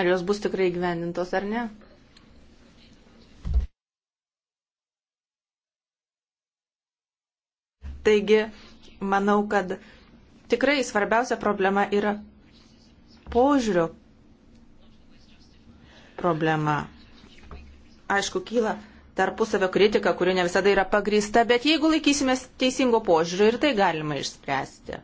ar jos bus tikrai gyvendintos ar ne. Taigi, manau, kad tikrai svarbiausia problema yra požiūrio problema. Aišku, kyla tarpusavio kritika, kuri ne visada yra pagrįsta, bet jeigu laikysimės teisingo požiūrio ir tai galima išspręsti.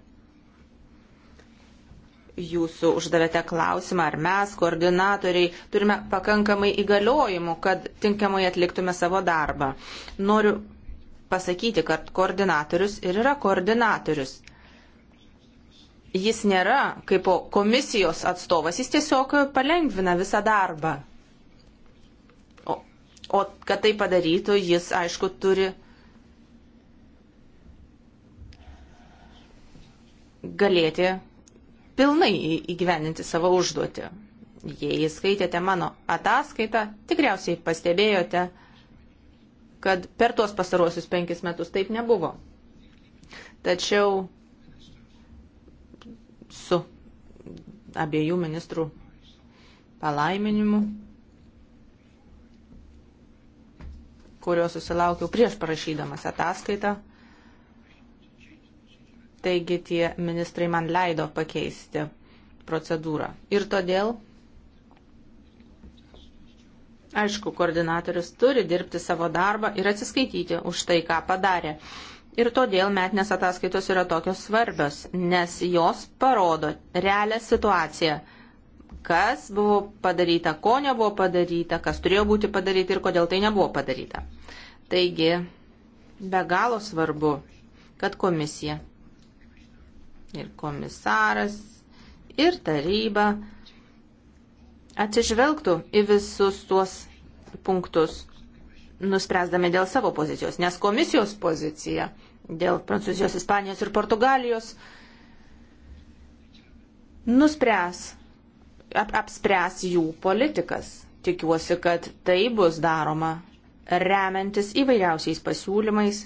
Jūsų uždavėte klausimą, ar mes, koordinatoriai, turime pakankamai įgaliojimų, kad tinkamai atliktume savo darbą. Noriu pasakyti, kad koordinatorius ir yra koordinatorius. Jis nėra kaip komisijos atstovas, jis tiesiog palengvina visą darbą. O, o kad tai padarytų, jis aišku turi galėti pilnai įgyveninti savo užduotį. Jei skaitėte mano ataskaitą, tikriausiai pastebėjote, kad per tuos pasaruosius penkis metus taip nebuvo. Tačiau su abiejų ministrų palaiminimu, kurio susilaukiau prieš parašydamas ataskaitą, taigi tie ministrai man leido pakeisti procedūrą. Ir todėl Aišku, koordinatorius turi dirbti savo darbą ir atsiskaityti už tai, ką padarė. Ir todėl metinės ataskaitos yra tokios svarbios, nes jos parodo realią situaciją, kas buvo padaryta, ko nebuvo padaryta, kas turėjo būti padaryta ir kodėl tai nebuvo padaryta. Taigi, be galo svarbu, kad komisija ir komisaras ir taryba atsižvelgtų į visus tuos punktus, nuspręsdami dėl savo pozicijos, nes komisijos pozicija dėl Prancūzijos, Ispanijos ir Portugalijos nuspręs, ap, apspręs jų politikas. Tikiuosi, kad tai bus daroma remiantis įvairiausiais pasiūlymais,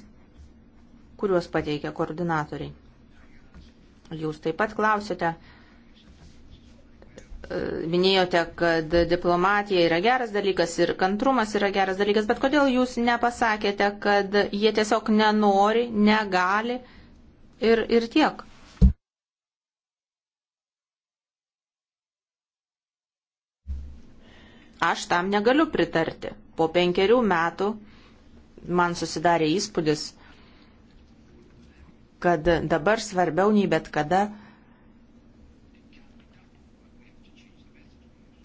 kuriuos pateikia koordinatoriai. Jūs taip pat klausite, Minėjote, kad diplomatija yra geras dalykas ir kantrumas yra geras dalykas, bet kodėl jūs nepasakėte, kad jie tiesiog nenori, negali ir, ir tiek? Aš tam negaliu pritarti. Po penkerių metų man susidarė įspūdis, kad dabar svarbiau nei bet kada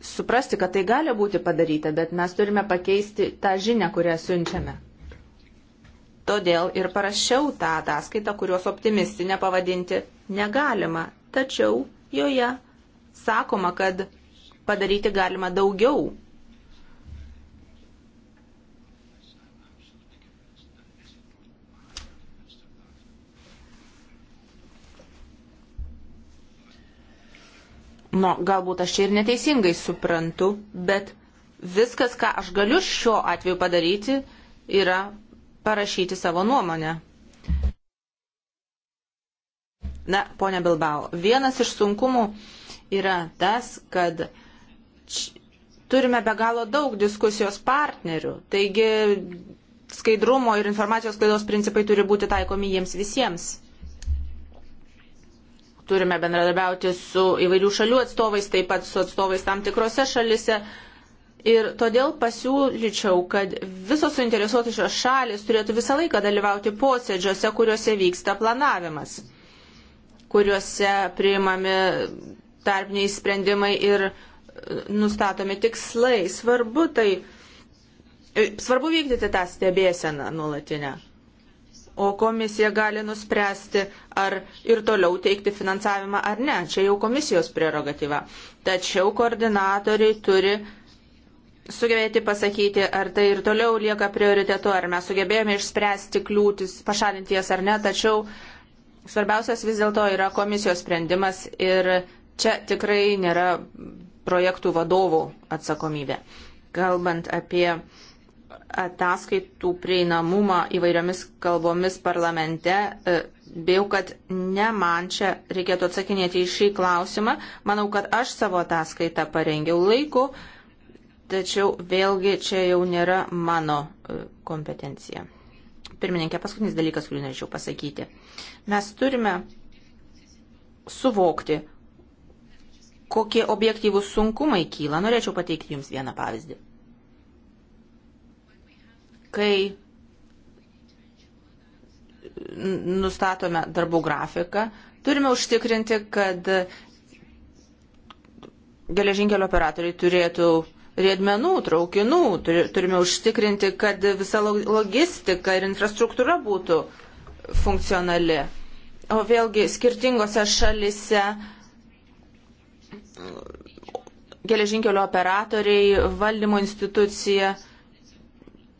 suprasti, kad tai gali būti padaryta, bet mes turime pakeisti tą žinę, kurią siunčiame. Todėl ir parašiau tą ataskaitą, kurios optimistinę pavadinti negalima, tačiau joje sakoma, kad padaryti galima daugiau nu, galbūt aš čia ir neteisingai suprantu, bet viskas, ką aš galiu šiuo atveju padaryti, yra parašyti savo nuomonę. Na, ponia Bilbao, vienas iš sunkumų yra tas, kad turime be galo daug diskusijos partnerių, taigi skaidrumo ir informacijos klaidos principai turi būti taikomi jiems visiems turime bendradarbiauti su įvairių šalių atstovais, taip pat su atstovais tam tikrose šalise. Ir todėl pasiūlyčiau, kad visos suinteresuotos šios šalis turėtų visą laiką dalyvauti posėdžiuose, kuriuose vyksta planavimas, kuriuose priimami tarpiniai sprendimai ir e, nustatomi tikslai. Svarbu tai, e, svarbu vykdyti tą stebėseną nuolatinę o komisija gali nuspręsti, ar ir toliau teikti finansavimą ar ne. Čia jau komisijos prerogatyva. Tačiau koordinatoriai turi sugebėti pasakyti, ar tai ir toliau lieka prioritetu, ar mes sugebėjome išspręsti kliūtis, pašalinti jas ar ne. Tačiau svarbiausias vis dėlto yra komisijos sprendimas ir čia tikrai nėra projektų vadovų atsakomybė. Kalbant apie ataskaitų prieinamumą įvairiomis kalbomis parlamente. E, bijau, kad ne man čia reikėtų atsakinėti į šį klausimą. Manau, kad aš savo ataskaitą parengiau laiku, tačiau vėlgi čia jau nėra mano e, kompetencija. Pirmininkė, paskutinis dalykas, kurį norėčiau pasakyti. Mes turime suvokti, kokie objektyvūs sunkumai kyla. Norėčiau pateikti Jums vieną pavyzdį kai nustatome darbų grafiką, turime užtikrinti, kad geležinkelio operatoriai turėtų riedmenų, traukinų, turime užtikrinti, kad visa logistika ir infrastruktūra būtų funkcionali. O vėlgi skirtingose šalise geležinkelio operatoriai, valdymo institucija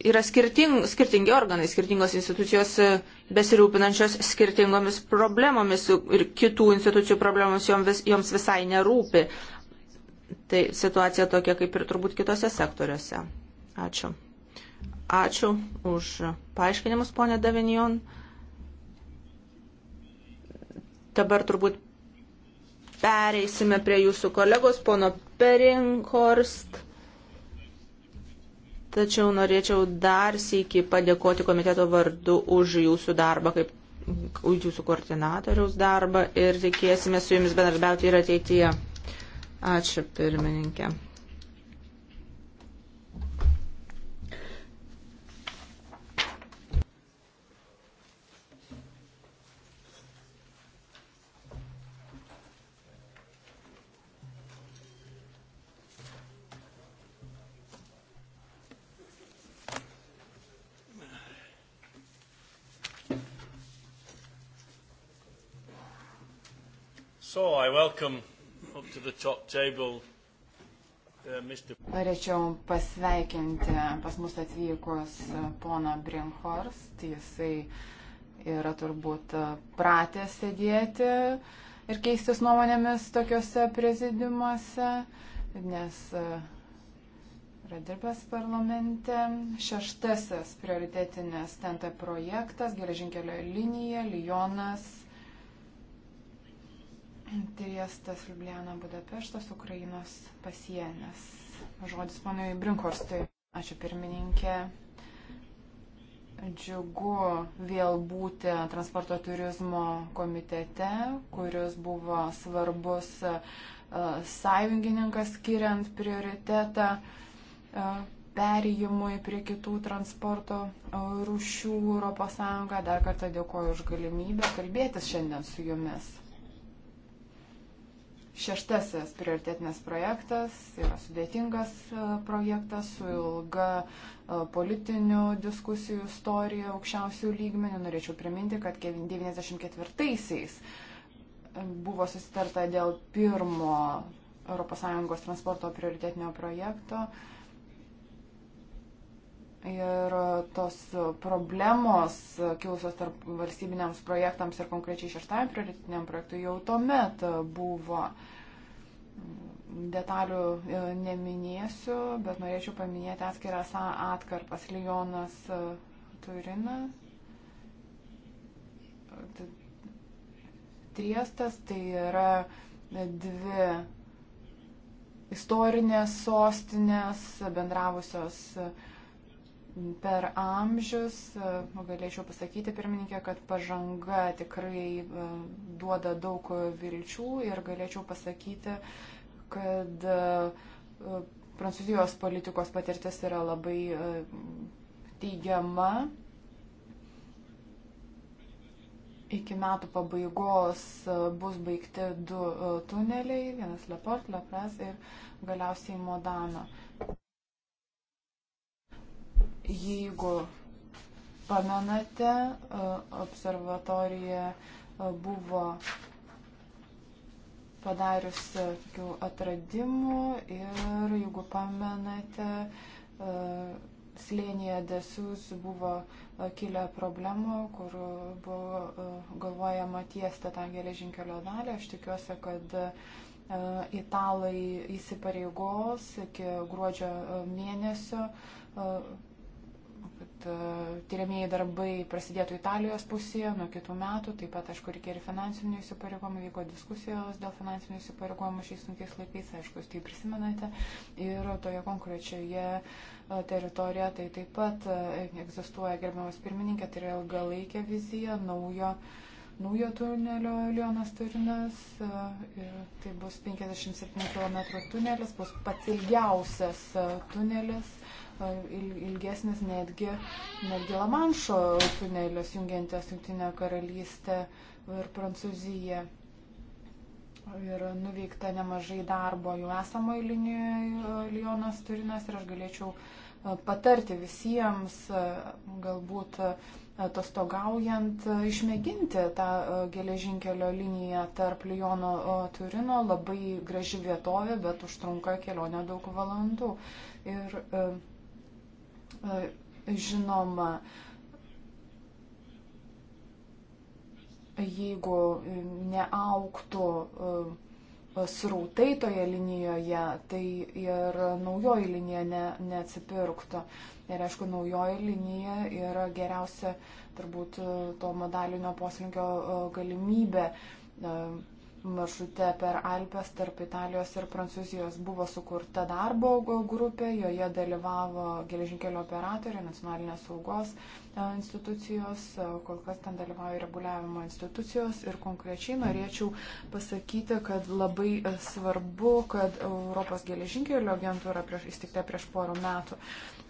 yra skirting, skirtingi organai, skirtingos institucijos e, besirūpinančios skirtingomis problemomis ir kitų institucijų problemomis joms, joms visai nerūpi. Tai situacija tokia kaip ir turbūt kitose sektoriuose. Ačiū. Ačiū už paaiškinimus, ponė Davinion. Dabar turbūt pereisime prie jūsų kolegos, pono Perinkhorst Tačiau norėčiau dar sėki padėkoti komiteto vardu už jūsų darbą, kaip už jūsų koordinatoriaus darbą ir tikėsime su jumis bendradarbiauti ir ateityje. Ačiū pirmininkė. So I welcome up to the top table uh, Norėčiau pasveikinti pas mus atvykus poną Brinkhorst. Jisai yra turbūt pratęs sėdėti ir keistis nuomonėmis tokiuose prezidiumuose, nes uh, yra dirbęs parlamente. Šeštasis prioritetinis TNT projektas - geležinkelio linija Lijonas Triestas, Ljubljana, Budapeštas, Ukrainos pasienis. Žodis panui Brinkorstui. Ačiū pirmininkė. Džiugu vėl būti transporto turizmo komitete, kuris buvo svarbus e, sąjungininkas skiriant prioritetą e, perėjimui prie kitų transporto rūšių ES. Dar kartą dėkoju už galimybę kalbėtis šiandien su jumis. Šeštasis prioritetinis projektas yra sudėtingas e, projektas su ilga e, politinių diskusijų istorija aukščiausių lygmenių. Norėčiau priminti, kad 94-aisiais e, buvo susitarta dėl pirmo ES transporto prioritetinio projekto. Uh, ir e, tos problemos e, kilusios tarp valstybiniams projektams ir konkrečiai šeštajam prioritiniam projektui jau tuomet e, buvo. Detalių neminėsiu, bet norėčiau paminėti atskiras atkarpas Lyonas Turina. Triestas tai yra dvi istorinės sostinės bendravusios uh, per amžius, e, galėčiau pasakyti, pirmininkė, kad pažanga tikrai e, duoda daug vilčių ir galėčiau pasakyti, kad e, Prancūzijos politikos patirtis yra labai teigiama. Iki metų pabaigos bus baigti du tuneliai, vienas Leport, Lepres ir galiausiai Modana. Uh, Jeigu pamenate, e, observatorija e, buvo padarius tokių atradimų ir jeigu pamenate, e, slėnyje desus buvo kilę problemų, kur buvo galvojama tiesti tą geležinkelio dalį. Aš tikiuosi, kad italai įsipareigos iki gruodžio mėnesio kad e, tyriamieji darbai prasidėtų Italijos pusėje nuo kitų metų. Taip pat, aišku, reikia ir finansinių įsipareigojimų, vyko diskusijos dėl finansinių įsipareigojimų šiais sunkiais laikais, aišku, jūs tai prisimenate. Ir toje konkrečioje e, teritorijoje tai taip pat e, egzistuoja gerbiamas pirmininkė, tai yra ilgalaikė vizija naujo. Naujo tunelio Lionas turinas, tai bus 57 km tunelis, bus pats ilgiausias tunelis ilgesnis netgi, netgi Lamanšo tunelis jungiantis Junktinę karalystę ir Prancūziją. Ir nuveikta nemažai darbo jau esamoje linijoje e, Lionas Turinas ir aš galėčiau e, patarti visiems, e, galbūt atostogaujant, išmėginti tą geležinkelio liniją tarp Liono Turino. Labai graži vietovė, bet užtrunka kelionė daug valandų. Ir E, žinoma, jeigu neauktų e, srautai toje linijoje, tai ir naujoji linija ne, neatsipirktų. Ir aišku, naujoji linija yra geriausia turbūt e, to modalinio poslinkio galimybė maršrute per Alpes tarp Italijos ir Prancūzijos buvo sukurta darbo grupė, joje dalyvavo geležinkelio operatoriai, nacionalinės saugos e, institucijos, e, kol kas ten dalyvauja reguliavimo institucijos ir konkrečiai norėčiau pasakyti, kad labai e, svarbu, kad Europos geležinkelio agentūra prieš, įsteigta prieš porą metų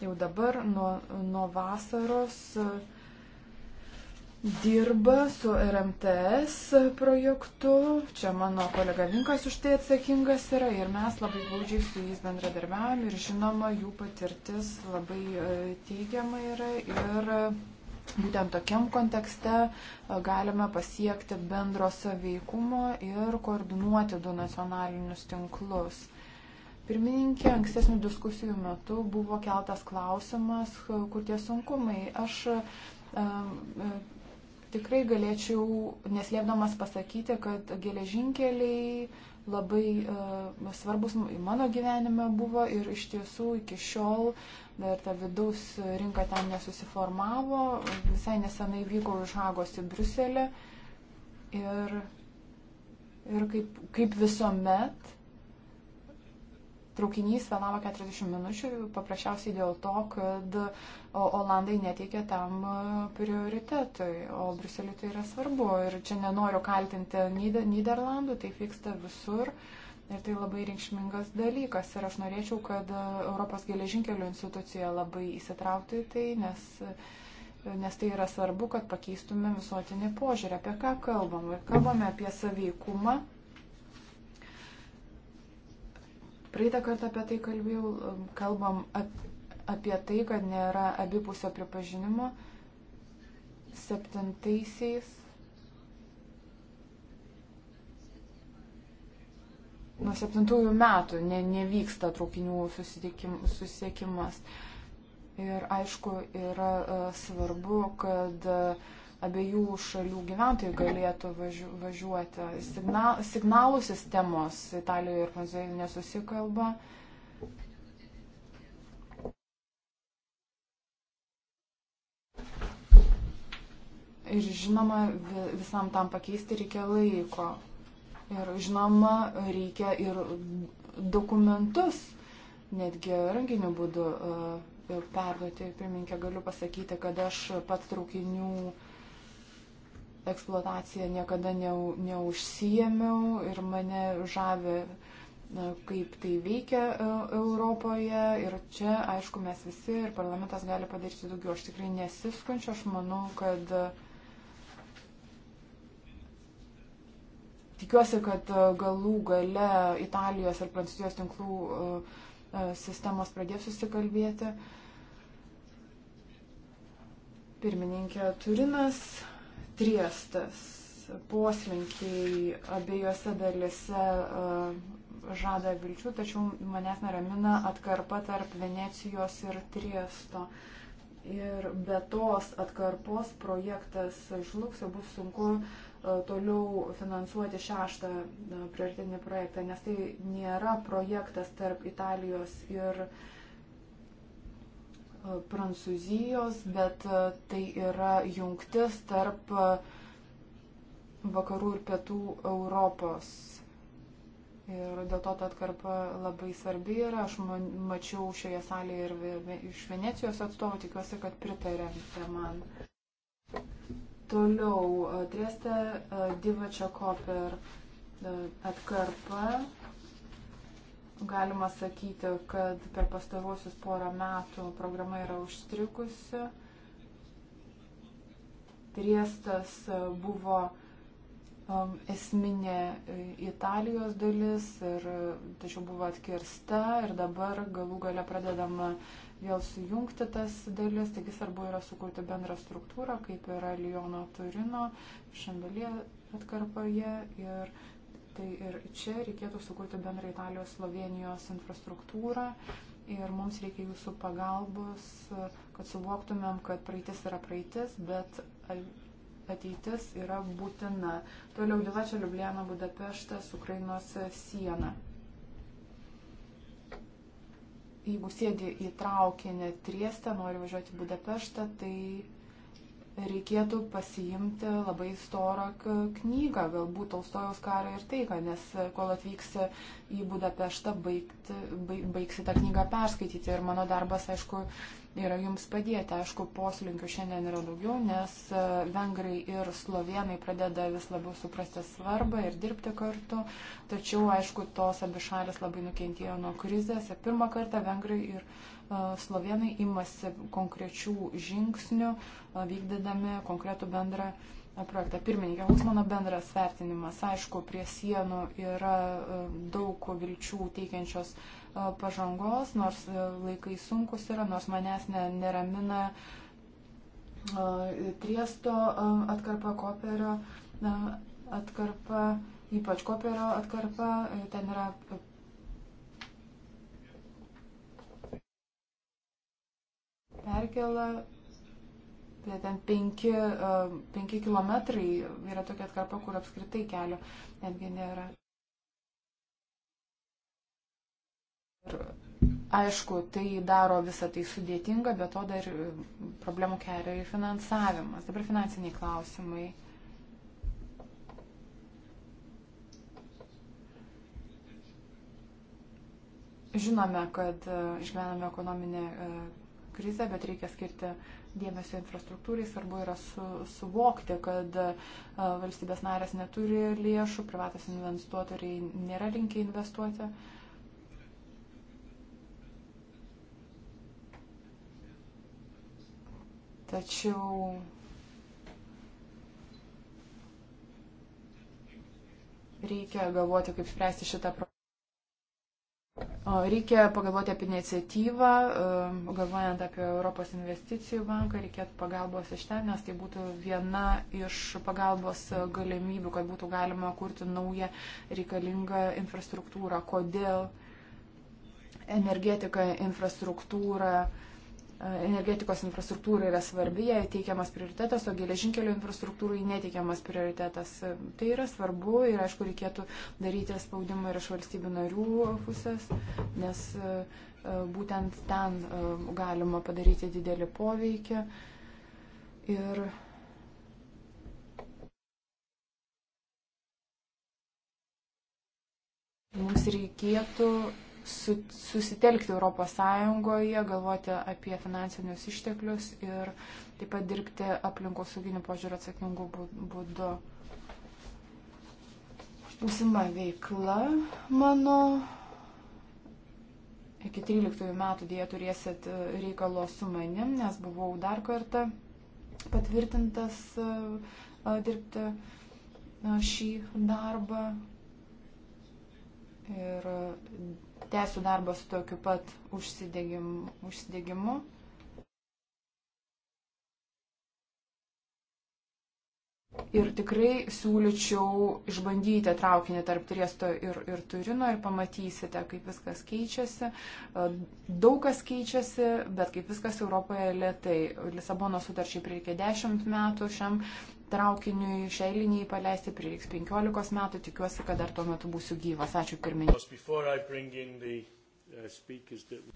jau dabar nuo, nuo vasaros. Uh, dirba su RMTS projektu. Čia mano kolega Vinkas už tai atsakingas yra ir mes labai glaudžiai su jais bendradarbiavame ir žinoma, jų patirtis labai e, teigiama yra ir būtent tokiam kontekste e, galime pasiekti bendro saveikumo ir koordinuoti du nacionalinius tinklus. Pirmininkė, ankstesnių diskusijų metu buvo keltas klausimas, e, kur tie sunkumai. Aš tikrai galėčiau neslėpdamas pasakyti, kad geležinkeliai labai uh, svarbus mano gyvenime buvo ir iš tiesų iki šiol dar ta vidaus rinka ten nesusiformavo. Visai nesenai vyko iš Hagos į Bruselį ir, ir kaip, kaip visuomet traukinys vėlavo 40 minučių paprasčiausiai dėl to, kad Olandai neteikė tam prioritetui, o Bruseliui tai yra svarbu. Ir čia nenoriu kaltinti Niderlandų, tai vyksta visur. Ir tai labai reikšmingas dalykas. Ir aš norėčiau, kad Europos geležinkelių institucija labai įsitrauktų į tai, nes, nes tai yra svarbu, kad pakeistume visuotinį požiūrį, apie ką kalbam. Ir kalbame apie saveikumą Praeitą kartą apie tai kalbėjau, um, kalbam apie tai, kad nėra abipusio pripažinimo. Septintaisiais nuo septintųjų metų ne, nevyksta traukinių susiekimas. Ir aišku, yra uh, svarbu, kad uh, abiejų šalių gyventojai galėtų važiu, važiuoti. Signal, signalų sistemos Italijoje ir Prancūzijoje nesusikalba. Ir žinoma, visam tam pakeisti reikia laiko. Ir žinoma, reikia ir dokumentus, netgi rankiniu būdu e, perduoti. Pirminkė, galiu pasakyti, kad aš pats traukinių eksploatacija niekada ne, neužsijėmiau ir mane žavi, kaip tai veikia e, Europoje. Ir čia, aišku, mes visi ir parlamentas gali padaryti daugiau. Aš tikrai nesiskunčiu, aš manau, kad e, tikiuosi, kad e, galų gale Italijos ir Prancūzijos tinklų sistemos pradės susikalbėti. Pirmininkė Turinas Triestas poslinkiai abiejose dalise e, žada vilčių, tačiau manęs neramina atkarpa tarp Venecijos ir Triesto. Ir be tos atkarpos projektas žlugs ir bus sunku e, toliau finansuoti šeštą e, prioritetinį projektą, nes tai nėra projektas tarp Italijos ir Italijos Prancūzijos, bet e, tai yra jungtis tarp e, vakarų ir pietų Europos. Ir dėl to ta atkarpa labai svarbi yra. Aš man, mačiau šioje salėje ir iš Venecijos atstovų, tikiuosi, kad pritarėte man. Toliau, e, Trieste Divačia Koper atkarpa galima sakyti, kad per pastaruosius porą metų programa yra užstrikusi. Triestas e, buvo um, esminė e, Italijos dalis, ir, e, tačiau buvo atkirsta ir dabar galų gale pradedama vėl sujungti tas dalis, taigi svarbu yra sukurti bendrą struktūrą, kaip yra Liono Turino, Šandalė atkarpoje ir uh, Tai ir čia reikėtų sukurti bendrą Italijos-Slovenijos infrastruktūrą ir mums reikia jūsų pagalbos, kad suvoktumėm, kad praeitis yra praeitis, bet ateitis yra būtina. Toliau Dilačia Liubliana Budapeštas, Ukrainos siena jeigu sėdi į traukinį Triestą, nori važiuoti į Budapeštą, tai reikėtų pasiimti labai storą knygą, galbūt Tolstojaus karą ir taiką, nes kol atvyksi į Budapeštą, baigti, baig, baigsi tą knygą perskaityti ir mano darbas, aišku, yra jums padėti. Aišku, poslinkių šiandien yra daugiau, nes e, vengrai ir slovenai pradeda vis labiau suprasti svarbą ir dirbti kartu, tačiau, aišku, tos abi šalis labai nukentėjo nuo krizės ir pirmą kartą vengrai ir slovenai imasi konkrečių žingsnių, vykdydami konkretų bendrą projektą. Pirmininkė, koks mano bendras vertinimas? Aišku, prie sienų yra daug vilčių teikiančios pažangos, nors laikai sunkus yra, nors manęs neramina Triesto atkarpa Koperio atkarpa, ypač Koperio atkarpa, ten yra perkela, tai ten 5, 5 km yra tokia atkarpa, kur apskritai kelio netgi nėra. Ir aišku, tai daro visą tai sudėtinga, bet to dar e, problemų kelia ir finansavimas. Dabar finansiniai klausimai. Žinome, kad e, išgyvename ekonominę e, krizę, bet reikia skirti dėmesio infrastruktūrai. Svarbu yra su, suvokti, kad e, valstybės narės neturi lėšų, privatas investuotojai nėra linkę investuoti. Tačiau reikia galvoti, kaip spręsti šitą problemą. Reikia pagalvoti apie iniciatyvą, e, galvojant apie Europos investicijų banką, reikėtų pagalbos iš ten, nes tai būtų viena iš pagalbos galimybių, kad būtų galima kurti naują reikalingą infrastruktūrą. Kodėl energetika, infrastruktūra, uh, energetikos infrastruktūra yra svarbi, jai teikiamas prioritetas, o geležinkelio infrastruktūrai neteikiamas prioritetas. Tai yra svarbu ir, aišku, reikėtų daryti spaudimą ir iš valstybių narių pusės, nes e, e, būtent ten e, galima padaryti didelį poveikį. Ir mums reikėtų su, susitelkti ES, galvoti apie finansinius išteklius ir taip pat dirbti aplinkosauginių požiūrį atsakingų būdu. Būsima veikla mano. Iki 13 metų dėja turėsit e, reikalo su manim, nes buvau dar kartą patvirtintas e, dirbti šį darbą. Ir tęsiu darbą su tokiu pat užsidegimu. užsidegimu. Ir tikrai siūlyčiau išbandyti traukinį tarp Triesto ir, ir Turino ir pamatysite, kaip viskas keičiasi. E, daug kas keičiasi, bet kaip viskas Europoje lietai. Lisabono sutarčiai prireikė 10 metų, šiam traukiniui šiai linijai paleisti prireiks 15 metų. Tikiuosi, kad dar tuo metu būsiu gyvas. Ačiū pirmininkė. Uh,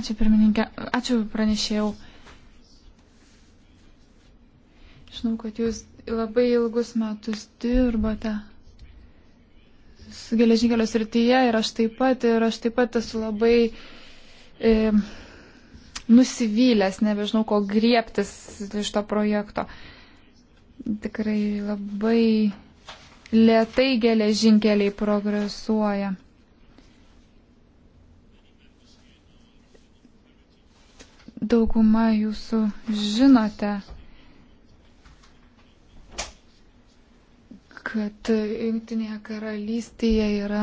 Ačiū pirmininkė. Ačiū pranešėjau. Žinau, kad jūs labai ilgus metus dirbote su geležinkelio srityje ir aš taip pat, ir aš taip pat esu labai e, nusivylęs, nebežinau, ko griebtis iš to projekto. E, tikrai labai lietai geležinkeliai progresuoja. Dauguma jūsų žinote, kad Junktinėje karalystėje yra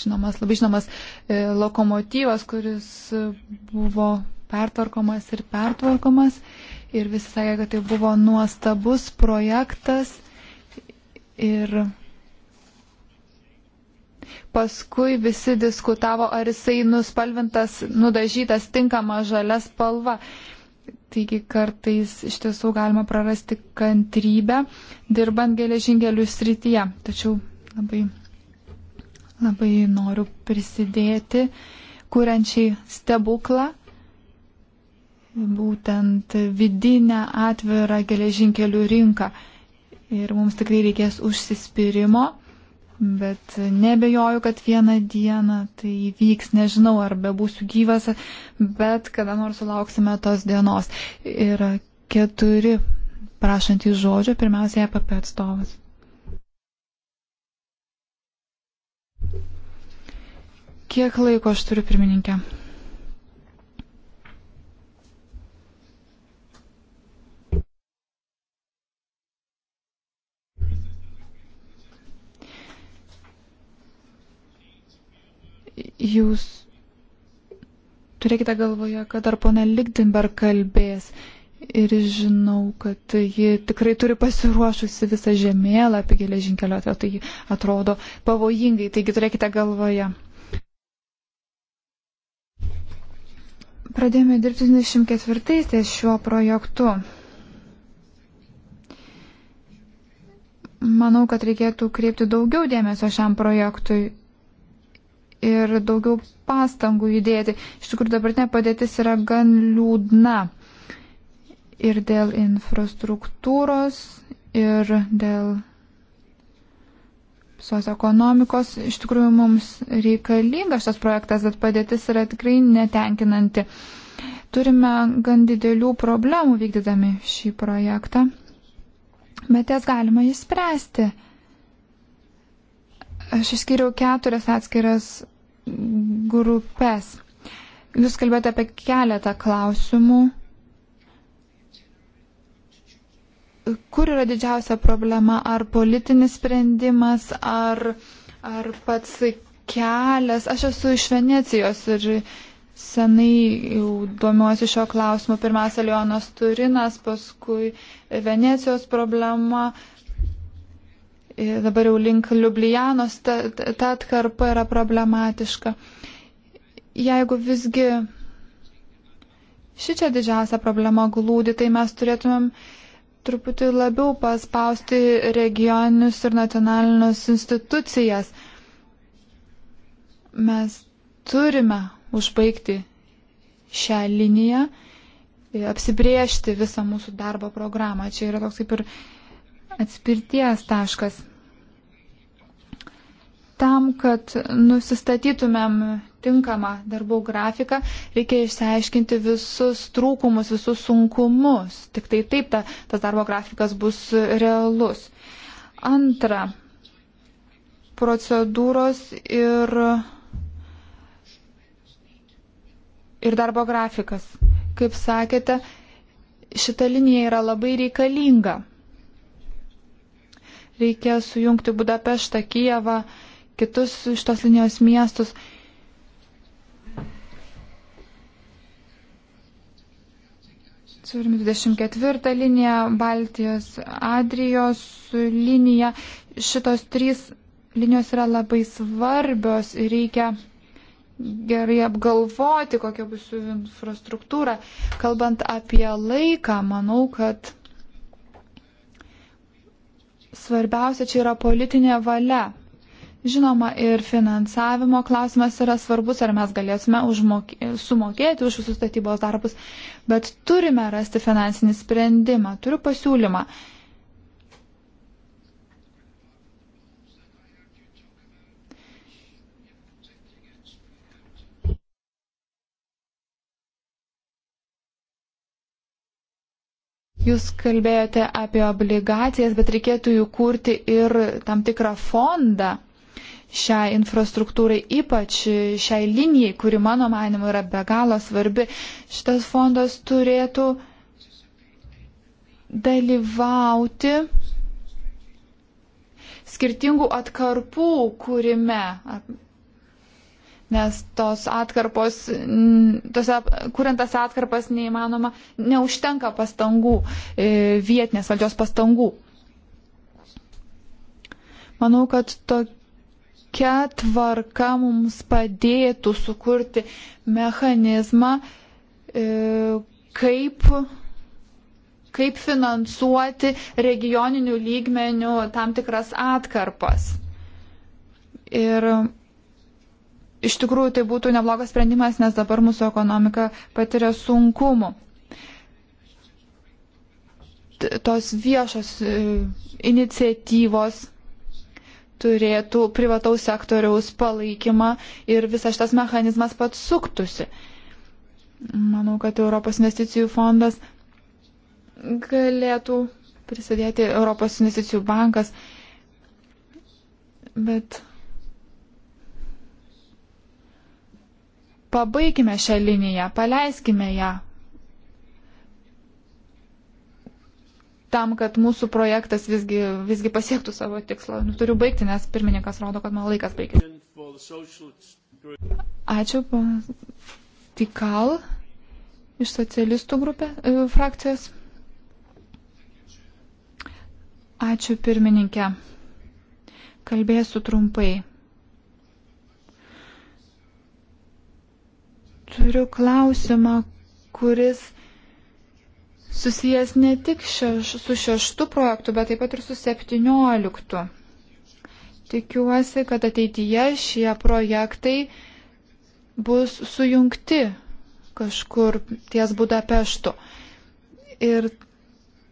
žinomas, labai žinomas e, lokomotyvas, kuris buvo pertvarkomas ir pertvarkomas ir visi sakė, kad tai buvo nuostabus projektas. Ir paskui visi diskutavo, ar jisai nuspalvintas, nudažytas tinkama žalia spalva. Taigi kartais iš tiesų galima prarasti kantrybę, dirbant geležinkelių srityje. Tačiau labai, labai noriu prisidėti, kuriančiai stebuklą būtent vidinę atvirą geležinkelių rinką. Ir mums tikrai reikės užsispyrimo, bet nebejoju, kad vieną dieną tai įvyks, nežinau, ar be būsiu gyvas, bet kada nors sulauksime tos dienos. Ir keturi prašantys žodžio, pirmiausia, EPP atstovas. Kiek laiko aš turiu pirmininkę? jūs turėkite galvoje, kad dar pone Ligdenberg kalbės. Ir žinau, kad ji tikrai turi pasiruošusi visą žemėlapį geležinkelio atveju, tai atrodo pavojingai, taigi turėkite galvoje. Pradėjome dirbti 24-aisiais šiuo projektu. Manau, kad reikėtų kreipti daugiau dėmesio šiam projektui ir daugiau pastangų judėti. Iš tikrųjų, dabartinė padėtis yra gan liūdna. Ir dėl infrastruktūros, ir dėl socioekonomikos. Iš tikrųjų, mums reikalingas šitas projektas, bet padėtis yra tikrai netenkinanti. Turime gan didelių problemų vykdydami šį projektą, bet jas galima įspręsti. Aš išskiriau keturias atskiras grupės. Jūs kalbėjote apie keletą klausimų. Kur yra didžiausia problema? Ar politinis sprendimas, ar, ar pats kelias? Aš esu iš Venecijos ir senai jau domiuosi šio klausimu. Pirmiausia, Leonas Turinas, paskui Venecijos problema, E, dabar jau link Liublianos, ta, ta atkarpa yra problematiška. Jeigu visgi ši čia didžiausia problema glūdi, tai mes turėtumėm truputį labiau paspausti regioninius ir nacionalinius institucijas. Mes turime užbaigti šią liniją, e, apsibriežti visą mūsų darbo programą. Čia yra toks kaip ir atspirties taškas. Tam, kad nusistatytumėm tinkamą darbų grafiką, reikia išsiaiškinti visus trūkumus, visus sunkumus. Tik tai taip ta, tas darbo grafikas bus realus. Antra, procedūros ir, ir darbo grafikas. Kaip sakėte, šita linija yra labai reikalinga reikia sujungti Budapeštą, Kijevą, kitus iš tos linijos miestus. Turim 24 liniją, Baltijos, Adrijos liniją. Šitos trys linijos yra labai svarbios ir reikia gerai apgalvoti, kokia bus jų infrastruktūra. Kalbant apie laiką, manau, kad Svarbiausia čia yra politinė valia. Žinoma, ir finansavimo klausimas yra svarbus, ar mes galėsime užmokė, sumokėti už visus statybos darbus, bet turime rasti finansinį sprendimą. Turiu pasiūlymą. Jūs kalbėjote apie obligacijas, bet reikėtų jų kurti ir tam tikrą fondą šiai infrastruktūrai, ypač šiai linijai, kuri mano manimu yra be galo svarbi. Šitas fondas turėtų dalyvauti skirtingų atkarpų kūrime nes tos atkarpos, tose, kuriant tas atkarpas neįmanoma, neužtenka pastangų, e, vietinės valdžios pastangų. Manau, kad tokia tvarka mums padėtų sukurti mechanizmą, e, kaip kaip finansuoti regioninių lygmenių tam tikras atkarpas. Ir iš tikrųjų tai būtų neblogas sprendimas, nes dabar mūsų ekonomika patiria sunkumų. Tos viešos e, iniciatyvos turėtų privataus sektoriaus palaikymą ir visas šitas mechanizmas pats suktusi. Manau, kad Europos investicijų fondas galėtų prisidėti, Europos investicijų bankas, bet Pabaikime šią liniją, paleiskime ją. Tam, kad mūsų projektas visgi, visgi pasiektų savo tikslą. Nu, turiu baigti, nes pirmininkas rodo, kad mano laikas baigė. Ačiū, ponas Tikal iš socialistų grupė, e, frakcijos. Ačiū pirmininkė. Kalbėsiu trumpai. Turiu klausimą, kuris susijęs ne tik šeš, su šeštu projektu, bet taip pat ir su septynioliktu. Tikiuosi, kad ateityje šie projektai bus sujungti kažkur ties Budapeštu. Ir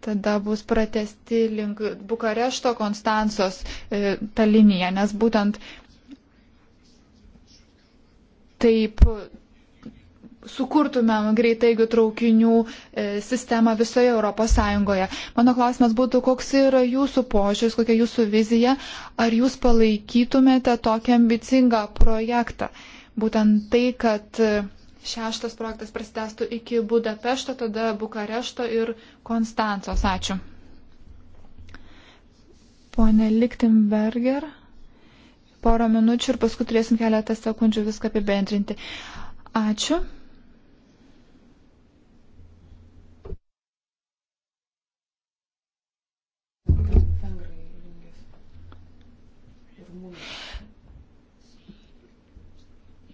tada bus pratesti link Bukarešto, Konstancijos e, ta linija, nes būtent taip sukurtumėm greitaigių traukinių e, sistemą visoje ES. Mano klausimas būtų, koks yra jūsų požiūris, kokia jūsų vizija, ar jūs palaikytumėte tokį ambicingą projektą. Būtent tai, kad e, šeštas projektas prasidėstų iki Budapešto, tada Bukarešto ir Konstancos. Ačiū. Pone Liktimberger, porą minučių ir paskui turėsim keletą sekundžių viską apibendrinti. Ačiū.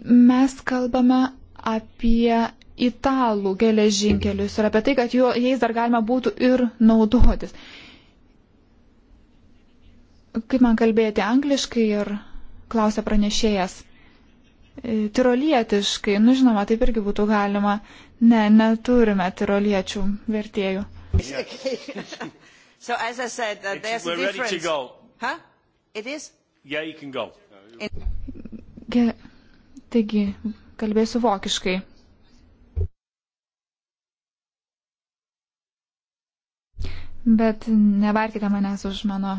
Mes kalbame apie italų geležinkelius ir apie tai, kad juo, jais dar galima būtų ir naudotis. Kaip man kalbėti angliškai ir klausia pranešėjas. E, tirolietiškai, nu žinoma, taip irgi būtų galima. Ne, neturime tiroliečių vertėjų. so, said, uh, huh? yeah, Ge Taigi, kalbėsiu vokiškai. Bet nevarkite manęs už mano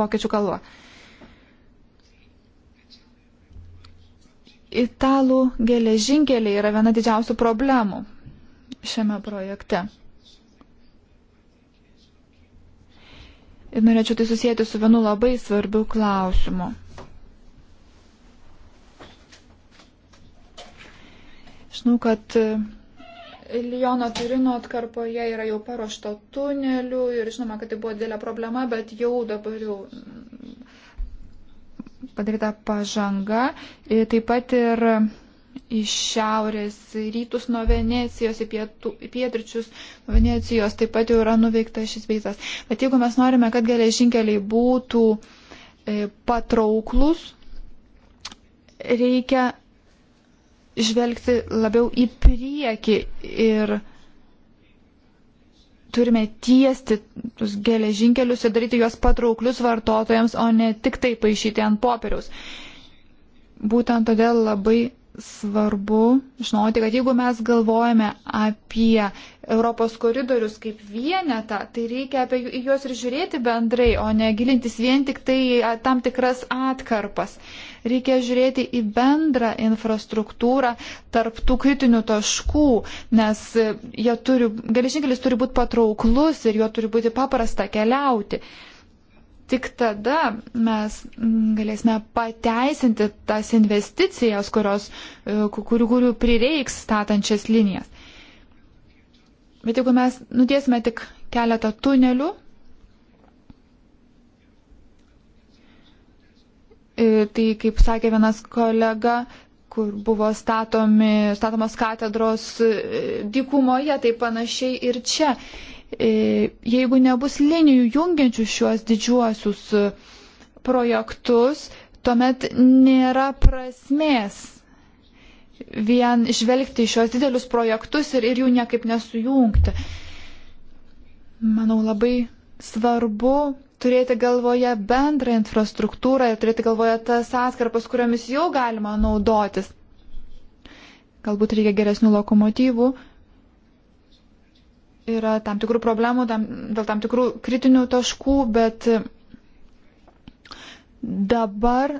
vokiečių kalbą. Italų geležinkeliai yra viena didžiausių problemų šiame projekte. Ir norėčiau tai susijęti su vienu labai svarbiu klausimu. Žinau, kad e, Liono Turino atkarpoje yra jau paruošta tunelių ir žinoma, kad tai buvo didelė problema, bet jau dabar jau mm, padaryta pažanga. E, taip pat ir iš šiaurės rytus nuo Venecijos į, pietų, į pietričius nuo Venecijos taip pat jau yra nuveikta šis veisas. Bet jeigu mes norime, kad geležinkeliai būtų e, patrauklus, reikia žvelgti labiau į priekį ir turime tiesti tus geležinkelius ir daryti juos patrauklius vartotojams, o ne tik tai paaišyti ant popieriaus. Būtent todėl labai svarbu žinoti, kad jeigu mes galvojame apie Europos koridorius kaip vienetą, tai reikia apie juos ir žiūrėti bendrai, o ne gilintis vien tik tai tam tikras atkarpas. Reikia žiūrėti į bendrą infrastruktūrą tarp tų kritinių taškų, nes turi, geležinkelis turi būti patrauklus ir jo turi būti paprasta keliauti. Tik tada mes galėsime pateisinti tas investicijas, kurios, e, kurių, kurių prireiks statančias linijas. Bet jeigu mes nutiesime tik keletą tunelių, E, tai kaip sakė vienas kolega, kur buvo statomi, statomos katedros e, dykumoje, tai panašiai ir čia. E, jeigu nebus linijų jungiančių šiuos didžiuosius projektus, tuomet nėra prasmės vien žvelgti šios didelius projektus ir, ir jų niekaip nesujungti. Manau labai svarbu turėti galvoje bendrą infrastruktūrą ir turėti galvoje tas atkarpas, kuriomis jau galima naudotis. Galbūt reikia geresnių lokomotyvų. Yra tam tikrų problemų tam, dėl tam tikrų kritinių taškų, bet dabar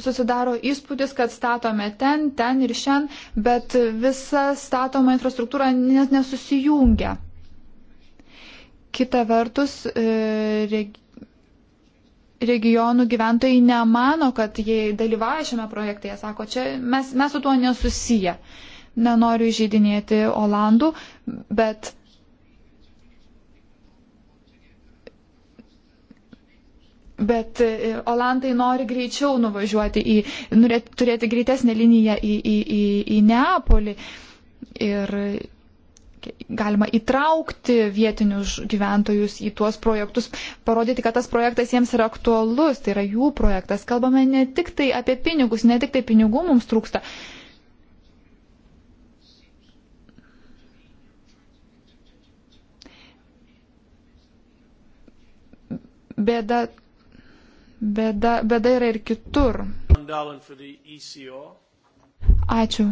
susidaro įspūdis, kad statome ten, ten ir šiandien, bet visa statoma infrastruktūra net nesusijungia. Kita vertus, e, regi regionų gyventojai nemano, kad jie dalyvauja šiame projekte. Jie sako, čia mes, mes su tuo nesusiję. Nenoriu žydinėti Olandų, bet. Bet e, Olandai nori greičiau nuvažiuoti į, turėti greitesnę liniją į, į, į, į Neapolį. Ir galima įtraukti vietinius gyventojus į tuos projektus, parodyti, kad tas projektas jiems yra aktualus, tai yra jų projektas. Kalbame ne tik tai apie pinigus, ne tik tai pinigų mums trūksta. Bėda, bėda, bėda yra ir kitur. E Ačiū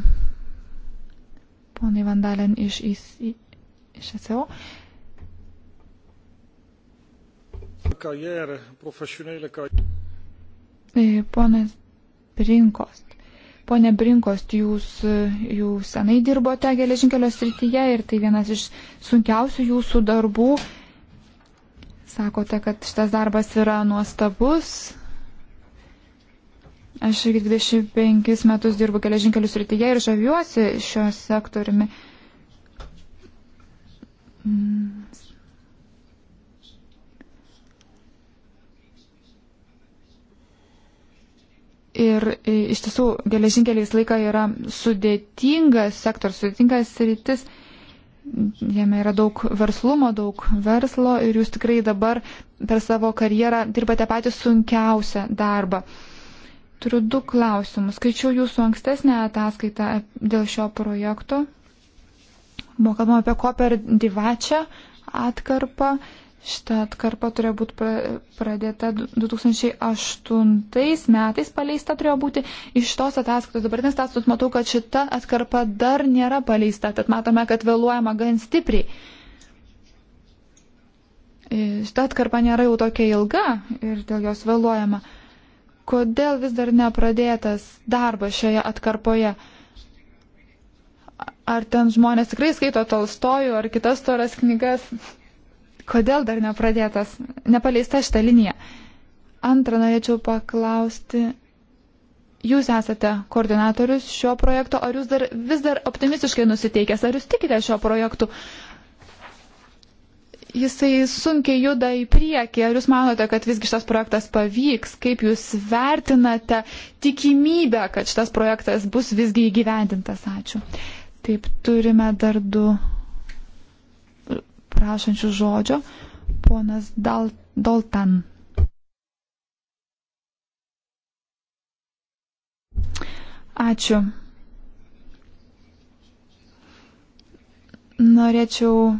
ponai Vandalen iš, iš, iš SEO. Karjerą, profesionalią karjerą. Ponas Brinkos. E, pone Brinkos, jūs jau senai dirbote geležinkelio srityje ir tai vienas iš sunkiausių jūsų darbų. Sakote, kad šitas darbas yra nuostabus, Aš 25 metus dirbu geležinkelių srityje ir žaviuosi šio sektoriumi. Mm. Ir e, iš tiesų geležinkeliai visą laiką yra sudėtingas sektorius, sudėtingas rytis. Jame yra daug verslumo, daug verslo ir jūs tikrai dabar per savo karjerą dirbate patį sunkiausią darbą. Uh, Turiu du klausimus. Skaičiau jūsų ankstesnę ataskaitą dėl šio projekto. Buvo kalbama apie Koper Divačią atkarpą. Šitą atkarpą turėjo būti pradėta 2008 metais, paleista turėjo būti iš tos ataskaitos. Dabartinės ataskaitos matau, kad šita atkarpa dar nėra paleista, tad matome, kad vėluojama gan stipriai. Šita atkarpa nėra jau tokia ilga ir dėl jos vėluojama kodėl vis dar nepradėtas darbas šioje atkarpoje? Ar ten žmonės tikrai skaito Tolstojų ar kitas toras knygas? Kodėl dar nepradėtas, nepaleista šitą liniją? Antrą norėčiau paklausti. Jūs esate koordinatorius šio projekto, ar jūs dar, vis dar optimistiškai nusiteikęs, ar jūs tikite šio projektu, jisai sunkiai juda į priekį. Ar jūs manote, kad visgi šitas projektas pavyks? Kaip jūs vertinate tikimybę, kad šitas projektas bus visgi įgyvendintas? Ačiū. Taip, turime dar du prašančių žodžio. Ponas Dal Doltan. Ačiū. Norėčiau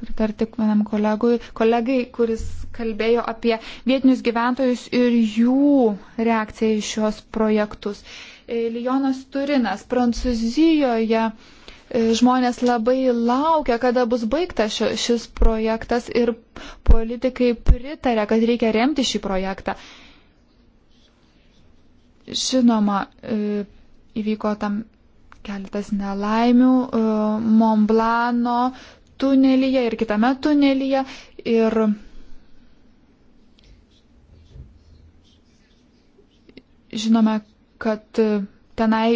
pritarti vienam kolegui, kolegai, kuris kalbėjo apie vietinius gyventojus ir jų reakciją į šios projektus. E, Lijonas Turinas, Prancūzijoje e, žmonės labai laukia, kada bus baigtas šis projektas ir politikai pritarė, kad reikia remti šį projektą. Žinoma, e, įvyko tam keletas nelaimių, Monblano tunelyje ir kitame tunelyje. Ir žinome, kad tenai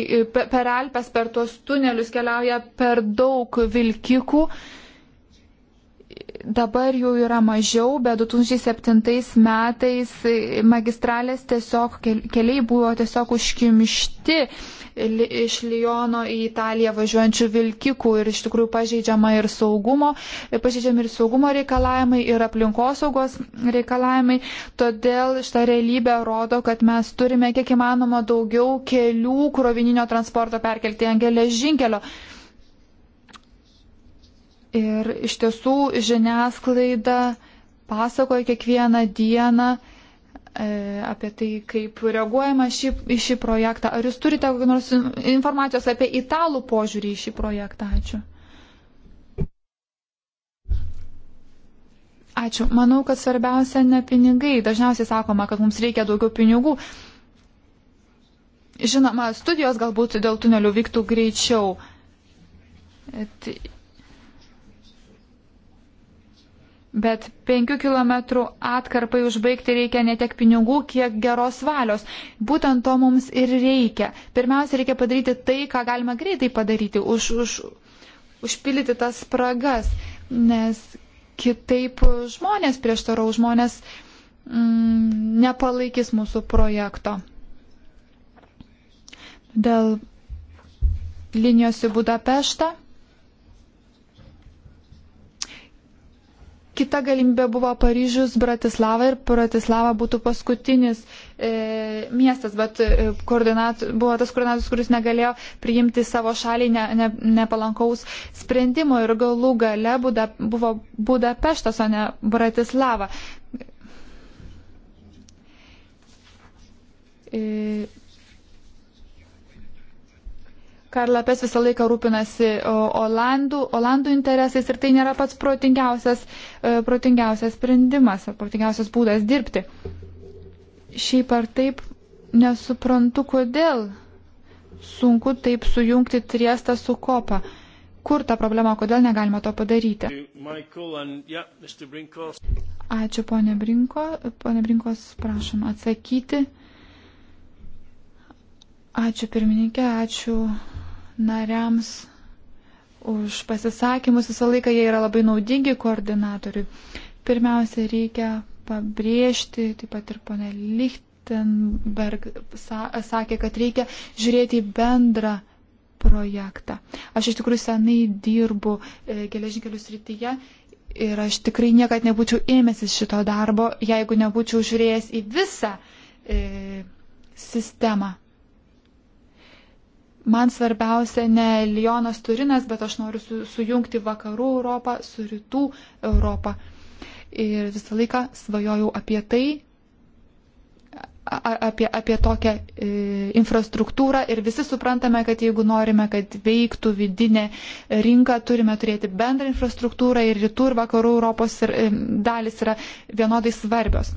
per Alpes, per tuos tunelius keliauja per daug vilkikų. Uh, dabar jų yra mažiau, bet 2007 metais magistralės tiesiog keliai buvo tiesiog užkimšti iš Lyono į Italiją važiuojančių vilkikų ir iš tikrųjų pažeidžiama ir saugumo, pažeidžiami ir saugumo reikalavimai, ir aplinkosaugos reikalavimai. Todėl šitą realybę rodo, kad mes turime kiek įmanoma daugiau kelių krovininio transporto perkelti ant geležinkelio. Žinkelio Ir iš tiesų žiniasklaida pasakoja kiekvieną dieną e, apie tai, kaip reaguojama šį, į šį projektą. Ar jūs turite kokios nors informacijos apie italų požiūrį į šį projektą? Ačiū. Ačiū. Manau, kad svarbiausia ne pinigai. Dažniausiai sakoma, kad mums reikia daugiau pinigų. Žinoma, studijos galbūt dėl tunelių vyktų greičiau. Et Bet penkių kilometrų atkarpai užbaigti reikia ne tiek pinigų, kiek geros valios. Būtent to mums ir reikia. Pirmiausia, reikia padaryti tai, ką galima greitai padaryti, už, už, užpildyti tas spragas, nes kitaip žmonės prieštarau, žmonės mm, nepalaikys mūsų projekto. Dėl linijos į Budapeštą Kita galimybė buvo Paryžius, Bratislava ir Bratislava būtų paskutinis e, miestas, bet e, koordinat, buvo tas koordinatorius, kuris negalėjo priimti savo šaliai ne, ne, nepalankaus sprendimo ir galų gale Buda, buvo Budapeštas, o ne Bratislava. E, Karla Pes visą laiką rūpinasi Olandų, Olandų interesais ir tai nėra pats protingiausias, e, protingiausias sprendimas ar protingiausias būdas dirbti. Šiaip ar taip nesuprantu, kodėl sunku taip sujungti Triestą su Kopa. Kur ta problema, kodėl negalima to padaryti? Ačiū, ponė Brinko. Pone Brinkos, prašom atsakyti. Ačiū pirmininkė, ačiū nariams už pasisakymus. Visą laiką jie yra labai naudingi koordinatoriui. Pirmiausia, reikia pabrėžti, taip pat ir ponė Lichtenberg sakė, kad reikia žiūrėti į bendrą projektą. Aš iš tikrųjų senai dirbu e, geležinkelių srityje ir aš tikrai niekad nebūčiau ėmęsis šito darbo, jeigu nebūčiau žiūrėjęs į visą e, sistemą. Man svarbiausia ne Lionas Turinas, bet aš noriu su, sujungti vakarų Europą su rytų Europą. Ir visą laiką svajojau apie tai, apie, apie tokią e, infrastruktūrą ir visi suprantame, kad jeigu norime, kad veiktų vidinė rinka, turime turėti bendrą infrastruktūrą ir rytų ir vakarų Europos ir, e, dalis yra vienodai svarbios.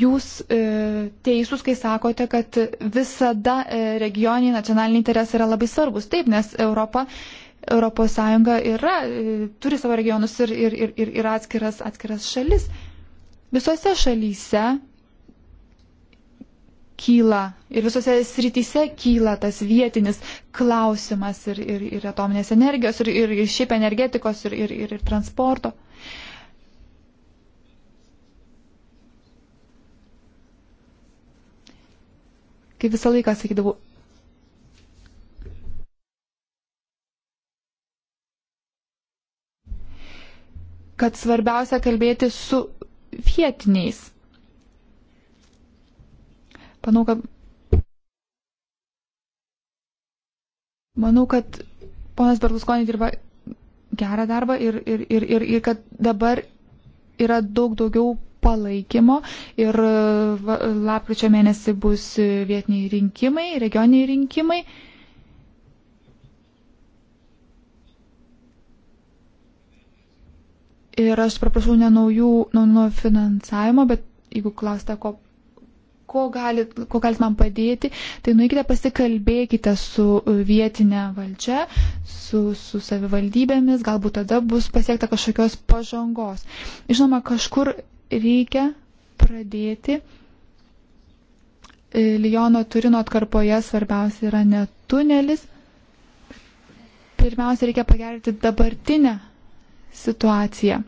Jūs e, teisūs, kai sakote, kad visada e, regioniniai nacionaliniai interesai yra labai svarbus. Taip, nes Europa, Europos Sąjunga yra, e, turi savo regionus ir, ir, ir, ir, ir atskiras, atskiras šalis. Visose šalyse kyla ir visose srityse kyla tas vietinis klausimas ir, ir, ir atominės energijos, ir, ir, ir šiaip energetikos, ir, ir, ir, ir transporto. Kaip visą laiką sakydavau, kad svarbiausia kalbėti su vietiniais. Manau, kad. Manau, kad ponas Berlusconi dirba gerą darbą ir, ir, ir, ir, ir kad dabar yra daug daugiau palaikymo ir e, lapkričio mėnesį bus e, vietiniai rinkimai, regioniniai rinkimai. Ir aš paprašau ne naujų, nu, nuo finansavimo, bet jeigu klausite, ko ko galit, ko galit man padėti, tai nueikite pasikalbėkite su e, vietinė valdžia, su, su savivaldybėmis, galbūt tada bus pasiekta kažkokios pažangos. Žinoma, kažkur reikia pradėti. E, Liono Turino atkarpoje svarbiausia yra ne tunelis. Pirmiausia, reikia pagerinti dabartinę situaciją.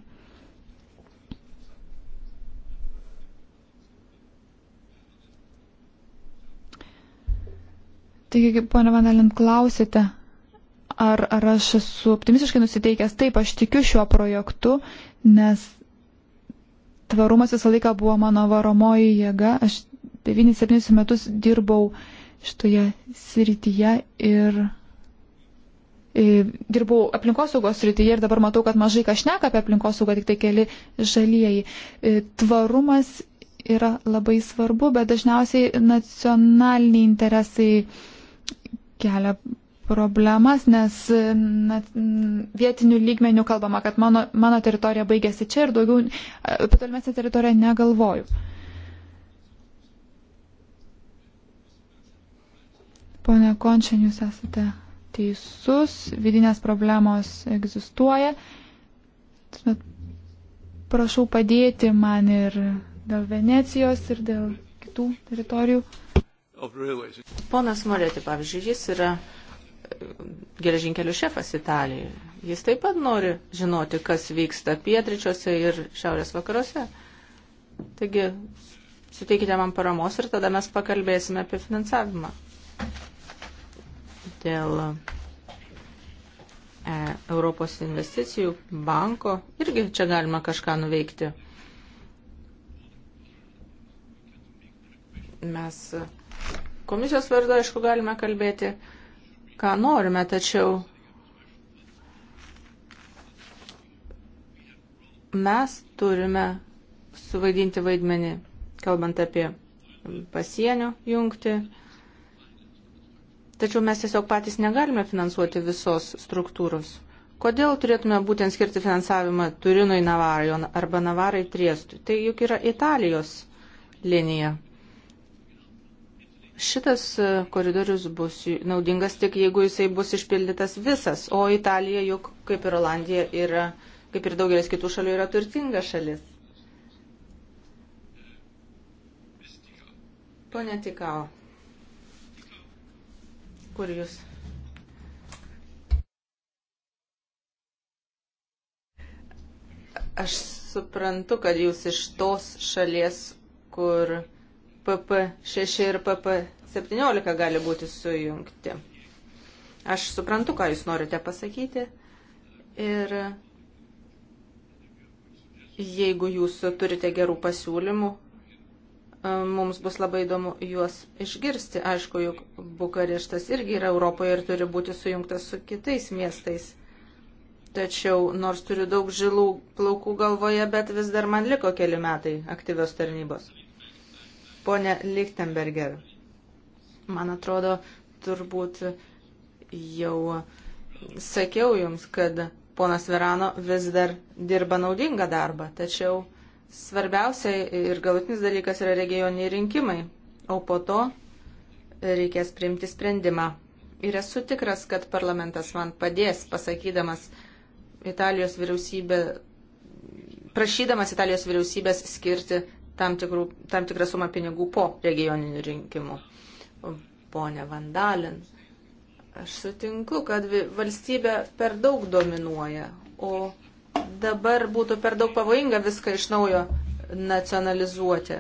Taigi, ponia Vanalin, klausite, ar, ar aš esu optimistiškai nusiteikęs. Taip, aš tikiu šiuo projektu, nes tvarumas visą laiką buvo mano varomoji jėga. Aš 9-7 metus dirbau šitoje srityje ir e, dirbau aplinkosaugos srityje ir dabar matau, kad mažai kas šneka apie aplinkosaugą, tik tai keli žalieji. E, tvarumas yra labai svarbu, bet dažniausiai nacionaliniai interesai kelia problemas, nes na, vietinių lygmenių kalbama, kad mano, mano teritorija baigėsi čia ir daugiau apie tolimesnę teritoriją negalvoju. Pone Končin, jūs esate teisus, vidinės problemos egzistuoja. Bet prašau padėti man ir dėl Venecijos, ir dėl kitų teritorijų. Ponas Molėti, pavyzdžiui, jis yra uh, geležinkelių šefas Italijoje. Jis taip pat nori žinoti, kas vyksta pietričiuose ir šiaurės vakaruose. Taigi, suteikite man paramos ir tada mes pakalbėsime apie finansavimą. Dėl e, Europos investicijų banko irgi čia galima kažką nuveikti. Mes e, komisijos vardu, aišku, galime kalbėti, ką norime, tačiau mes turime suvaidinti vaidmenį, kalbant apie pasienio jungti. Tačiau mes tiesiog patys negalime finansuoti visos struktūros. Kodėl turėtume būtent skirti finansavimą Turinui Navarijon arba Navarai Triestui? Tai juk yra Italijos linija. Šitas e, koridorius bus naudingas tik jeigu jisai bus išpildytas visas, o Italija juk, kaip ir Olandija, yra, kaip ir daugelis kitų šalių, yra turtinga šalis. Pone Tikau, kur jūs? Aš suprantu, kad jūs iš tos šalies, kur PP6 ir PP17 gali būti sujungti. Aš suprantu, ką jūs norite pasakyti. Ir jeigu jūs turite gerų pasiūlymų, e, mums bus labai įdomu juos išgirsti. Aišku, juk Bukareštas irgi yra Europoje ir turi būti sujungtas su kitais miestais. Tačiau, nors turiu daug žilų plaukų galvoje, bet vis dar man liko keli metai aktyvios tarnybos. Pone Lichtenberger, man atrodo, turbūt jau sakiau jums, kad ponas Verano vis dar dirba naudingą darbą, tačiau svarbiausia ir galutinis dalykas yra regioniniai rinkimai, o po to reikės priimti sprendimą. Ir esu tikras, kad parlamentas man padės, pasakydamas Italijos vyriausybę, prašydamas Italijos vyriausybės skirti tam, tikrų, tam tikrą sumą pinigų po regioninių rinkimų. Pone Vandalin, aš sutinku, kad valstybė per daug dominuoja, o dabar būtų per daug pavojinga viską iš naujo nacionalizuoti.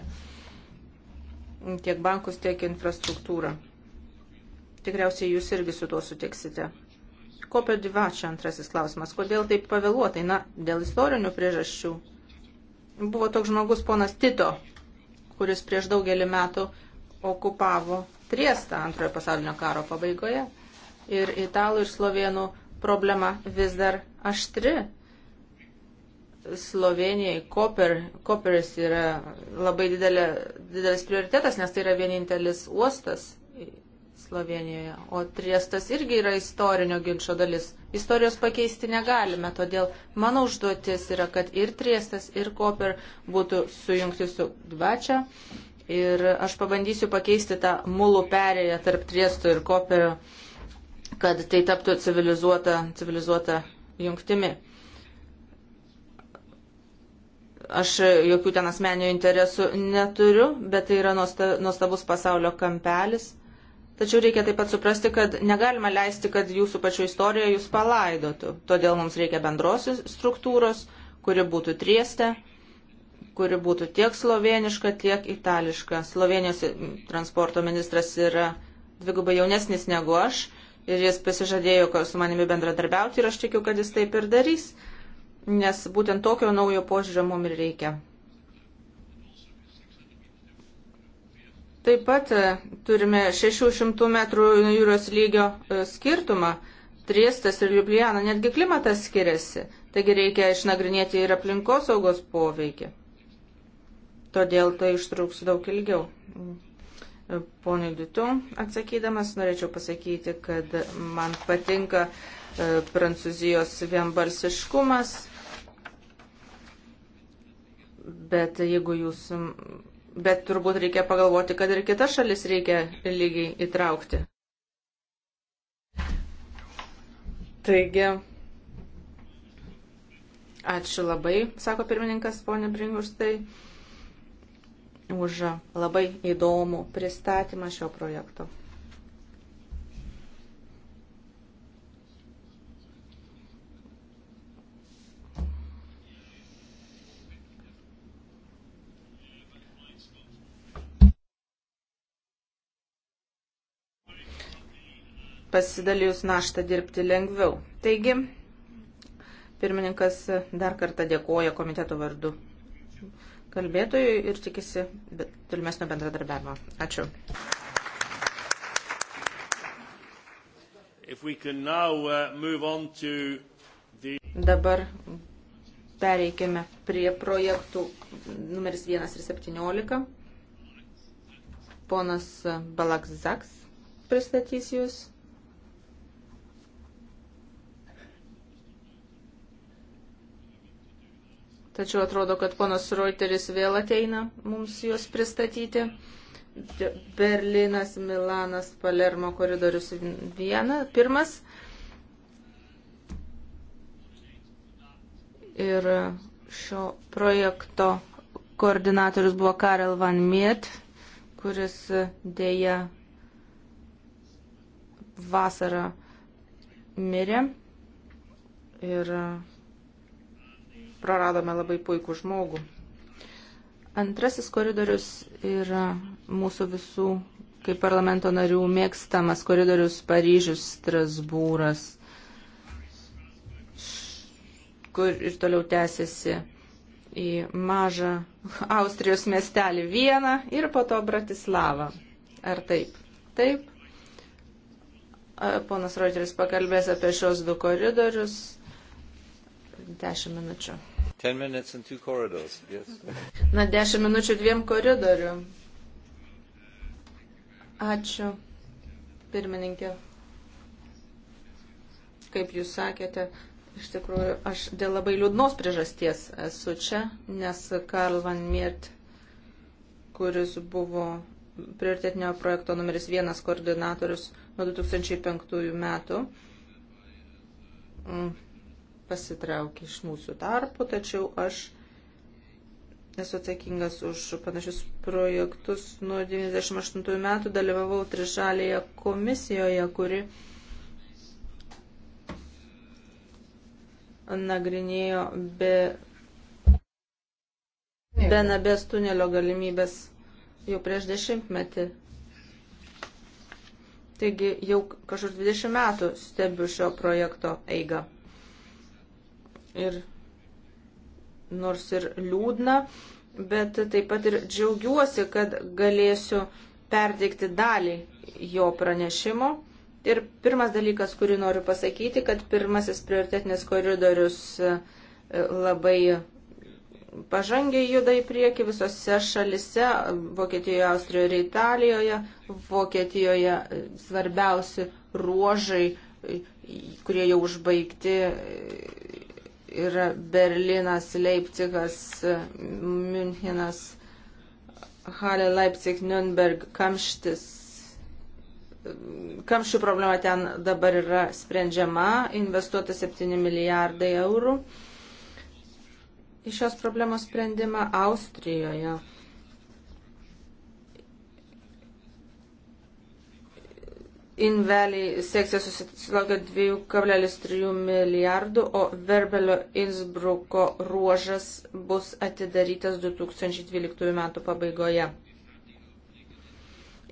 Tiek bankus, tiek infrastruktūrą. Tikriausiai jūs irgi su tuo sutiksite. Kopio divačia antrasis klausimas. Kodėl taip pavėluotai? Na, dėl istorinių priežasčių Buvo toks žmogus ponas Tito, kuris prieš daugelį metų okupavo Triestą antrojo pasaulinio karo pabaigoje. Ir italų ir slovėnų problema vis dar aštri. Slovenijai koper, koperis yra labai didelė, didelis prioritetas, nes tai yra vienintelis uostas Slovenijoje, o Triestas irgi yra istorinio ginčio dalis istorijos pakeisti negalime, todėl mano užduotis yra, kad ir Triestas, ir Koper būtų sujungti su Dvačia. Ir aš pabandysiu pakeisti tą mulų perėją tarp Triesto ir Koperio, kad tai taptų civilizuota, civilizuota jungtimi. Aš jokių ten asmeninių interesų neturiu, bet tai yra nuostabus pasaulio kampelis Tačiau reikia taip pat suprasti, kad negalima leisti, kad jūsų pačių istorija jūs palaidotų. Todėl mums reikia bendros struktūros, kuri būtų trieste, kuri būtų tiek sloveniška, tiek itališka. Slovenijos transporto ministras yra dvigubai jaunesnis negu aš ir jis pasižadėjo su manimi bendradarbiauti ir aš tikiu, kad jis taip ir darys, nes būtent tokio naujo požiūrio mums ir reikia. Taip pat e, turime 600 metrų jūros lygio e, skirtumą. Triestas ir Ljubljana, netgi klimatas skiriasi. Taigi reikia išnagrinėti ir aplinkosaugos poveikį. Todėl tai ištruks daug ilgiau. E, Pone Dutu, atsakydamas, norėčiau pasakyti, kad man patinka Prancūzijos vienbalsiškumas. Bet jeigu jūs Bet turbūt reikia pagalvoti, kad ir kitas šalis reikia lygiai įtraukti. Taigi, ačiū labai, sako pirmininkas ponė Bringurstai, už labai įdomų pristatymą šio projekto. pasidalijus naštą dirbti lengviau. Taigi, pirmininkas dar kartą dėkoja komiteto vardu kalbėtojui ir tikisi tolimesnio bendradarbiavimo. Ačiū. Now, uh, the... Dabar pereikime prie projektų numeris 1 ir 17. Ponas Balakzaks pristatys jūs. Tačiau atrodo, kad ponas Reuteris vėl ateina mums juos pristatyti. Berlinas, Milanas, Palermo koridorius viena, pirmas. Ir šio projekto koordinatorius buvo Karel Van Miet, kuris dėja vasarą mirė. Ir uh, praradome labai puikų žmogų. Antrasis koridorius yra mūsų visų kaip parlamento narių mėgstamas koridorius Paryžius, Strasbūras, kur ir toliau tęsiasi į mažą Austrijos miestelį vieną ir po to Bratislavą. Ar taip? Taip. Ponas Reuteris pakalbės apie šios du koridorius. Dešimt minučių. Ten minutes and two corridors, yes. Na, dešimt minučių dviem koridorių. Ačiū, pirmininkė. Kaip jūs sakėte, iš tikrųjų, aš dėl labai liūdnos priežasties esu čia, nes Karl Van Miert, kuris buvo prioritetinio projekto numeris vienas koordinatorius nuo 2005 metų, pasitraukė iš mūsų tarpo, tačiau aš esu atsakingas už panašius projektus. Nuo 98 metų dalyvavau trišalėje komisijoje, kuri nagrinėjo be Benabės tunelio galimybės jau prieš dešimtmetį. Taigi jau kažkur 20 metų stebiu šio projekto eigą ir nors ir liūdna, bet taip pat ir džiaugiuosi, kad galėsiu perteikti dalį jo pranešimo. Ir pirmas dalykas, kurį noriu pasakyti, kad pirmasis prioritetinis koridorius e, labai pažangiai juda į priekį visose šalise, Vokietijoje, Austrijoje ir Italijoje. Vokietijoje e, svarbiausi ruožai, e, kurie jau užbaigti, yra Berlinas, Leipcigas, Münchenas, Halė, Leipzig, Nürnberg, Kamštis. Kamščių problema ten dabar yra sprendžiama, investuota 7 milijardai eurų. Iš šios problemos sprendimą Austrijoje Inveliai sekcija susilaukė 2,3 milijardų, o Verbelio Innsbruko ruožas bus atidarytas 2012 metų pabaigoje.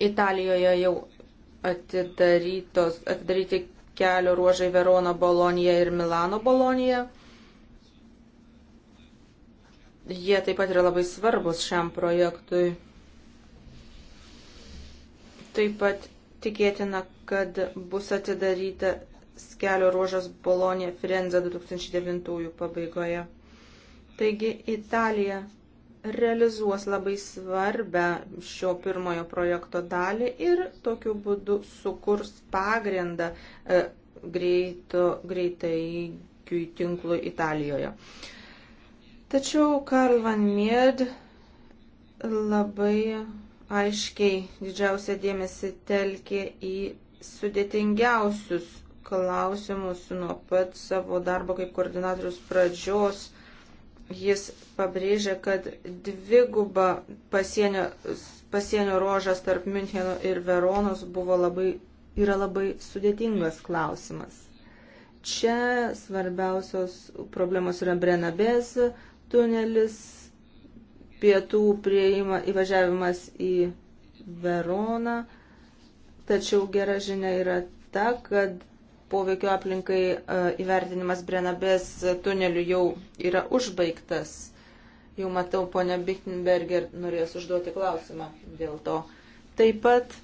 Italijoje jau atidaryti kelio ruožai Verona Bolonija ir Milano Bolonija. Jie taip pat yra labai svarbus šiam projektui. Taip pat Tikėtina, kad bus atidaryta kelio ruožas Bolonija Firenze 2009 pabaigoje. Taigi Italija realizuos labai svarbę šio pirmojo projekto dalį ir tokiu būdu sukurs pagrindą e, greito, greitai tinklui Italijoje. Tačiau Karl Van Mied labai aiškiai didžiausią dėmesį telkė į sudėtingiausius klausimus nuo pat savo darbo kaip koordinatorius pradžios. Jis pabrėžė, kad dviguba pasienio, pasienio rožas tarp Müncheno ir Veronos buvo labai, yra labai sudėtingas klausimas. Čia svarbiausios problemos yra Brenabės tunelis, pietų prieima įvažiavimas į Veroną. Tačiau gera žinia yra ta, kad poveikio aplinkai e, įvertinimas Brenabės tuneliu jau yra užbaigtas. Jau matau, ponia Bichtenberger norės užduoti klausimą dėl to. Taip pat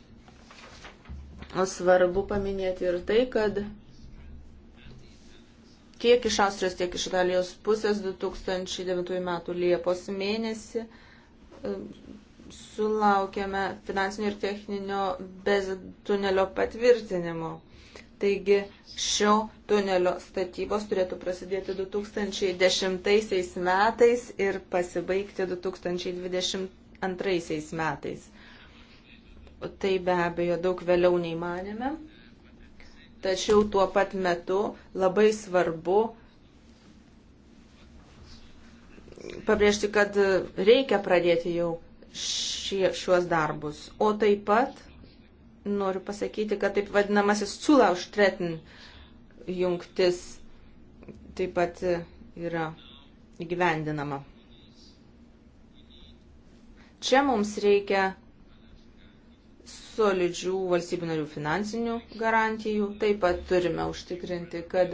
svarbu paminėti ir tai, kad tiek iš Austrijos, tiek iš Italijos pusės 2009 metų Liepos mėnesį um, sulaukėme finansinio ir techninio bez tunelio patvirtinimo. Taigi šio tunelio statybos turėtų prasidėti 2010 metais ir pasibaigti 2022 metais. Tai be abejo daug vėliau nei manėme tačiau tuo pat metu labai svarbu pabrėžti, kad reikia pradėti jau šie, šiuos darbus. O taip pat noriu pasakyti, kad taip vadinamasis Culauštretin jungtis taip pat yra įgyvendinama. Čia mums reikia solidžių valstybių narių finansinių garantijų. Taip pat turime užtikrinti, kad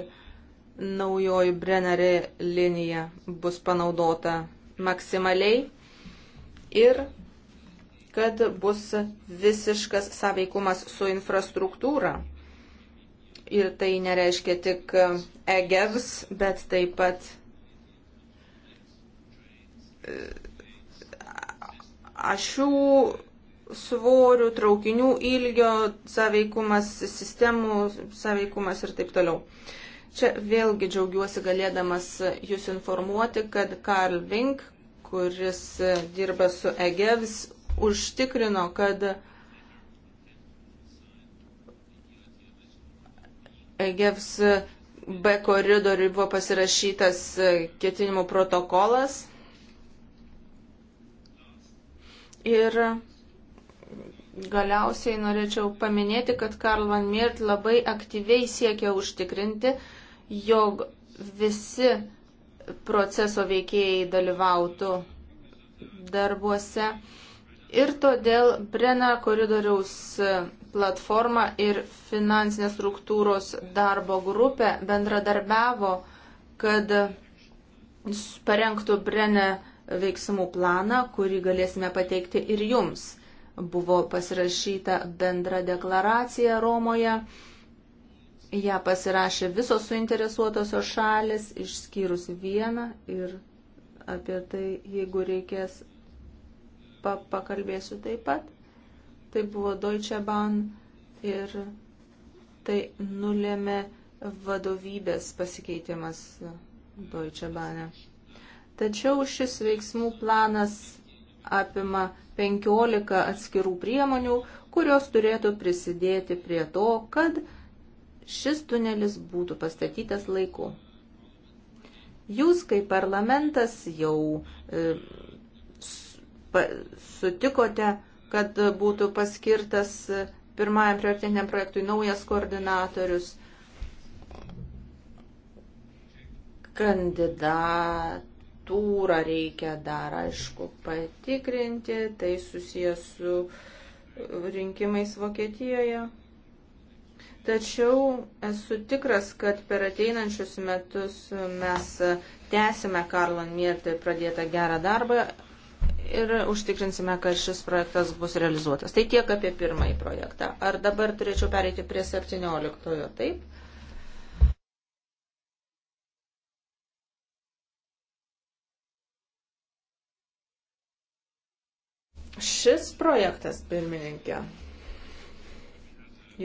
naujoji Brennerė linija bus panaudota maksimaliai ir kad bus visiškas sąveikumas su infrastruktūra. Ir tai nereiškia tik EGEVS, bet taip pat e, ašių svorių, traukinių ilgio saveikumas, sistemų saveikumas ir taip toliau. Čia vėlgi džiaugiuosi galėdamas Jūs informuoti, kad Karl Vink, kuris dirba su EGEVS, užtikrino, kad EGEVS B koridoriui buvo pasirašytas ketinimų protokolas. Ir Galiausiai norėčiau paminėti, kad Karl Van Miert labai aktyviai siekia užtikrinti, jog visi proceso veikėjai dalyvautų darbuose. Ir todėl Brena koridoriaus platforma ir finansinės struktūros darbo grupė bendradarbiavo, kad parengtų Brene veiksmų planą, kurį galėsime pateikti ir jums. Buvo pasirašyta bendra deklaracija Romoje. Ja pasirašė visos suinteresuotosios šalis, išskyrus vieną ir apie tai, jeigu reikės, pa pakalbėsiu taip pat. Tai buvo Deutsche Bahn ir tai nulėmė vadovybės pasikeitimas Deutsche Bahn. E. Tačiau šis veiksmų planas apima 15 atskirų priemonių, kurios turėtų prisidėti prie to, kad šis tunelis būtų pastatytas laiku. Jūs kaip parlamentas jau e, sutikote, kad būtų paskirtas pirmajam prioritiniam projektui naujas koordinatorius, kandidat struktūrą reikia dar, aišku, patikrinti, tai susijęs su rinkimais Vokietijoje. Tačiau esu tikras, kad per ateinančius metus mes tęsime Karlon Miertį pradėtą gerą darbą ir užtikrinsime, kad šis projektas bus realizuotas. Tai tiek apie pirmąjį projektą. Ar dabar turėčiau pereiti prie 17-ojo? Taip. Šis projektas, pirmininkė,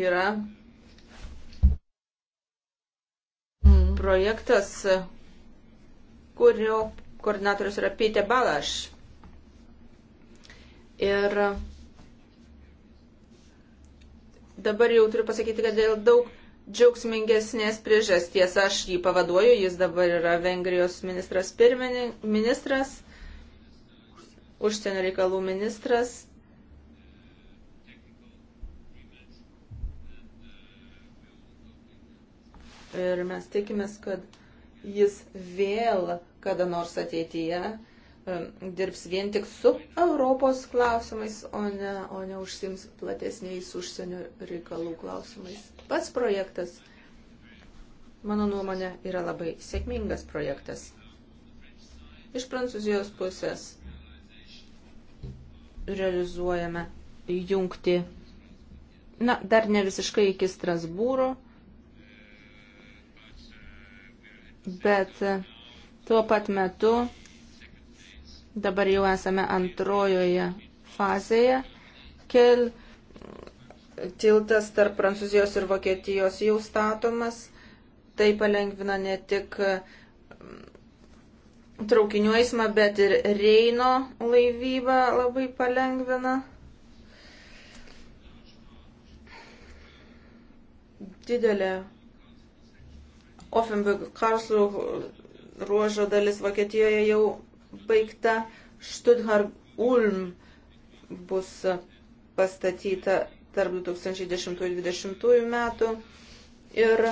yra projektas, kurio koordinatorius yra Pite Balaš. Ir dabar jau turiu pasakyti, kad dėl daug džiaugsmingesnės priežasties aš jį pavaduoju, jis dabar yra Vengrijos ministras pirmininkas užsienio reikalų ministras ir mes tikimės, kad jis vėl kada nors ateityje um, dirbs vien tik su Europos klausimais, o ne, o ne užsims platesniais užsienio reikalų klausimais. Pats projektas, mano nuomonė, yra labai sėkmingas projektas. Iš Prancūzijos pusės realizuojame jungti, na, dar ne visiškai iki Strasbūro, bet tuo pat metu dabar jau esame antrojoje fazėje. Kel tiltas tarp Prancūzijos ir Vokietijos jau statomas. Tai palengvina ne tik traukinių eismą, bet ir Reino laivybą labai palengvina. Didelė Offenburg Karlsruh ruožo dalis Vokietijoje jau baigta, Stuttgart Ulm bus pastatyta tarp 2010-2020 metų ir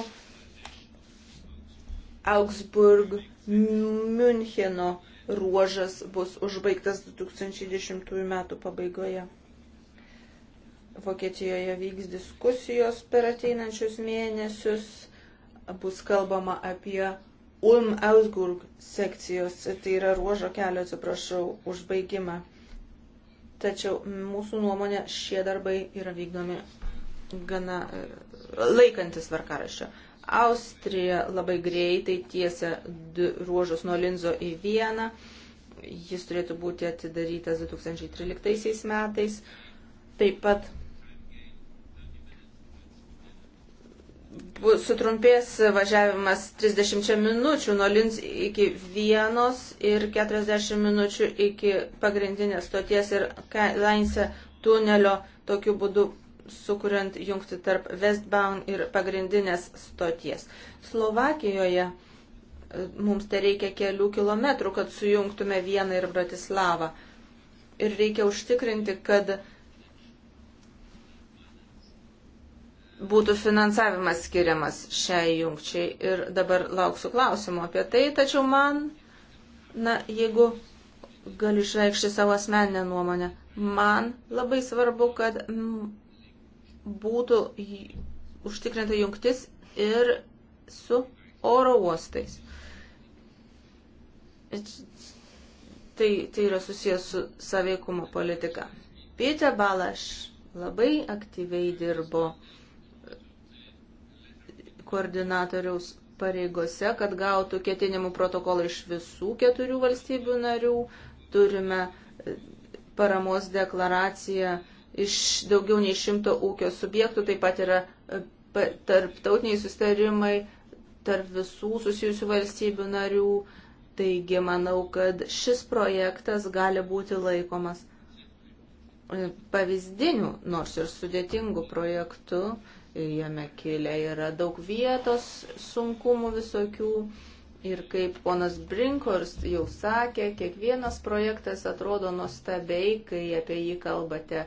Augsburg Müncheno ruožas bus užbaigtas 2010 metų pabaigoje. Vokietijoje vyks diskusijos per ateinančius mėnesius, bus kalbama apie Ulm Ausburg sekcijos, tai yra ruožo kelio, atsiprašau, užbaigimą. Tačiau mūsų nuomonė šie darbai yra vykdomi gana laikantis varkaraščio. Austrija labai greitai tiesia ruožus nuo Linzo į Vieną. Jis turėtų būti atidarytas 2013 metais. Taip pat sutrumpės važiavimas 30 minučių nuo Linz iki Vienos ir 40 minučių iki pagrindinės stoties ir Lainse tunelio. Tokiu būdu sukuriant jungti tarp Westbound ir pagrindinės stoties. Slovakijoje e, mums tai reikia kelių kilometrų, kad sujungtume vieną ir Bratislavą. Ir reikia užtikrinti, kad būtų finansavimas skiriamas šiai jungčiai. Ir dabar lauksiu klausimų apie tai, tačiau man, na, jeigu galiu išreikšti savo asmeninę nuomonę, man labai svarbu, kad būtų užtikrinta jungtis ir su oro uostais. Tai, tai yra susijęs su saveikumo politika. Pieter Balaš labai aktyviai dirbo koordinatoriaus pareigose, kad gautų ketinimų protokolą iš visų keturių valstybių narių. Turime e, paramos deklaraciją iš daugiau nei šimto ūkio subjektų, taip pat yra e, tarptautiniai sustarimai tarp visų susijusių valstybių narių. Taigi manau, kad šis projektas gali būti laikomas e, pavyzdiniu, nors ir sudėtingu projektu. Jame kilę yra daug vietos sunkumų visokių. Ir kaip ponas Brinkors jau sakė, kiekvienas projektas atrodo nuostabiai, kai apie jį kalbate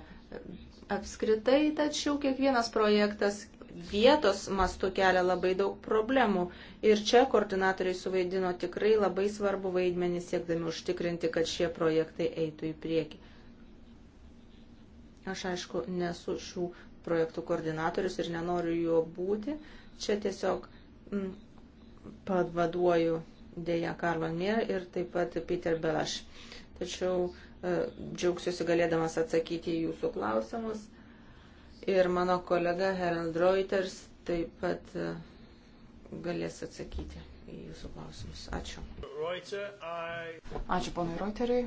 Apskritai, tačiau kiekvienas projektas vietos mastu kelia labai daug problemų. Ir čia koordinatoriai suvaidino tikrai labai svarbu vaidmenį siekdami užtikrinti, kad šie projektai eitų į priekį. Aš aišku, nesu šių projektų koordinatorius ir nenoriu juo būti. Čia tiesiog m, mm, pavaduoju dėja Karlo Mir ir taip pat Peter Belaš. Tačiau E, džiaugsiuosi galėdamas atsakyti į jūsų klausimus. Ir mano kolega Herald Reuters taip pat e, galės atsakyti į jūsų klausimus. Ačiū. Ačiū ponui Reuteriui.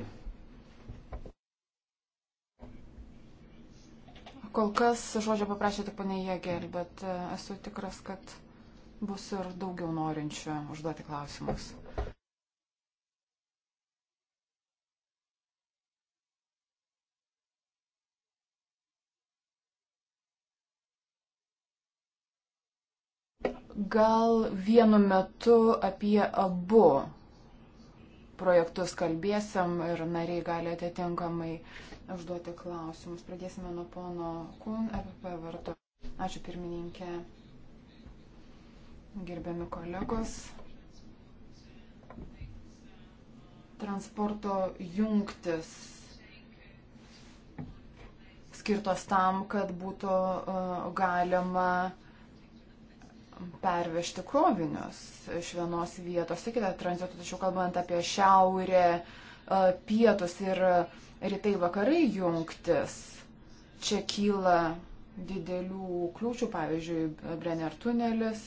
Kol kas žodžio paprašė tik ponė Jėgel, bet e, esu tikras, kad bus ir daugiau norinčių užduoti klausimus. Gal vienu metu apie abu projektus kalbėsim ir nariai gali atitinkamai užduoti klausimus. Pradėsime nuo pono Kun apie e vartų. Ačiū pirmininkė. Gerbiami kolegos. Transporto jungtis skirtos tam, kad būtų e, galima pervežti krovinius iš vienos vietos į kitą tranzitą, tačiau kalbant apie šiaurę, e, pietus ir rytai vakarai jungtis, čia kyla didelių kliūčių, pavyzdžiui, Brenner tunelis.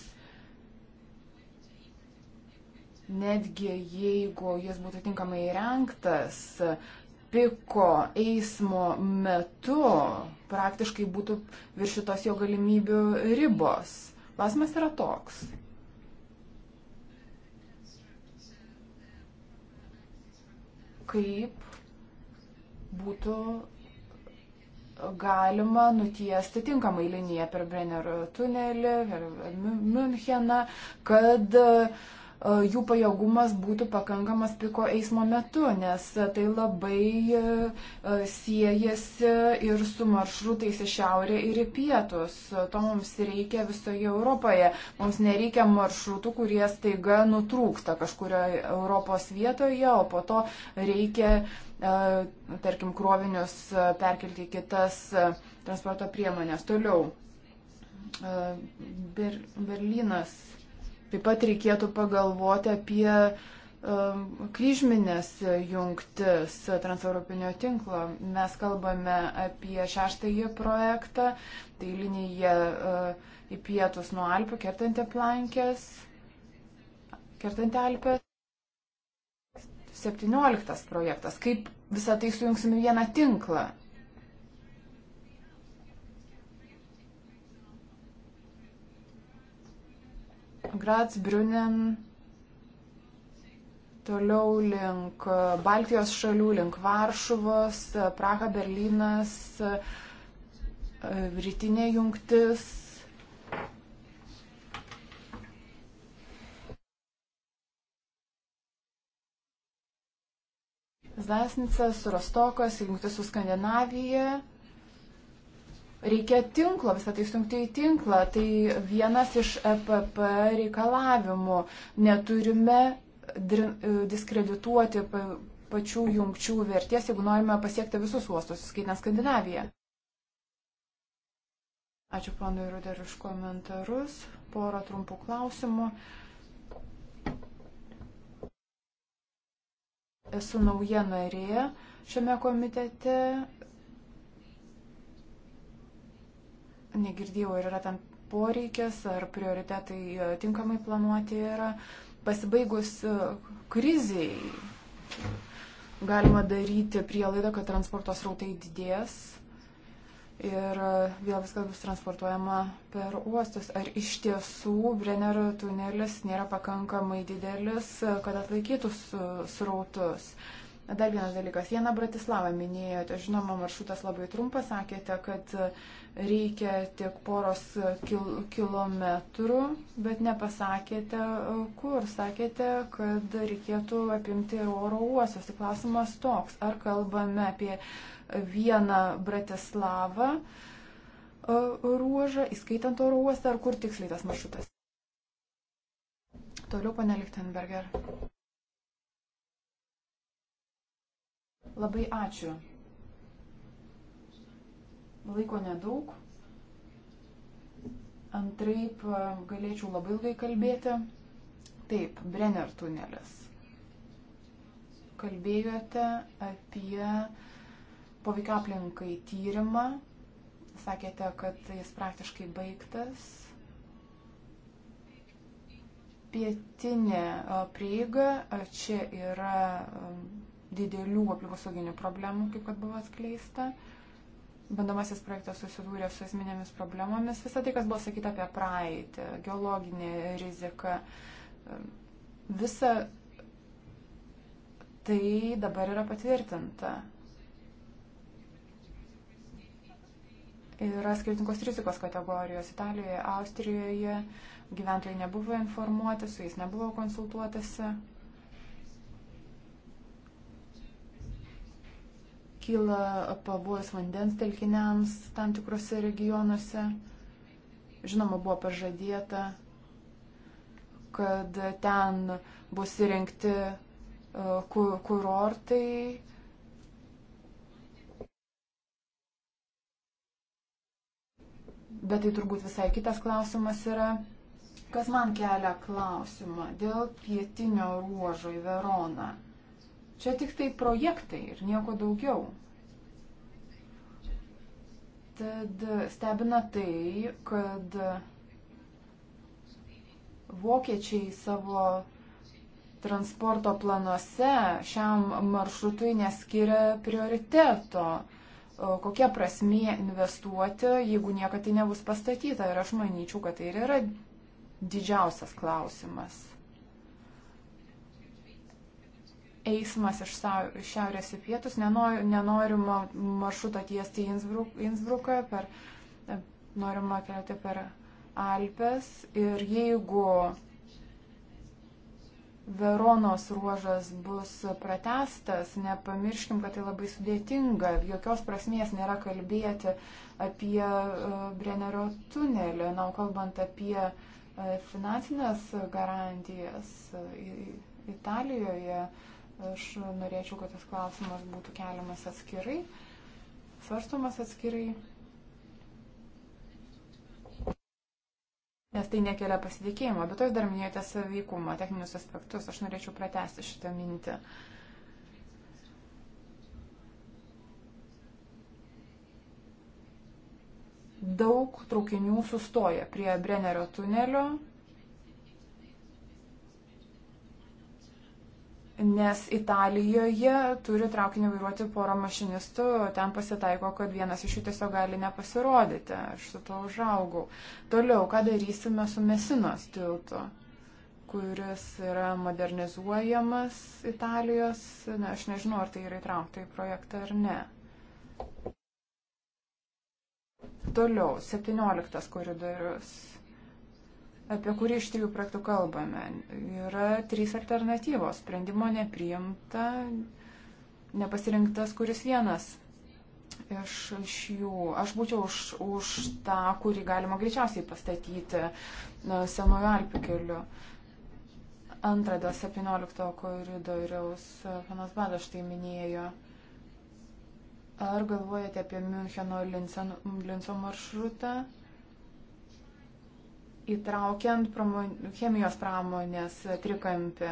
Netgi jeigu jis būtų tinkamai įrengtas, piko eismo metu praktiškai būtų viršytos jo galimybių ribos. Klausimas yra toks. Kaip būtų galima nutiesti tinkamai liniją per Brenner tunelį, per Müncheną, kad uh, E, jų pajėgumas būtų pakankamas piko eismo metu, nes tai labai e, e, siejasi ir su maršrutais į šiaurę ir į pietus. To mums reikia visoje Europoje. Mums nereikia maršrutų, kurie staiga nutrūksta kažkurioje Europos vietoje, o po to reikia, tarkim, krovinius perkelti į kitas transporto priemonės. Toliau. Ber Berlynas Taip pat reikėtų pagalvoti apie um, kryžminės jungtis transeuropinio tinklo. Mes kalbame apie šeštąjį projektą, tai linija uh, į pietus nuo Alpių, kertantį plankės, kertantį Alpę. 17 projektas. Kaip visą tai sujungsime į vieną tinklą? Grats, Brunen, toliau link Baltijos šalių, link Varšuvos, Praha, Berlynas, rytinė jungtis. Zasnicas, Rostokas, jungtis su Skandinavija. Reikia tinklo, visą tai sunkti į tinklą. Tai vienas iš EPP reikalavimų. Neturime diskredituoti pačių jungčių vertės, jeigu norime pasiekti visus uostus, skaitant Skandinaviją. Ačiū panui Ruder už komentarus. Porą trumpų klausimų. Esu nauja narė šiame komitete negirdėjau, ar yra tam poreikis, ar prioritetai e, tinkamai planuoti yra. Pasibaigus e, kriziai galima daryti prielaidą, kad transporto srautai didės ir e, vėl viskas bus transportuojama per uostus. Ar iš tiesų Brenner tunelis nėra pakankamai didelis, kad atlaikytų srautus? Dar vienas dalykas. Vieną Bratislavą minėjote, žinoma, maršrutas labai trumpas, sakėte, kad reikia tik poros kil kilometrų, bet nepasakėte e, kur. Sakėte, kad reikėtų apimti ir oro uostus. Tai klausimas toks, ar kalbame apie vieną Bratislavą e, ruožą, įskaitant oro uostą, ar kur tiksliai tas maršrutas. Toliau, pane Lichtenberger. Labai ačiū laiko nedaug. Antraip e, galėčiau labai ilgai kalbėti. Taip, Brenner tunelis. Kalbėjote apie poveikio aplinkai tyrimą. Sakėte, kad jis praktiškai baigtas. Pietinė e, prieiga, čia yra e, didelių aplinkosauginių problemų, kaip kad buvo atskleista. Uh, bandomasis projektas susidūrė su esminėmis problemomis. Visą tai, kas buvo sakyta apie praeitį, geologinį riziką, visa tai dabar yra patvirtinta. Yra skirtingos rizikos kategorijos Italijoje, Austrijoje, gyventojai nebuvo informuoti, su jais nebuvo konsultuotasi. kyla pavojus vandens telkiniams tam tikrose regionuose. Žinoma, buvo pažadėta, kad ten bus įrengti e, kurortai. Bet tai turbūt visai kitas klausimas yra, kas man kelia klausimą dėl pietinio ruožo į Veroną. Čia tik tai projektai ir nieko daugiau. Tad stebina tai, kad vokiečiai savo transporto planuose šiam maršrutui neskiria prioriteto. Kokia prasmė investuoti, jeigu niekada tai nebus pastatyta. Ir aš manyčiau, kad tai ir yra didžiausias klausimas. eismas iš šiaurės į pietus, nenorima maršruto tiesti į Innsbruką, per, norima keliauti per Alpes ir jeigu Veronos ruožas bus pratestas, nepamirškim, kad tai labai sudėtinga, jokios prasmės nėra kalbėti apie e, Brennerio tunelį, na, kalbant apie e, finansinės garantijas e, Italijoje, Aš norėčiau, kad tas klausimas būtų keliamas atskirai, svarstomas atskirai. Nes tai nekelia pasitikėjimo, bet jūs dar minėjote savykumą, techninius aspektus. Aš norėčiau pratesti šitą mintį. Daug traukinių sustoja prie Brennerio tunelio, nes Italijoje turi traukinį vairuoti porą mašinistų, ten pasitaiko, kad vienas iš jų tiesiog gali nepasirodyti. Aš su to užaugau. Toliau, ką darysime su Mesinos tiltu, kuris yra modernizuojamas Italijos. Na, aš nežinau, ar tai yra įtraukta į projektą ar ne. Toliau, 17 koridorius apie kurį iš trijų projektų kalbame. Yra trys alternatyvos. Sprendimo nepriimta, nepasirinktas kuris vienas iš, iš jų. Aš būčiau už, už tą, kurį galima greičiausiai pastatyti senojo Alpių keliu. Antra dėl 17 koridoriaus, panas Badas štai minėjo. Ar galvojate apie Müncheno Linco maršrutą? įtraukiant pramon, chemijos pramonės trikampį.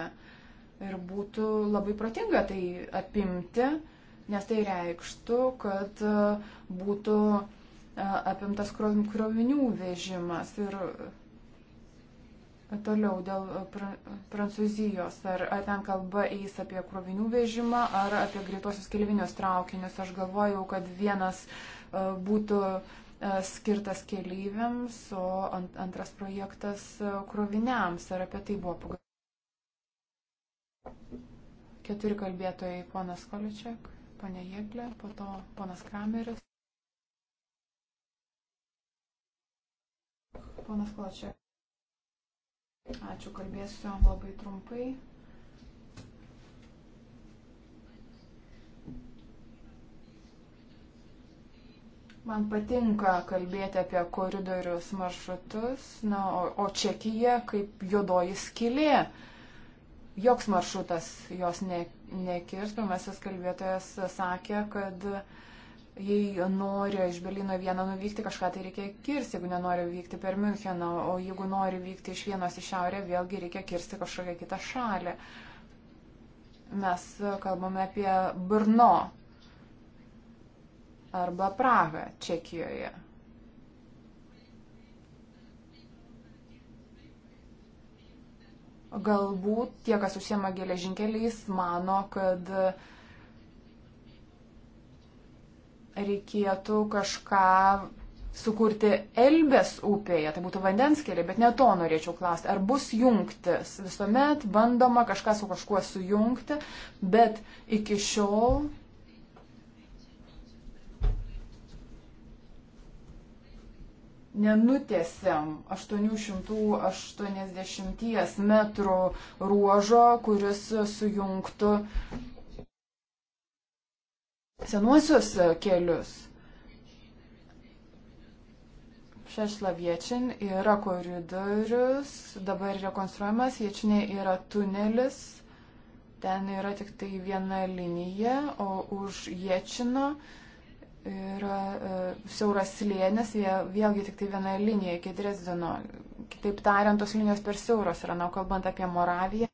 Ir būtų labai protinga tai apimti, nes tai reikštų, kad e, būtų e, apimtas krovinių vežimas. Ir e, toliau dėl Prancūzijos, ar, ar ten kalba eis apie krovinių vežimą, ar apie greitosius kelvinius traukinius. Aš galvojau, kad vienas būtų E, skirtas keleiviams, o antras projektas e, kroviniams. Ar apie tai buvo pagalvota? Keturi kalbėtojai - ponas Količiak, ponė Jėglė, po to ponas Krameris. Ponas Količiak. Ačiū, kalbėsiu labai trumpai. Man patinka kalbėti apie koridorius maršrutus, na, o, o Čekija kaip juodoji skilė. Joks maršrutas jos ne, nekirs. Pirmasis kalbėtojas sakė, kad jei nori iš Berlyno vieną nuvykti, kažką tai reikia kirsti, jeigu nenori vykti per Müncheną, o jeigu nori vykti iš vienos į šiaurę, vėlgi reikia kirsti kažkokią kitą šalį. Mes kalbame apie Brno arba Praha Čekijoje. Galbūt tie, kas užsiema geležinkeliais, mano, kad reikėtų kažką sukurti Elbės upėje, tai būtų vandens keliai, bet ne to norėčiau klausti. Ar bus jungtis? Visuomet bandoma kažką su kažkuo sujungti, bet iki šiol nenutėsiam 880 metrų ruožo, kuris sujungtų senuosius kelius. Šešlaviečin yra koridorius, dabar rekonstruojamas, jiečinė yra tunelis, ten yra tik tai viena linija, o už jiečino uh, ir e, siauras slėnis, jie vėlgi tik tai viena linija iki Dresdeno. Kitaip tariant, tos linijos per siauros yra, na, kalbant apie Moraviją.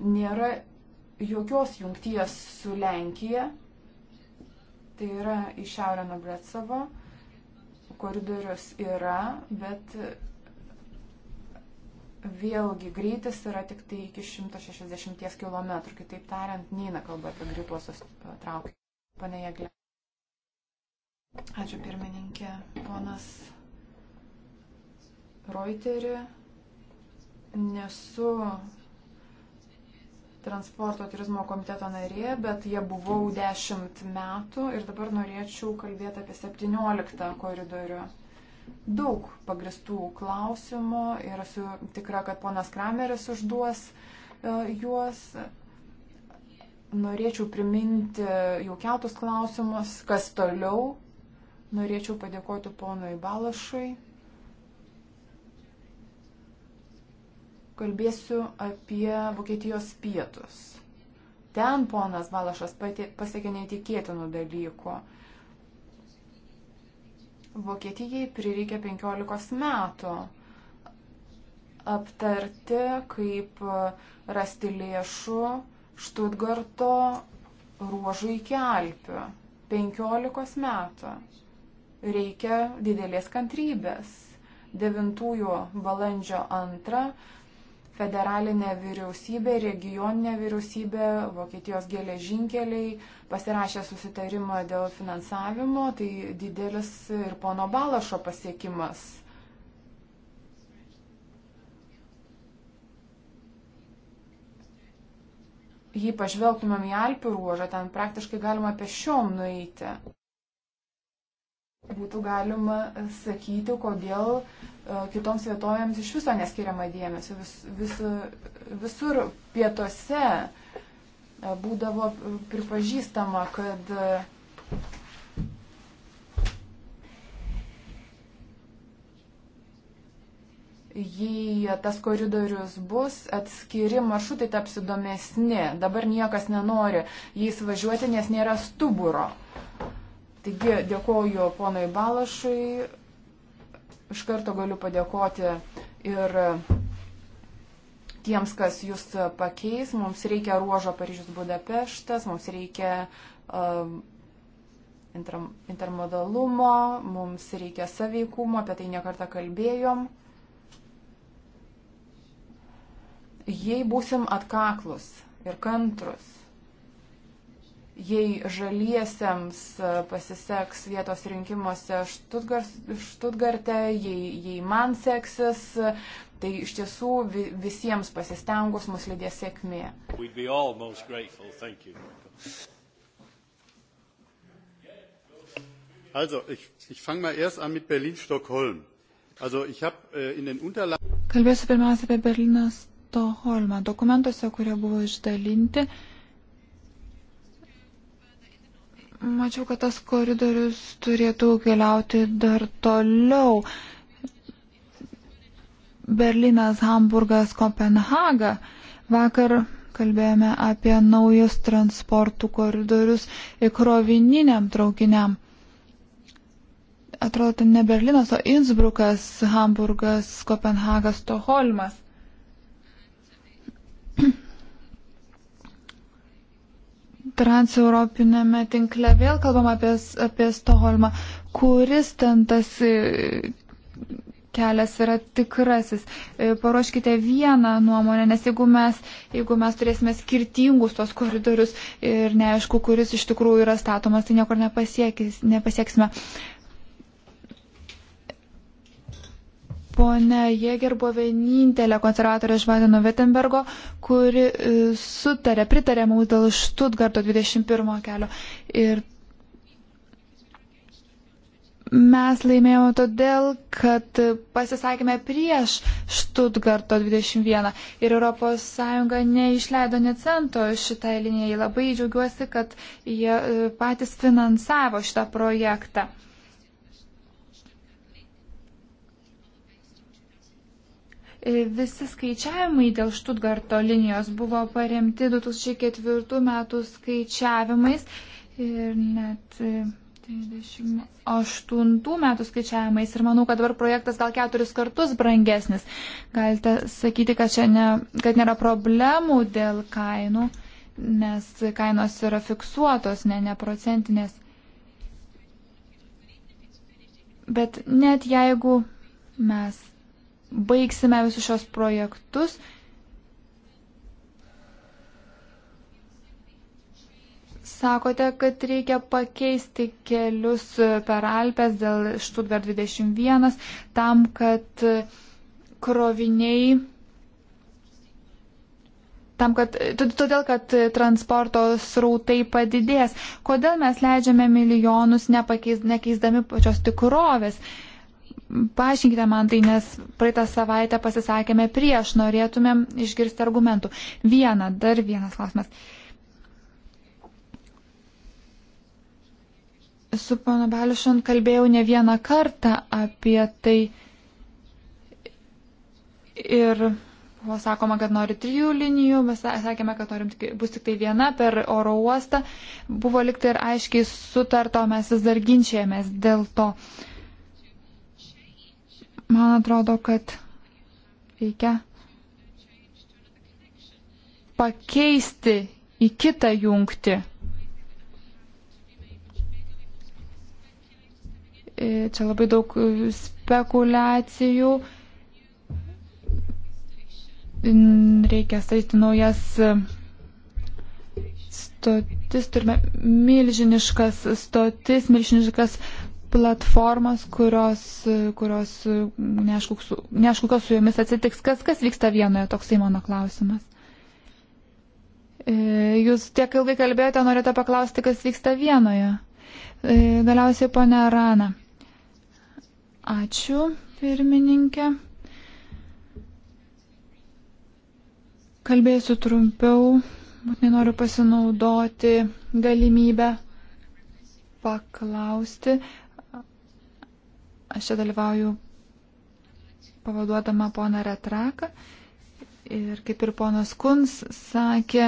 Nėra jokios jungties su Lenkija, tai yra į šiaurę nuo Bretsovo, koridorius yra, bet vėlgi greitis yra tik tai iki 160 km, kitaip tariant, neina kalba apie greituosius traukinius. Pane Jeglė. Ačiū pirmininkė, ponas Reuterį. Nesu transporto turizmo komiteto narė, bet jie buvau 10 metų ir dabar norėčiau kalbėti apie 17 koridorių daug pagristų klausimų ir esu tikra, kad ponas Krameris užduos e, juos. Norėčiau priminti jau keltus klausimus, kas toliau. Norėčiau padėkoti ponui Balašui. Kalbėsiu apie Vokietijos pietus. Ten ponas Balašas pasiekė neįtikėtinų dalykų. Vokietijai prireikė 15 metų aptarti, kaip rasti lėšų Štutgarto ruožui kelpių. 15 metų. Reikia didelės kantrybės. 9 balandžio 2 federalinė vyriausybė, regioninė vyriausybė, Vokietijos geležinkeliai pasirašė susitarimą dėl finansavimo, tai didelis ir pono Balašo pasiekimas. Jei pažvelgtumėm į Alpių ruožą, ten praktiškai galima pešiom nueiti būtų galima sakyti, kodėl e, kitoms vietovėms iš viso neskiriama dėmesio. Vis, vis, visur pietuose e, būdavo pripažįstama, kad e, jei tas koridorius bus, atskiri maršrutai taps įdomesni. Dabar niekas nenori jais važiuoti, nes nėra stuburo. Uh, Taigi dėkoju ponui Balašui, iš karto galiu padėkoti ir tiems, kas jūs pakeis. Mums reikia ruožo Paryžius Budapeštas, mums reikia uh, intermodalumo, mums reikia saveikumo, apie tai nekartą kalbėjom. Jei būsim atkaklus ir kantrus, jei žaliesiems e, pasiseks vietos rinkimuose Štutgarte, jei, jei man seksis, tai iš tiesų visiems pasistengus mus lydės sėkmė. Also, ich, ich fange mal erst an mit Berlin-Stockholm. Also, ich habe äh, in den Unterlagen. Kalbėsiu pirmiausia apie Berliną Stoholmą. Dokumentuose, kurie buvo išdalinti, äh, Mačiau, kad tas koridorius turėtų keliauti dar toliau. Berlinas, Hamburgas, Kopenhaga. Vakar kalbėjome apie naujus transportų koridorius įkrovininiam traukiniam. Atrodo, tai ne Berlinas, o Innsbrukas, Hamburgas, Kopenhagas, Stoholmas. transeuropinėme tinkle vėl kalbam apie, apie Stoholmą, kuris ten tas e, kelias yra tikrasis. E, paruoškite vieną nuomonę, nes jeigu mes, jeigu mes turėsime skirtingus tos koridorius ir neaišku, kuris iš tikrųjų yra statomas, tai niekur nepasiekis, nepasieksime. Pone Jėger buvo vienintelė konservatorė iš Vadino Wittenbergo, kuri e, sutarė, pritarė mums dėl Štutgarto 21 kelio. Ir mes laimėjome todėl, kad pasisakėme prieš Štutgarto 21 ir ES neišleido necento šitai linijai. Labai džiaugiuosi, kad jie e, patys finansavo šitą projektą. E, visi skaičiavimai dėl Štutgarto linijos buvo paremti 2004 metų skaičiavimais ir net 38 e, metų skaičiavimais ir manau, kad dabar projektas gal keturis kartus brangesnis. Galite sakyti, kad čia ne, kad nėra problemų dėl kainų, nes kainos yra fiksuotos, ne, ne procentinės. Bet net jeigu mes baigsime visus šios projektus. Sakote, kad reikia pakeisti kelius per Alpes dėl Štutgart 21 tam, kad kroviniai tam, kad, todėl, kad transporto srautai padidės. Kodėl mes leidžiame milijonus nepakeis, nekeisdami pačios tikrovės? Uh, Paaiškinkite man tai, nes praeitą savaitę pasisakėme prieš, norėtumėm išgirsti argumentų. Viena, dar vienas klausimas. Su pana Bališon kalbėjau ne vieną kartą apie tai ir buvo sakoma, kad nori trijų linijų, mes sakėme, kad norim, bus tik tai viena per oro uostą. Buvo likti ir aiškiai sutarto, mes vis dar ginčiamės dėl to. Uh, Man atrodo, kad reikia pakeisti į kitą jungtį. E, čia labai daug spekulacijų. Reikia statyti naujas stotis, turime milžiniškas stotis, milžiniškas platformas, kurios, kurios neaišku, kas su jomis atsitiks, kas, kas vyksta vienoje, toksai mano klausimas. E, jūs tiek ilgai kalbėjote, norite paklausti, kas vyksta vienoje. E, galiausiai ponė Rana. Ačiū, pirmininkė. Kalbėsiu trumpiau, būtinai noriu pasinaudoti galimybę paklausti, Aš čia dalyvauju pavaduodama poną Retraką ir kaip ir ponas Kuns sakė,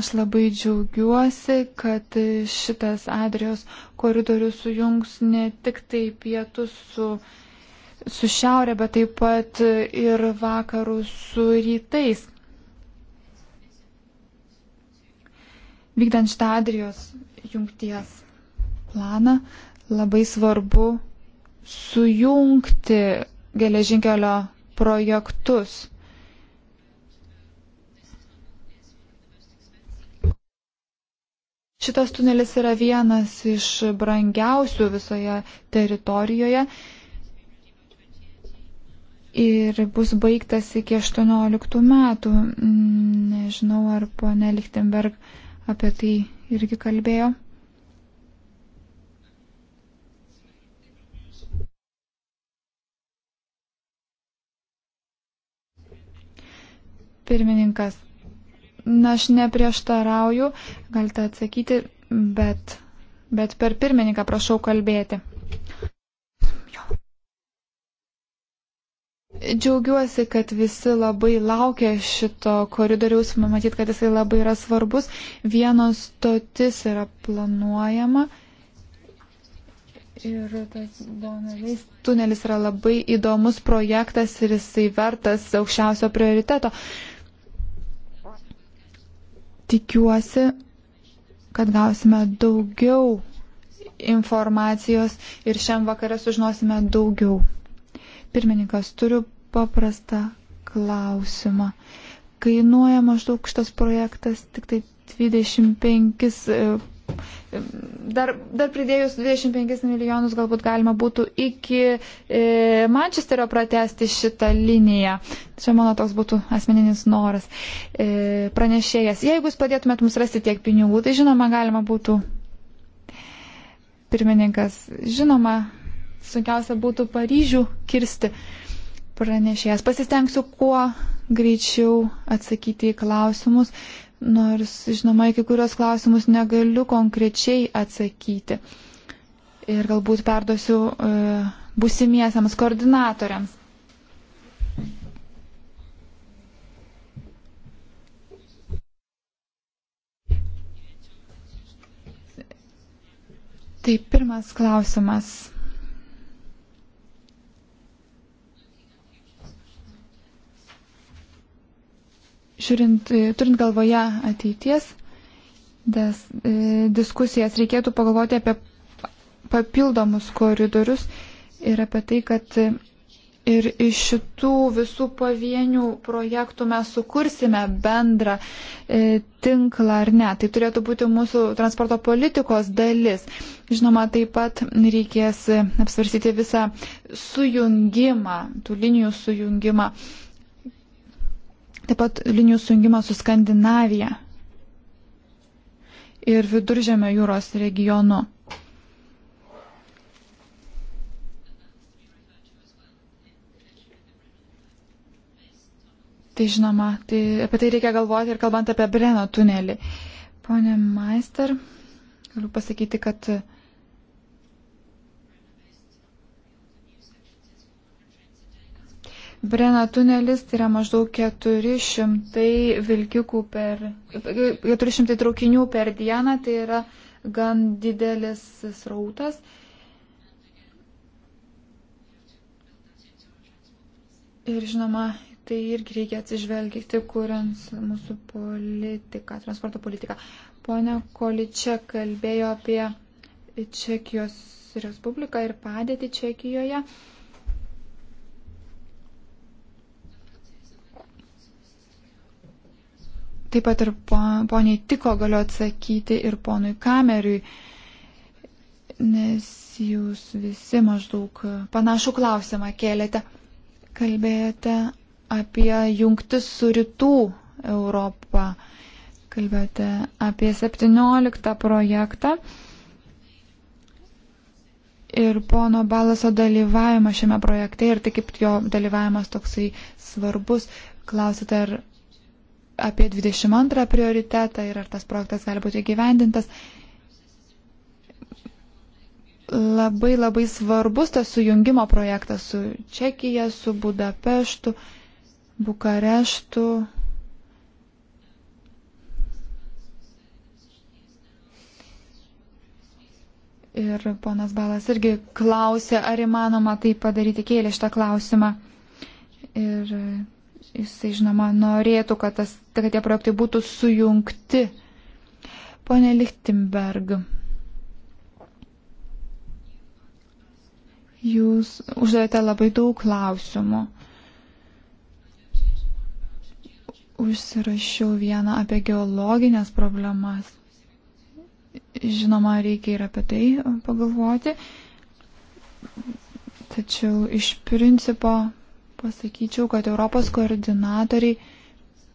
Aš labai džiaugiuosi, kad šitas Adrijos koridorius sujungs ne tik tai pietus su, su šiaurė, bet taip pat ir vakarus su rytais. Vykdant šitą Adrijos jungties planą, labai svarbu sujungti geležinkelio projektus. Šitas tunelis yra vienas iš brangiausių visoje teritorijoje ir bus baigtas iki 18 metų. Mm, nežinau, ar ponė Lichtenberg apie tai irgi kalbėjo. Pirmininkas, na aš neprieštarauju, galite atsakyti, bet, bet per pirmininką prašau kalbėti. Jo. Džiaugiuosi, kad visi labai laukia šito koridoriaus, matyt, kad jisai labai yra svarbus. Vienos stotis yra planuojama. Ir tas Donelės tunelis yra labai įdomus projektas ir jisai vertas aukščiausio prioriteto. Uh, Tikiuosi, kad gausime daugiau informacijos ir šiam vakarą sužinosime daugiau. Pirmininkas, turiu paprastą klausimą. Kainuoja maždaug šitas projektas tik tai 25 Dar, dar pridėjus 25 milijonus galbūt galima būtų iki e, Mančesterio pratesti šitą liniją. Čia mano toks būtų asmeninis noras. E, pranešėjas, jeigu jūs padėtumėt mums rasti tiek pinigų, tai žinoma galima būtų. Pirmininkas, žinoma, sunkiausia būtų Paryžių kirsti. Pranešėjas, pasistengsiu kuo greičiau atsakyti į klausimus nors, žinoma, į kai kurios klausimus negaliu konkrečiai atsakyti. Ir galbūt perduosiu e, busimiesiams koordinatoriams. Tai pirmas klausimas. žiūrint, e, turint galvoje ateities des, e, diskusijas, reikėtų pagalvoti apie papildomus koridorius ir apie tai, kad ir iš šitų visų pavienių projektų mes sukursime bendrą e, tinklą ar ne. Tai turėtų būti mūsų transporto politikos dalis. Žinoma, taip pat reikės apsvarsyti visą sujungimą, tų linijų sujungimą. E, Taip pat linijų sujungimas su Skandinavija ir viduržėmio jūros regionu. Tai žinoma, tai apie tai reikia galvoti ir kalbant apie Breno tunelį. Pone Meister, galiu pasakyti, kad Brena tunelis tai yra maždaug 400 vilkikų per, 400 traukinių per dieną, tai yra gan didelis srautas. Ir žinoma, tai irgi reikia atsižvelgti, kuriant mūsų politiką, transporto politiką. Pone Količia kalbėjo apie Čekijos Respubliką ir padėtį Čekijoje. Taip pat ir poniai tiko galiu atsakyti ir ponui Kameriui, nes jūs visi maždaug panašų klausimą kėlėte. Kalbėjote apie jungtis su rytų Europą, kalbėjote apie 17 projektą ir pono Balaso dalyvavimą šiame projekte ir tai kaip jo dalyvavimas toksai svarbus. Klausėte, ar apie 22 prioritetą ir ar tas projektas gali būti gyvendintas. Labai labai svarbus tas sujungimo projektas su Čekija, su Budapeštu, Bukareštu. Ir ponas Balas irgi klausė, ar įmanoma tai padaryti, kėlė šitą klausimą. Ir Jisai, žinoma, norėtų, kad, tas, kad tie projektai būtų sujungti. Pone Lichtenberg, jūs uždavėte labai daug klausimų. Užsirašiau vieną apie geologinės problemas. Žinoma, reikia ir apie tai pagalvoti. Tačiau iš principo pasakyčiau, kad Europos koordinatoriai,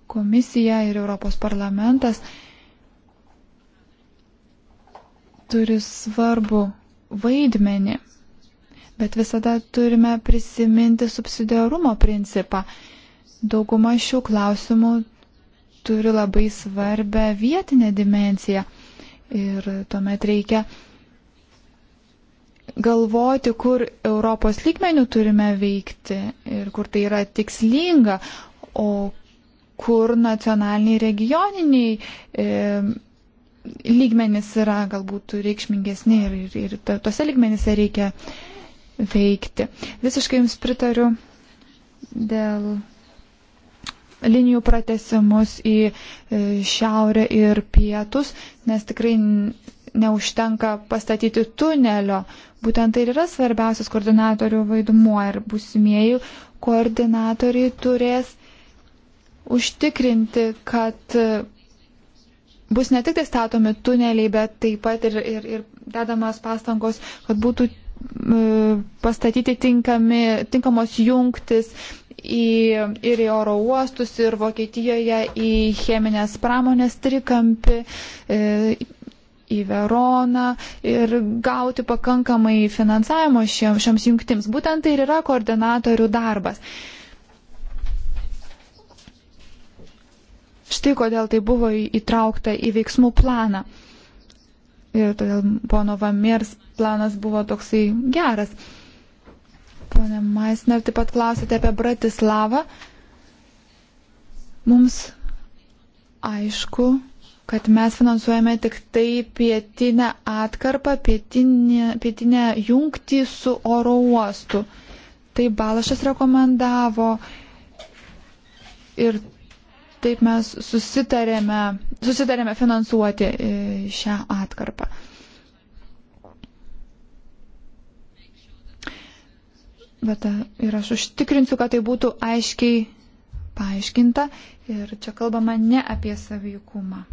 komisija ir Europos parlamentas turi svarbu vaidmenį, bet visada turime prisiminti subsidiarumo principą. Dauguma šių klausimų turi labai svarbę vietinę dimenciją ir tuomet reikia galvoti, kur Europos lygmenių turime veikti ir kur tai yra tikslinga, o kur nacionaliniai regioniniai e, lygmenys yra galbūt reikšmingesni ir, ir, ir tose lygmenyse reikia veikti. Visiškai jums pritariu dėl linijų pratesimus į e, šiaurę ir pietus, nes tikrai neužtenka pastatyti tunelio. Būtent tai ir yra svarbiausias koordinatorių vaidmuo ir būsimieji koordinatoriai turės užtikrinti, kad bus ne tik tai statomi tuneliai, bet taip pat ir, ir, ir dedamas pastangos, kad būtų e, pastatyti tinkami, tinkamos jungtis į, ir į oro uostus, ir Vokietijoje į cheminės pramonės trikampį, e, į Veroną ir gauti pakankamai finansavimo šiems, šiems jungtims. Būtent tai ir yra koordinatorių darbas. Štai kodėl tai buvo įtraukta į veiksmų planą. Ir todėl pono Vamirs planas buvo toksai geras. Pone Maisner, taip pat klausėte apie Bratislavą. Mums aišku, kad mes finansuojame tik tai pietinę atkarpą, pietinę, pietinę jungtį su oro uostu. Tai Balašas rekomendavo ir taip mes susitarėme, susitarėme finansuoti e, šią atkarpą. Bet e, ir aš užtikrinsiu, kad tai būtų aiškiai paaiškinta ir čia kalbama ne apie saveikumą.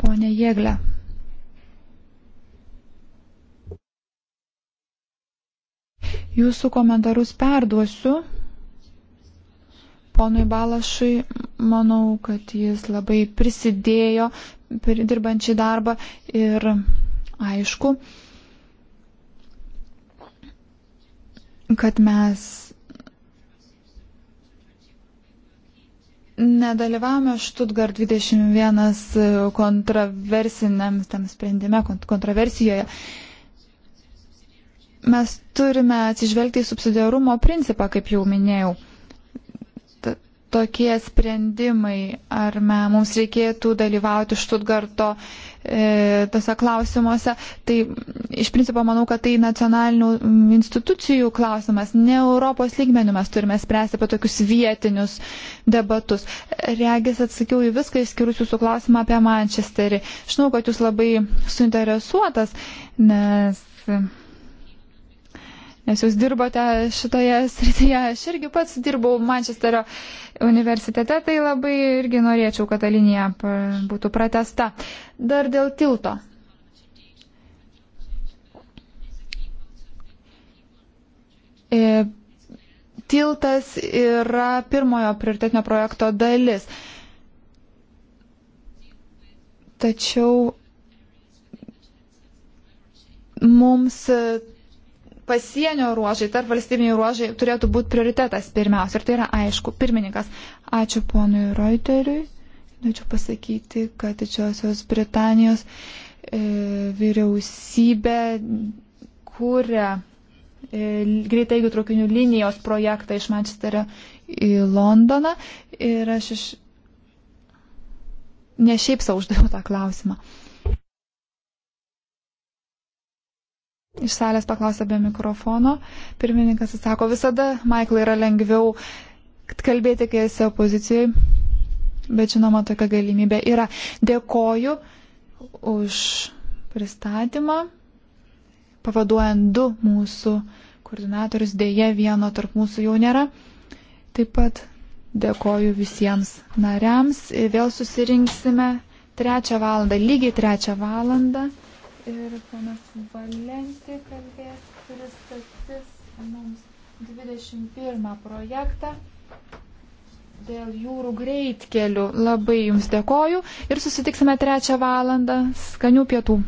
Pone Jėglė. Jūsų komentarus perduosiu. Ponui Balašui, manau, kad jis labai prisidėjo dirbančią darbą ir aišku, kad mes Nedalyvavome Štutgart 21 kontroversiniam tam sprendime, kontroversijoje. Mes turime atsižvelgti į subsidiarumo principą, kaip jau minėjau. T tokie sprendimai, ar me, mums reikėtų dalyvauti Štutgarto uh, E, tose klausimuose. Tai iš principo manau, kad tai nacionalinių institucijų klausimas, ne Europos lygmenių mes turime spręsti apie tokius vietinius debatus. Regis atsakiau į viską išskyrus jūsų klausimą apie Manchesterį. Žinau, kad jūs labai suinteresuotas, nes nes jūs dirbote šitoje srityje. Aš irgi pats dirbau Mančesterio universitete, tai labai irgi norėčiau, kad ta linija būtų pratesta. Dar dėl tilto. E, tiltas yra pirmojo prioritetinio projekto dalis. Tačiau mums pasienio ruožai, tarp valstybiniai ruožai turėtų būti prioritetas pirmiausia. Ir tai yra aišku. Pirmininkas, ačiū ponui Reuteriui. Norėčiau pasakyti, kad Didžiosios Britanijos e, vyriausybė kūrė e, greitai jų traukinių linijos projektą iš Mančesterio į Londoną. Ir aš iš... ne šiaip savo uždaviau tą klausimą. iš salės paklausė be mikrofono. Pirmininkas atsako, visada, Maiklai, yra lengviau kalbėti, kai esi opozicijoje, bet žinoma, tokia galimybė yra. Dėkoju už pristatymą, pavaduojant du mūsų koordinatorius, dėje vieno tarp mūsų jau nėra. Taip pat dėkoju visiems nariams. Vėl susirinksime trečią valandą, lygiai trečią valandą ir ponas Valenti kalbės, pristatys mums 21 projektą dėl jūrų greitkelių. Labai Jums dėkoju ir susitiksime trečią valandą skanių pietų.